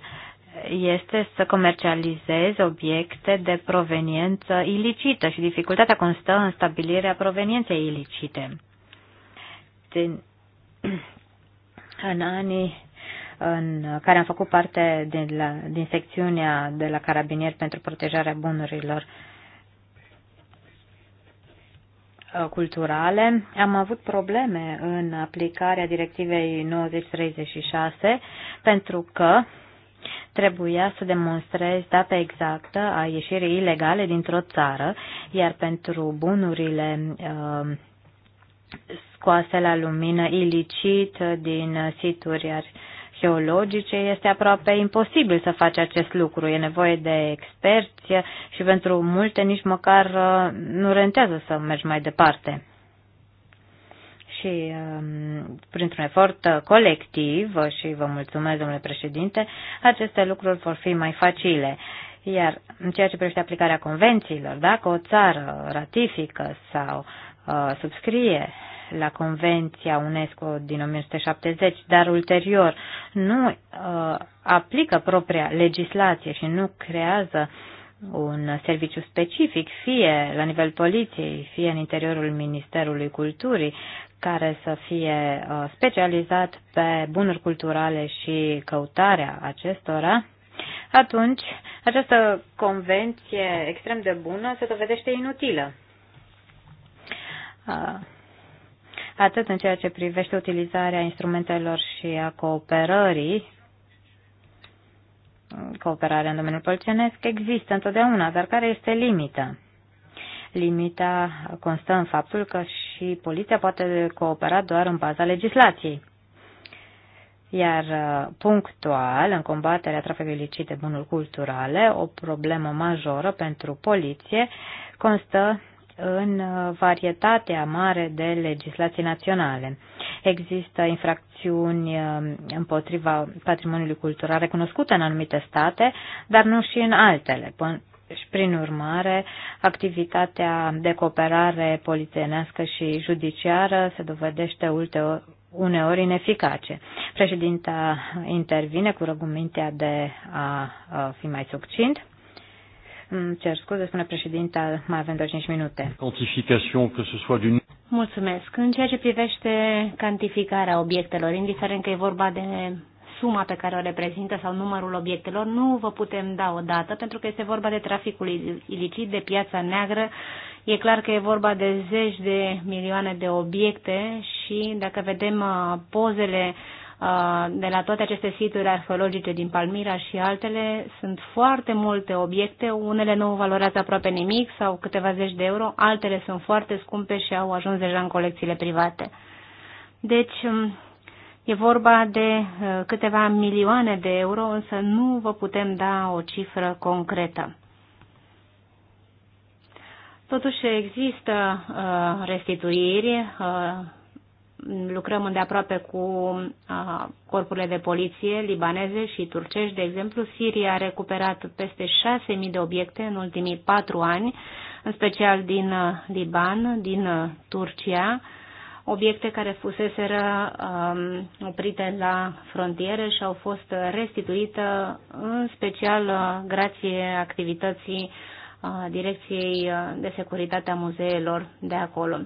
este să comercializezi obiecte de proveniență ilicită și dificultatea constă în stabilirea provenienței ilicite. Din, în anii în care am făcut parte din, la, din secțiunea de la carabinieri pentru protejarea bunurilor Uh, culturale. Am avut probleme în aplicarea directivei 9036 pentru că trebuia să demonstrezi data exactă a ieșirii ilegale dintr-o țară, iar pentru bunurile uh, scoase la lumină ilicit din situri uh, geologice, este aproape imposibil să faci acest lucru. E nevoie de experți și pentru multe nici măcar uh, nu rentează să mergi mai departe. Și um, printr-un efort uh, colectiv, uh, și vă mulțumesc, domnule președinte, aceste lucruri vor fi mai facile. Iar în ceea ce privește aplicarea convențiilor, dacă o țară ratifică sau uh, subscrie la Convenția UNESCO din 1970, dar ulterior nu uh, aplică propria legislație și nu creează un serviciu specific, fie la nivel poliției, fie în interiorul Ministerului Culturii, care să fie uh, specializat pe bunuri culturale și căutarea acestora, atunci această convenție extrem de bună se dovedește inutilă. Uh, atât în ceea ce privește utilizarea instrumentelor și a cooperării, cooperarea în domeniul polițienesc există întotdeauna, dar care este limita? Limita constă în faptul că și poliția poate coopera doar în baza legislației. Iar uh, punctual, în combaterea traficului ilicit de bunuri culturale, o problemă majoră pentru poliție constă în uh, varietatea mare de legislații naționale. Există infracțiuni um, împotriva patrimoniului cultural recunoscute în anumite state, dar nu și în altele. Și prin urmare, activitatea de cooperare polițienească și judiciară se dovedește uneori ineficace. Președinta intervine cu răgumintea de a fi mai succint cer scuze, spune președinta, mai avem doar 5 minute. Cantification, că ce soit din. Mulțumesc. În ceea ce privește cantificarea obiectelor, indiferent că e vorba de suma pe care o reprezintă sau numărul obiectelor, nu vă putem da o dată, pentru că este vorba de traficul ilicit, de piața neagră. E clar că e vorba de zeci de milioane de obiecte și dacă vedem uh, pozele uh, Uh, de la toate aceste situri arheologice din Palmira și altele, sunt foarte multe obiecte, unele nu valorează aproape nimic sau câteva zeci de euro, altele sunt foarte scumpe și au ajuns deja în colecțiile private. Deci, um, e vorba de uh, câteva milioane de euro, însă nu vă putem da o cifră concretă. Totuși există uh, restituiri lucrăm îndeaproape cu corpurile de poliție libaneze și turcești, de exemplu. Siria a recuperat peste 6.000 de obiecte în ultimii patru ani, în special din Liban, din Turcia, obiecte care fuseseră um, oprite la frontieră și au fost restituite, în special grație activității Direcției de Securitate a Muzeelor de acolo.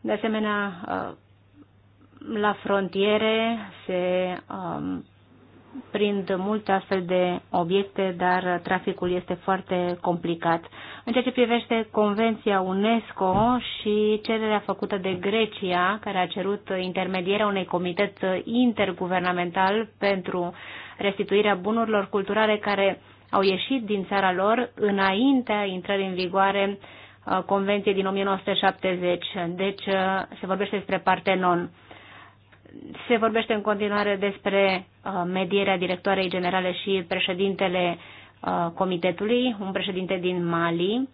De asemenea, la frontiere se um, prind multe astfel de obiecte, dar traficul este foarte complicat. În ceea ce privește Convenția UNESCO și cererea făcută de Grecia, care a cerut intermedierea unei comitet interguvernamental pentru restituirea bunurilor culturale care au ieșit din țara lor înaintea intrării în vigoare uh, Convenției din 1970. Deci uh, se vorbește despre Partenon se vorbește în continuare despre uh, medierea directoarei generale și președintele uh, comitetului, un președinte din Mali.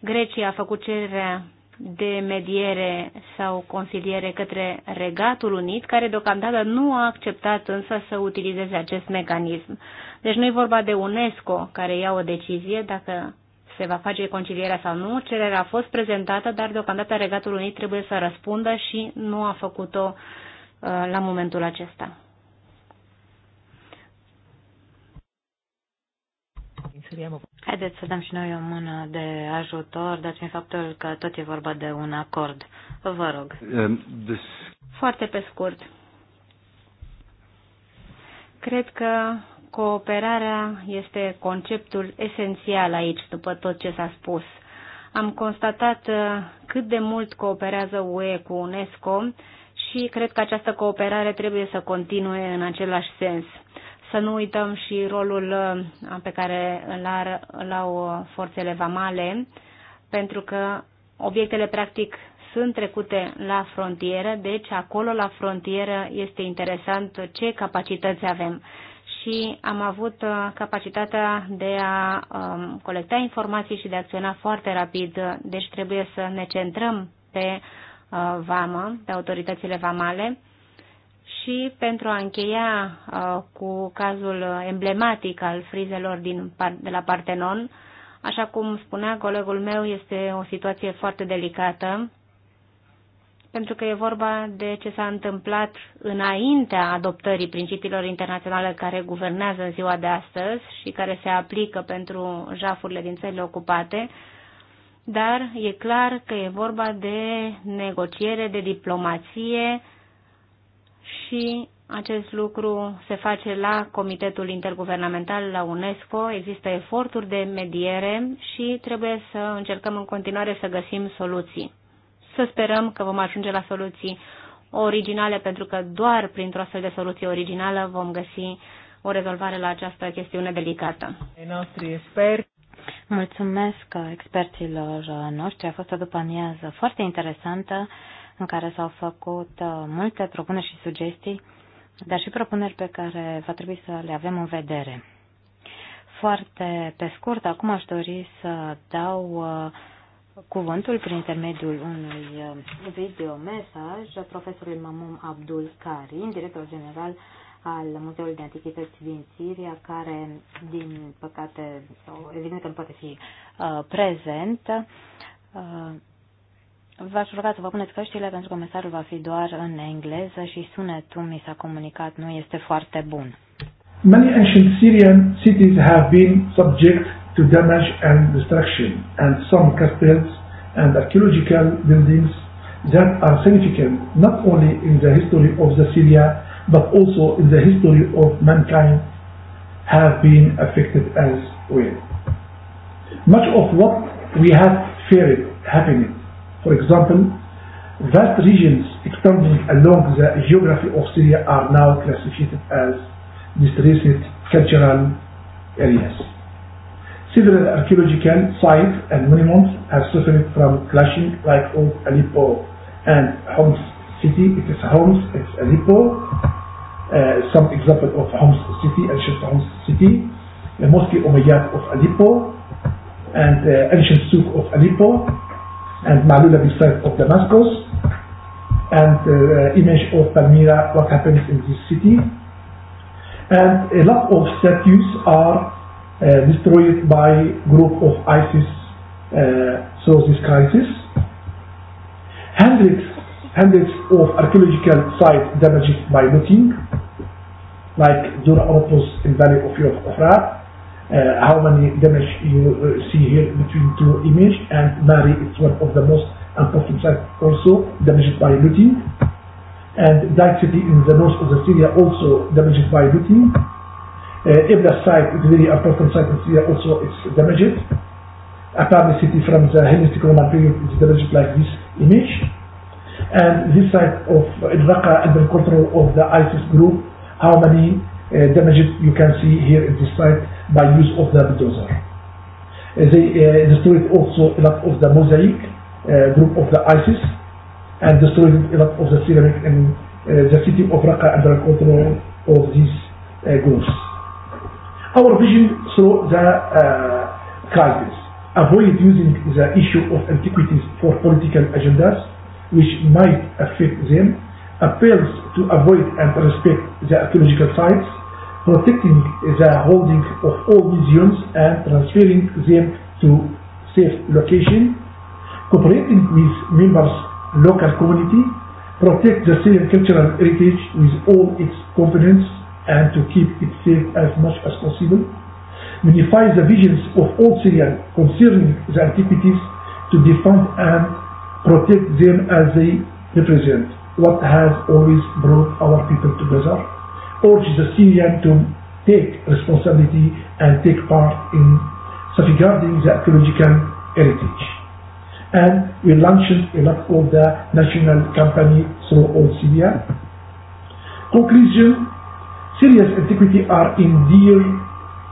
Grecia a făcut cererea de mediere sau consiliere către Regatul Unit, care deocamdată nu a acceptat însă să utilizeze acest mecanism. Deci nu e vorba de UNESCO care ia o decizie dacă se va face concilierea sau nu. Cererea a fost prezentată, dar deocamdată Regatul Unit trebuie să răspundă și nu a făcut-o uh, Uh, la momentul acesta. Haideți să dăm și noi o mână de ajutor, dați mi faptul că tot e vorba de un acord. Vă rog. Um, Foarte pe scurt. Cred că cooperarea este conceptul esențial aici, după tot ce s-a spus. Am constatat uh, cât de mult cooperează UE cu UNESCO și cred că această cooperare trebuie să continue în același sens. Să nu uităm și rolul uh, pe care îl, ar, îl au uh, forțele vamale, pentru că obiectele practic sunt trecute la frontieră, deci acolo la frontieră este interesant ce capacități avem și am avut uh, capacitatea de a um, colecta informații și de a acționa foarte rapid. Deci trebuie să ne centrăm pe Uh, vamă, de autoritățile vamale. Și pentru a încheia uh, cu cazul emblematic al frizelor din, de la Partenon, așa cum spunea colegul meu, este o situație foarte delicată, pentru că e vorba de ce s-a întâmplat înaintea adoptării principiilor internaționale care guvernează ziua de astăzi și care se aplică pentru jafurile din țările ocupate, dar e clar că e vorba de negociere, de diplomație și acest lucru se face la Comitetul Interguvernamental la UNESCO, există eforturi de mediere și trebuie să încercăm în continuare să găsim soluții. Să sperăm că vom ajunge la soluții originale, pentru că doar printr-o astfel de soluție originală vom găsi o rezolvare la această chestiune delicată. Ai noștri experți. Mulțumesc experților noștri. A fost o după amiază foarte interesantă în care s-au făcut uh, multe propuneri și sugestii, dar și propuneri pe care va trebui să le avem în vedere. Foarte pe scurt, acum aș dori să dau uh, cuvântul prin intermediul unui uh, video mesaj profesorului Mamum Abdul Karim, director general al Muzeului de Antichități din Siria, care, din păcate, sau evident că nu poate fi uh, prezent. Uh, V-aș ruga să vă puneți căștile pentru că mesajul va fi doar în engleză și sunetul mi s-a comunicat nu este foarte bun. Many ancient Syrian cities have been subject to damage and destruction and some castles and archaeological buildings that are significant not only in the history of the Syria but also in the history of mankind have been affected as well. Much of what we have feared happening, for example, vast regions extending along the geography of Syria are now classified as distressed cultural areas. Several archaeological sites and monuments have suffered from clashing like old Aleppo and Homs city, it is Homs, it's Aleppo, uh, some example of Homs city, ancient Homs city, uh, mostly Umayyad of Aleppo, and uh, ancient Souk of Aleppo, and Malula beside of Damascus, and uh, image of Palmyra, what happens in this city. And a lot of statues are uh, destroyed by group of ISIS uh, through this crisis. Hendricks hundreds of archaeological sites damaged by looting, like Dura Oropos in Valley of Yofra, uh, how many damage you uh, see here between two images, and Mari is one of the most important sites also damaged by looting, and Dyke City in the north of the Syria also damaged by looting. Uh, Ibla site is a very important site in Syria also it's damaged. Apparently city from the Hellenistic Roman period is damaged like this image. And this side of uh, Raqqa under control of the ISIS group, how many uh, damages you can see here in this side by use of the bulldozer. Uh, they uh, destroyed also a lot of the mosaic uh, group of the ISIS and destroyed a lot of the ceramic in uh, the city of Raqqa under control of these groups. Our vision saw the crisis. Avoid using the issue of antiquities for political agendas which might affect them, appeals to avoid and respect the archaeological sites, protecting the holding of all museums and transferring them to safe location, cooperating with members local community, protect the Syrian cultural heritage with all its components and to keep it safe as much as possible, unify the visions of all Syrians concerning the antiquities to defend and protect them as they represent what has always brought our people together. Urge the Syrian to take responsibility and take part in safeguarding the archaeological heritage. And we launched a lot of the national campaign through all Syria. Conclusion, Syria's antiquity are in dear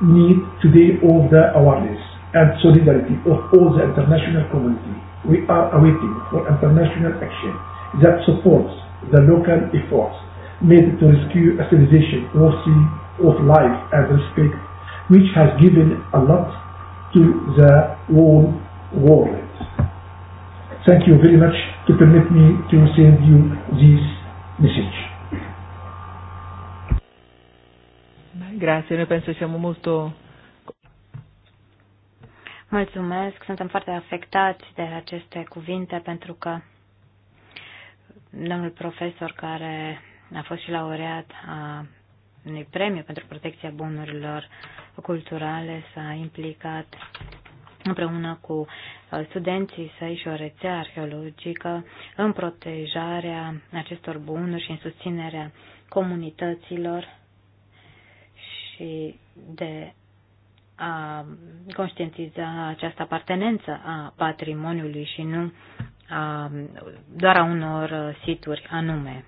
need today of the awareness and solidarity of all the international community. We are awaiting for international action that supports the local efforts made to rescue a civilization worthy of life and respect, which has given a lot to the whole world. Thank you very much to permit me to send you this message. Grazie, noi penso siamo molto Mulțumesc, suntem foarte afectați de aceste cuvinte pentru că domnul profesor care a fost și laureat a unui premiu pentru protecția bunurilor culturale s-a implicat împreună cu uh, studenții săi și o rețea arheologică în protejarea acestor bunuri și în susținerea comunităților și de a conștientiza această apartenență a patrimoniului și nu a, doar a unor situri anume.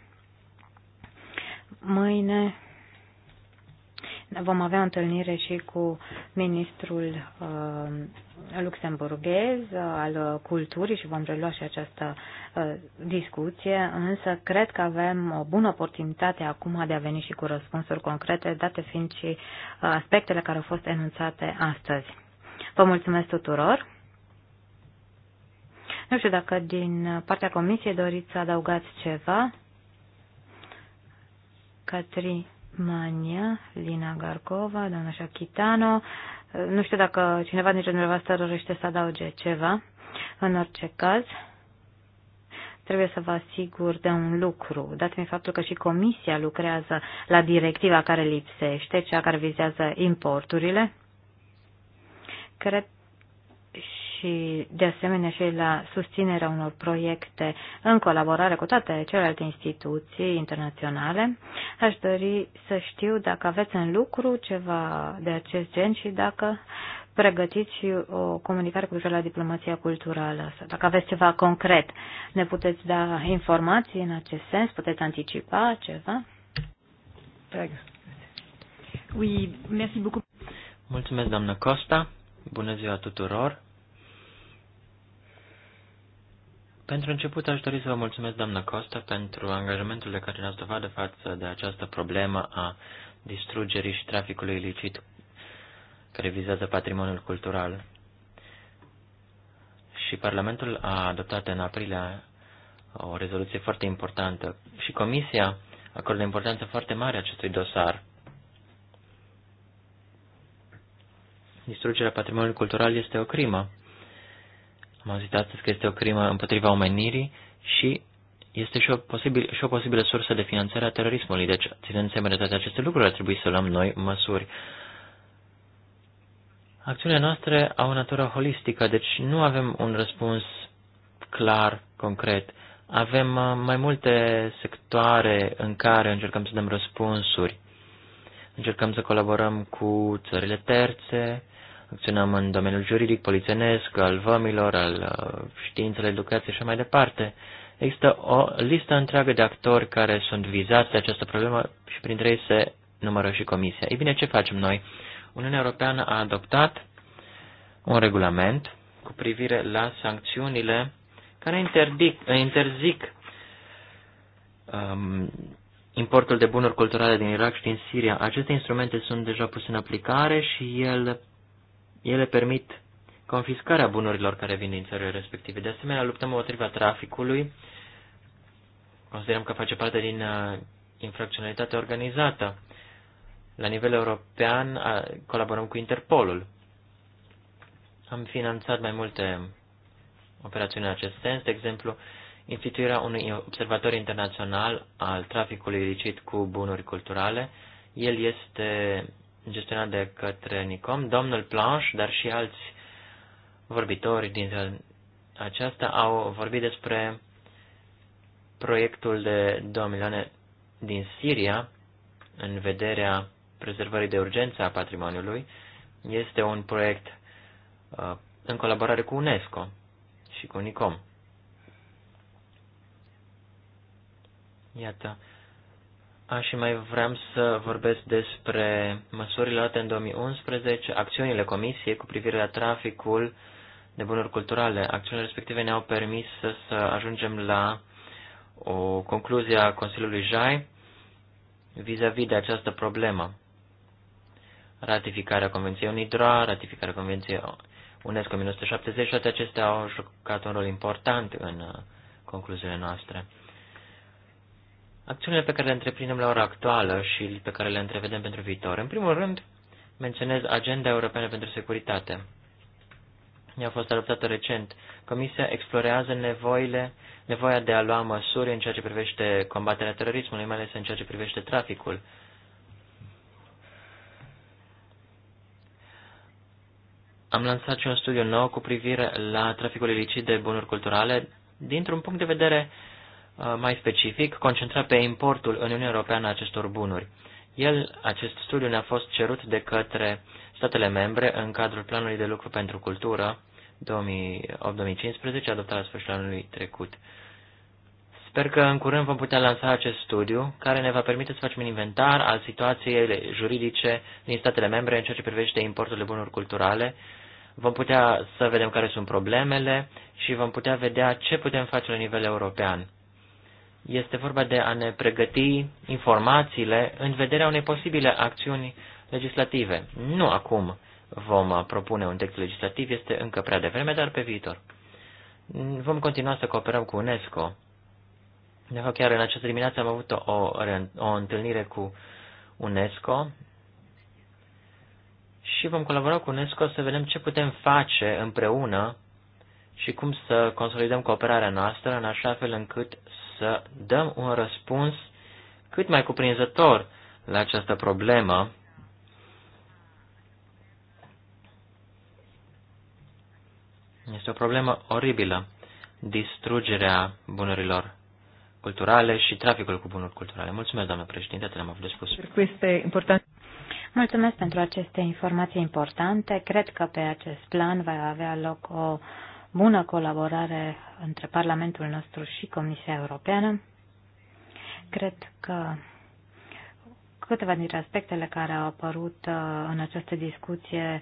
Mâine vom avea întâlnire și cu ministrul uh, luxemburghez uh, al culturii și vom relua și această uh, discuție, însă cred că avem o bună oportunitate acum de a veni și cu răspunsuri concrete, date fiind și uh, aspectele care au fost enunțate astăzi. Vă mulțumesc tuturor! Nu știu dacă din partea comisiei doriți să adăugați ceva. Catri Mania, Lina Garcova, doamna Shachitano, nu știu dacă cineva din genul voastră dorește să adauge ceva. În orice caz, trebuie să vă asigur de un lucru, Dați-mi faptul că și Comisia lucrează la directiva care lipsește, cea care vizează importurile. Cred și de asemenea și la susținerea unor proiecte în colaborare cu toate celelalte instituții internaționale. Aș dori să știu dacă aveți în lucru ceva de acest gen și dacă pregătiți și o comunicare cu la diplomația culturală. Sau dacă aveți ceva concret, ne puteți da informații în acest sens? Puteți anticipa ceva? Dragă. Oui, merci beaucoup. Mulțumesc, doamnă Costa. Bună ziua tuturor. Pentru început aș dori să vă mulțumesc, doamnă Costa, pentru angajamentul de care ne-ați dovadă față de această problemă a distrugerii și traficului ilicit care vizează patrimoniul cultural. Și Parlamentul a adoptat în aprilie o rezoluție foarte importantă și Comisia acordă importanță foarte mare acestui dosar. Distrugerea patrimoniului cultural este o crimă am auzit astăzi că este o crimă împotriva omenirii și este și o, posibil, și o posibilă sursă de finanțare a terorismului. Deci, ținând seama de toate aceste lucruri, ar trebui să luăm noi măsuri. Acțiunile noastre au o natură holistică, deci nu avem un răspuns clar, concret. Avem uh, mai multe sectoare în care încercăm să dăm răspunsuri. Încercăm să colaborăm cu țările terțe, Acționăm în domeniul juridic, polițenesc, al vămilor, al uh, științelor, educației și mai departe. Există o listă întreagă de actori care sunt vizați de această problemă și printre ei se numără și Comisia. Ei bine, ce facem noi? Uniunea Europeană a adoptat un regulament cu privire la sancțiunile care interdic, interzic um, importul de bunuri culturale din Irak și din Siria. Aceste instrumente sunt deja puse în aplicare și el ele permit confiscarea bunurilor care vin din țările respective. De asemenea, luptăm împotriva traficului. Considerăm că face parte din uh, infracționalitatea organizată. La nivel european uh, colaborăm cu Interpolul. Am finanțat mai multe operațiuni în acest sens, de exemplu, instituirea unui observator internațional al traficului ilicit cu bunuri culturale. El este gestionat de către Nicom. Domnul Planche, dar și alți vorbitori din aceasta au vorbit despre proiectul de 2 milioane din Siria în vederea prezervării de urgență a patrimoniului. Este un proiect uh, în colaborare cu UNESCO și cu NICOM. Iată, a, și mai vreau să vorbesc despre măsurile luate în 2011, acțiunile Comisiei cu privire la traficul de bunuri culturale. Acțiunile respective ne-au permis să, să ajungem la o concluzie a Consiliului JAI vis-a-vis de această problemă. Ratificarea Convenției UNIDRA, ratificarea Convenției UNESCO 1970, toate acestea au jucat un rol important în concluziile noastre acțiunile pe care le întreprindem la ora actuală și pe care le întrevedem pentru viitor. În primul rând, menționez Agenda Europeană pentru Securitate. Ea a fost adoptată recent. Comisia explorează nevoile, nevoia de a lua măsuri în ceea ce privește combaterea terorismului, mai ales în ceea ce privește traficul. Am lansat și un studiu nou cu privire la traficul ilicit de bunuri culturale dintr-un punct de vedere uh, Uh, mai specific, concentra pe importul în Uniunea Europeană a acestor bunuri. El, acest studiu ne-a fost cerut de către statele membre în cadrul Planului de Lucru pentru Cultură 2008-2015, adoptat la sfârșitul anului trecut. Sper că în curând vom putea lansa acest studiu, care ne va permite să facem un inventar al situației juridice din statele membre în ceea ce privește importul de bunuri culturale. Vom putea să vedem care sunt problemele și vom putea vedea ce putem face la nivel european. Este vorba de a ne pregăti informațiile în vederea unei posibile acțiuni legislative. Nu acum vom propune un text legislativ, este încă prea devreme, dar pe viitor. Vom continua să cooperăm cu UNESCO. De fapt, chiar în această dimineață am avut o, o întâlnire cu UNESCO și vom colabora cu UNESCO să vedem ce putem face împreună și cum să consolidăm cooperarea noastră în așa fel încât să dăm un răspuns cât mai cuprinzător la această problemă. Este o problemă oribilă, distrugerea bunurilor culturale și traficul cu bunuri culturale. Mulțumesc, doamnă președinte, te-am avut de spus. Mulțumesc pentru aceste informații importante. Cred că pe acest plan va avea loc o bună colaborare între Parlamentul nostru și Comisia Europeană. Cred că câteva dintre aspectele care au apărut uh, în această discuție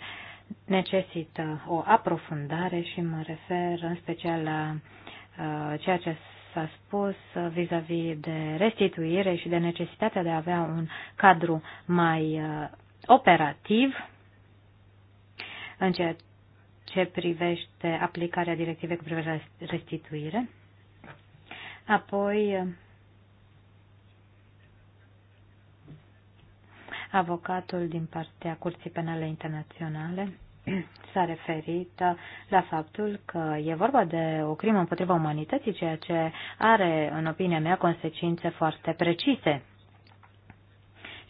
necesită o aprofundare și mă refer în special la uh, ceea ce s-a spus vis-a-vis -vis de restituire și de necesitatea de a avea un cadru mai uh, operativ în ceea ce privește aplicarea directivei cu privire la restituire. Apoi, avocatul din partea Curții Penale Internaționale s-a referit la faptul că e vorba de o crimă împotriva umanității, ceea ce are, în opinia mea, consecințe foarte precise.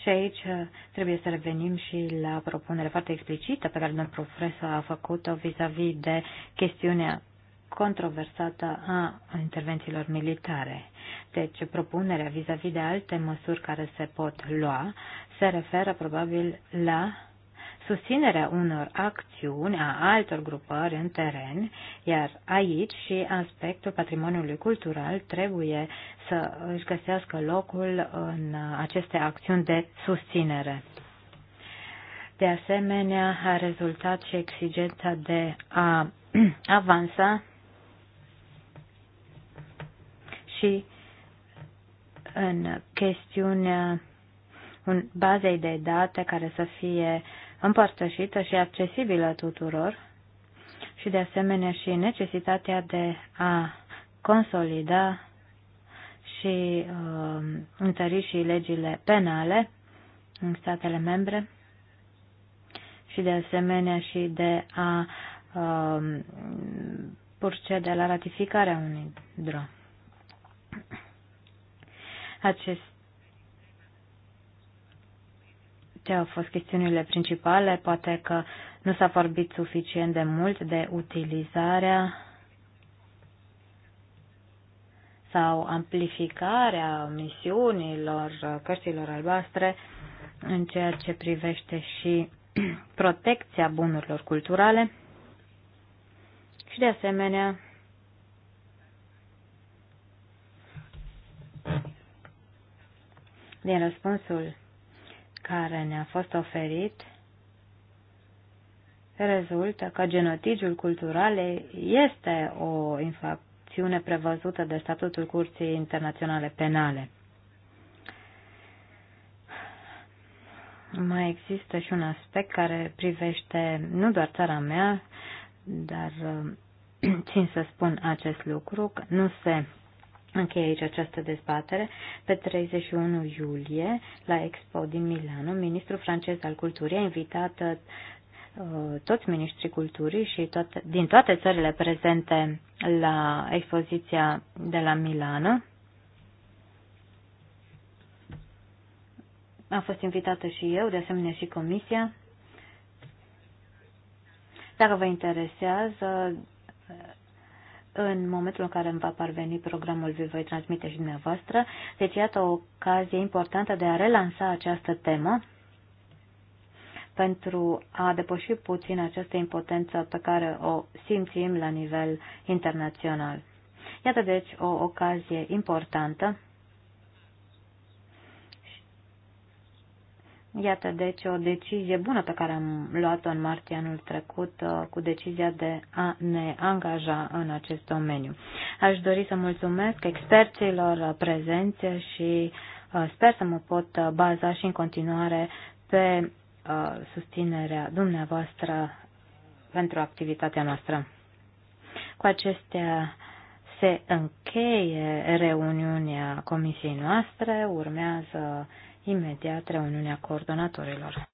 Și aici uh, trebuie să revenim și la propunerea foarte explicită pe care domnul profesor a făcut-o vis-a-vis de chestiunea controversată a intervențiilor militare. Deci, propunerea vis-a-vis -vis de alte măsuri care se pot lua se referă probabil la susținerea unor acțiuni a altor grupări în teren, iar aici și aspectul patrimoniului cultural trebuie să își găsească locul în aceste acțiuni de susținere. De asemenea, a rezultat și exigența de a avansa și în chestiunea în bazei de date care să fie împărtășită și accesibilă tuturor și de asemenea și necesitatea de a consolida și uh, întări și legile penale în statele membre și de asemenea și de a uh, um, procede la ratificarea unui drum. Acest ce deci, au fost chestiunile principale. Poate că nu s-a vorbit suficient de mult de utilizarea sau amplificarea misiunilor cărților albastre în ceea ce privește și protecția bunurilor culturale și de asemenea din răspunsul care ne-a fost oferit rezultă că genotigiul cultural este o infracțiune prevăzută de statutul Curții Internaționale Penale. Mai există și un aspect care privește nu doar țara mea, dar țin să spun acest lucru, că nu se Încheie aici această dezbatere. Pe 31 iulie, la Expo din Milano, ministrul francez al culturii a invitat uh, toți ministrii culturii și toate, din toate țările prezente la expoziția de la Milano. Am fost invitată și eu, de asemenea și comisia. Dacă vă interesează, în momentul în care îmi va parveni programul, vi voi transmite și dumneavoastră. Deci iată o ocazie importantă de a relansa această temă pentru a depăși puțin această impotență pe care o simțim la nivel internațional. Iată deci o ocazie importantă Iată deci o decizie bună pe care am luat-o în martie anul trecut uh, cu decizia de a ne angaja în acest domeniu. Aș dori să mulțumesc experților uh, prezenți și uh, sper să mă pot baza și în continuare pe susținerea dumneavoastră pentru activitatea noastră. Cu acestea se încheie reuniunea comisiei noastre, urmează imediat reuniunea coordonatorilor.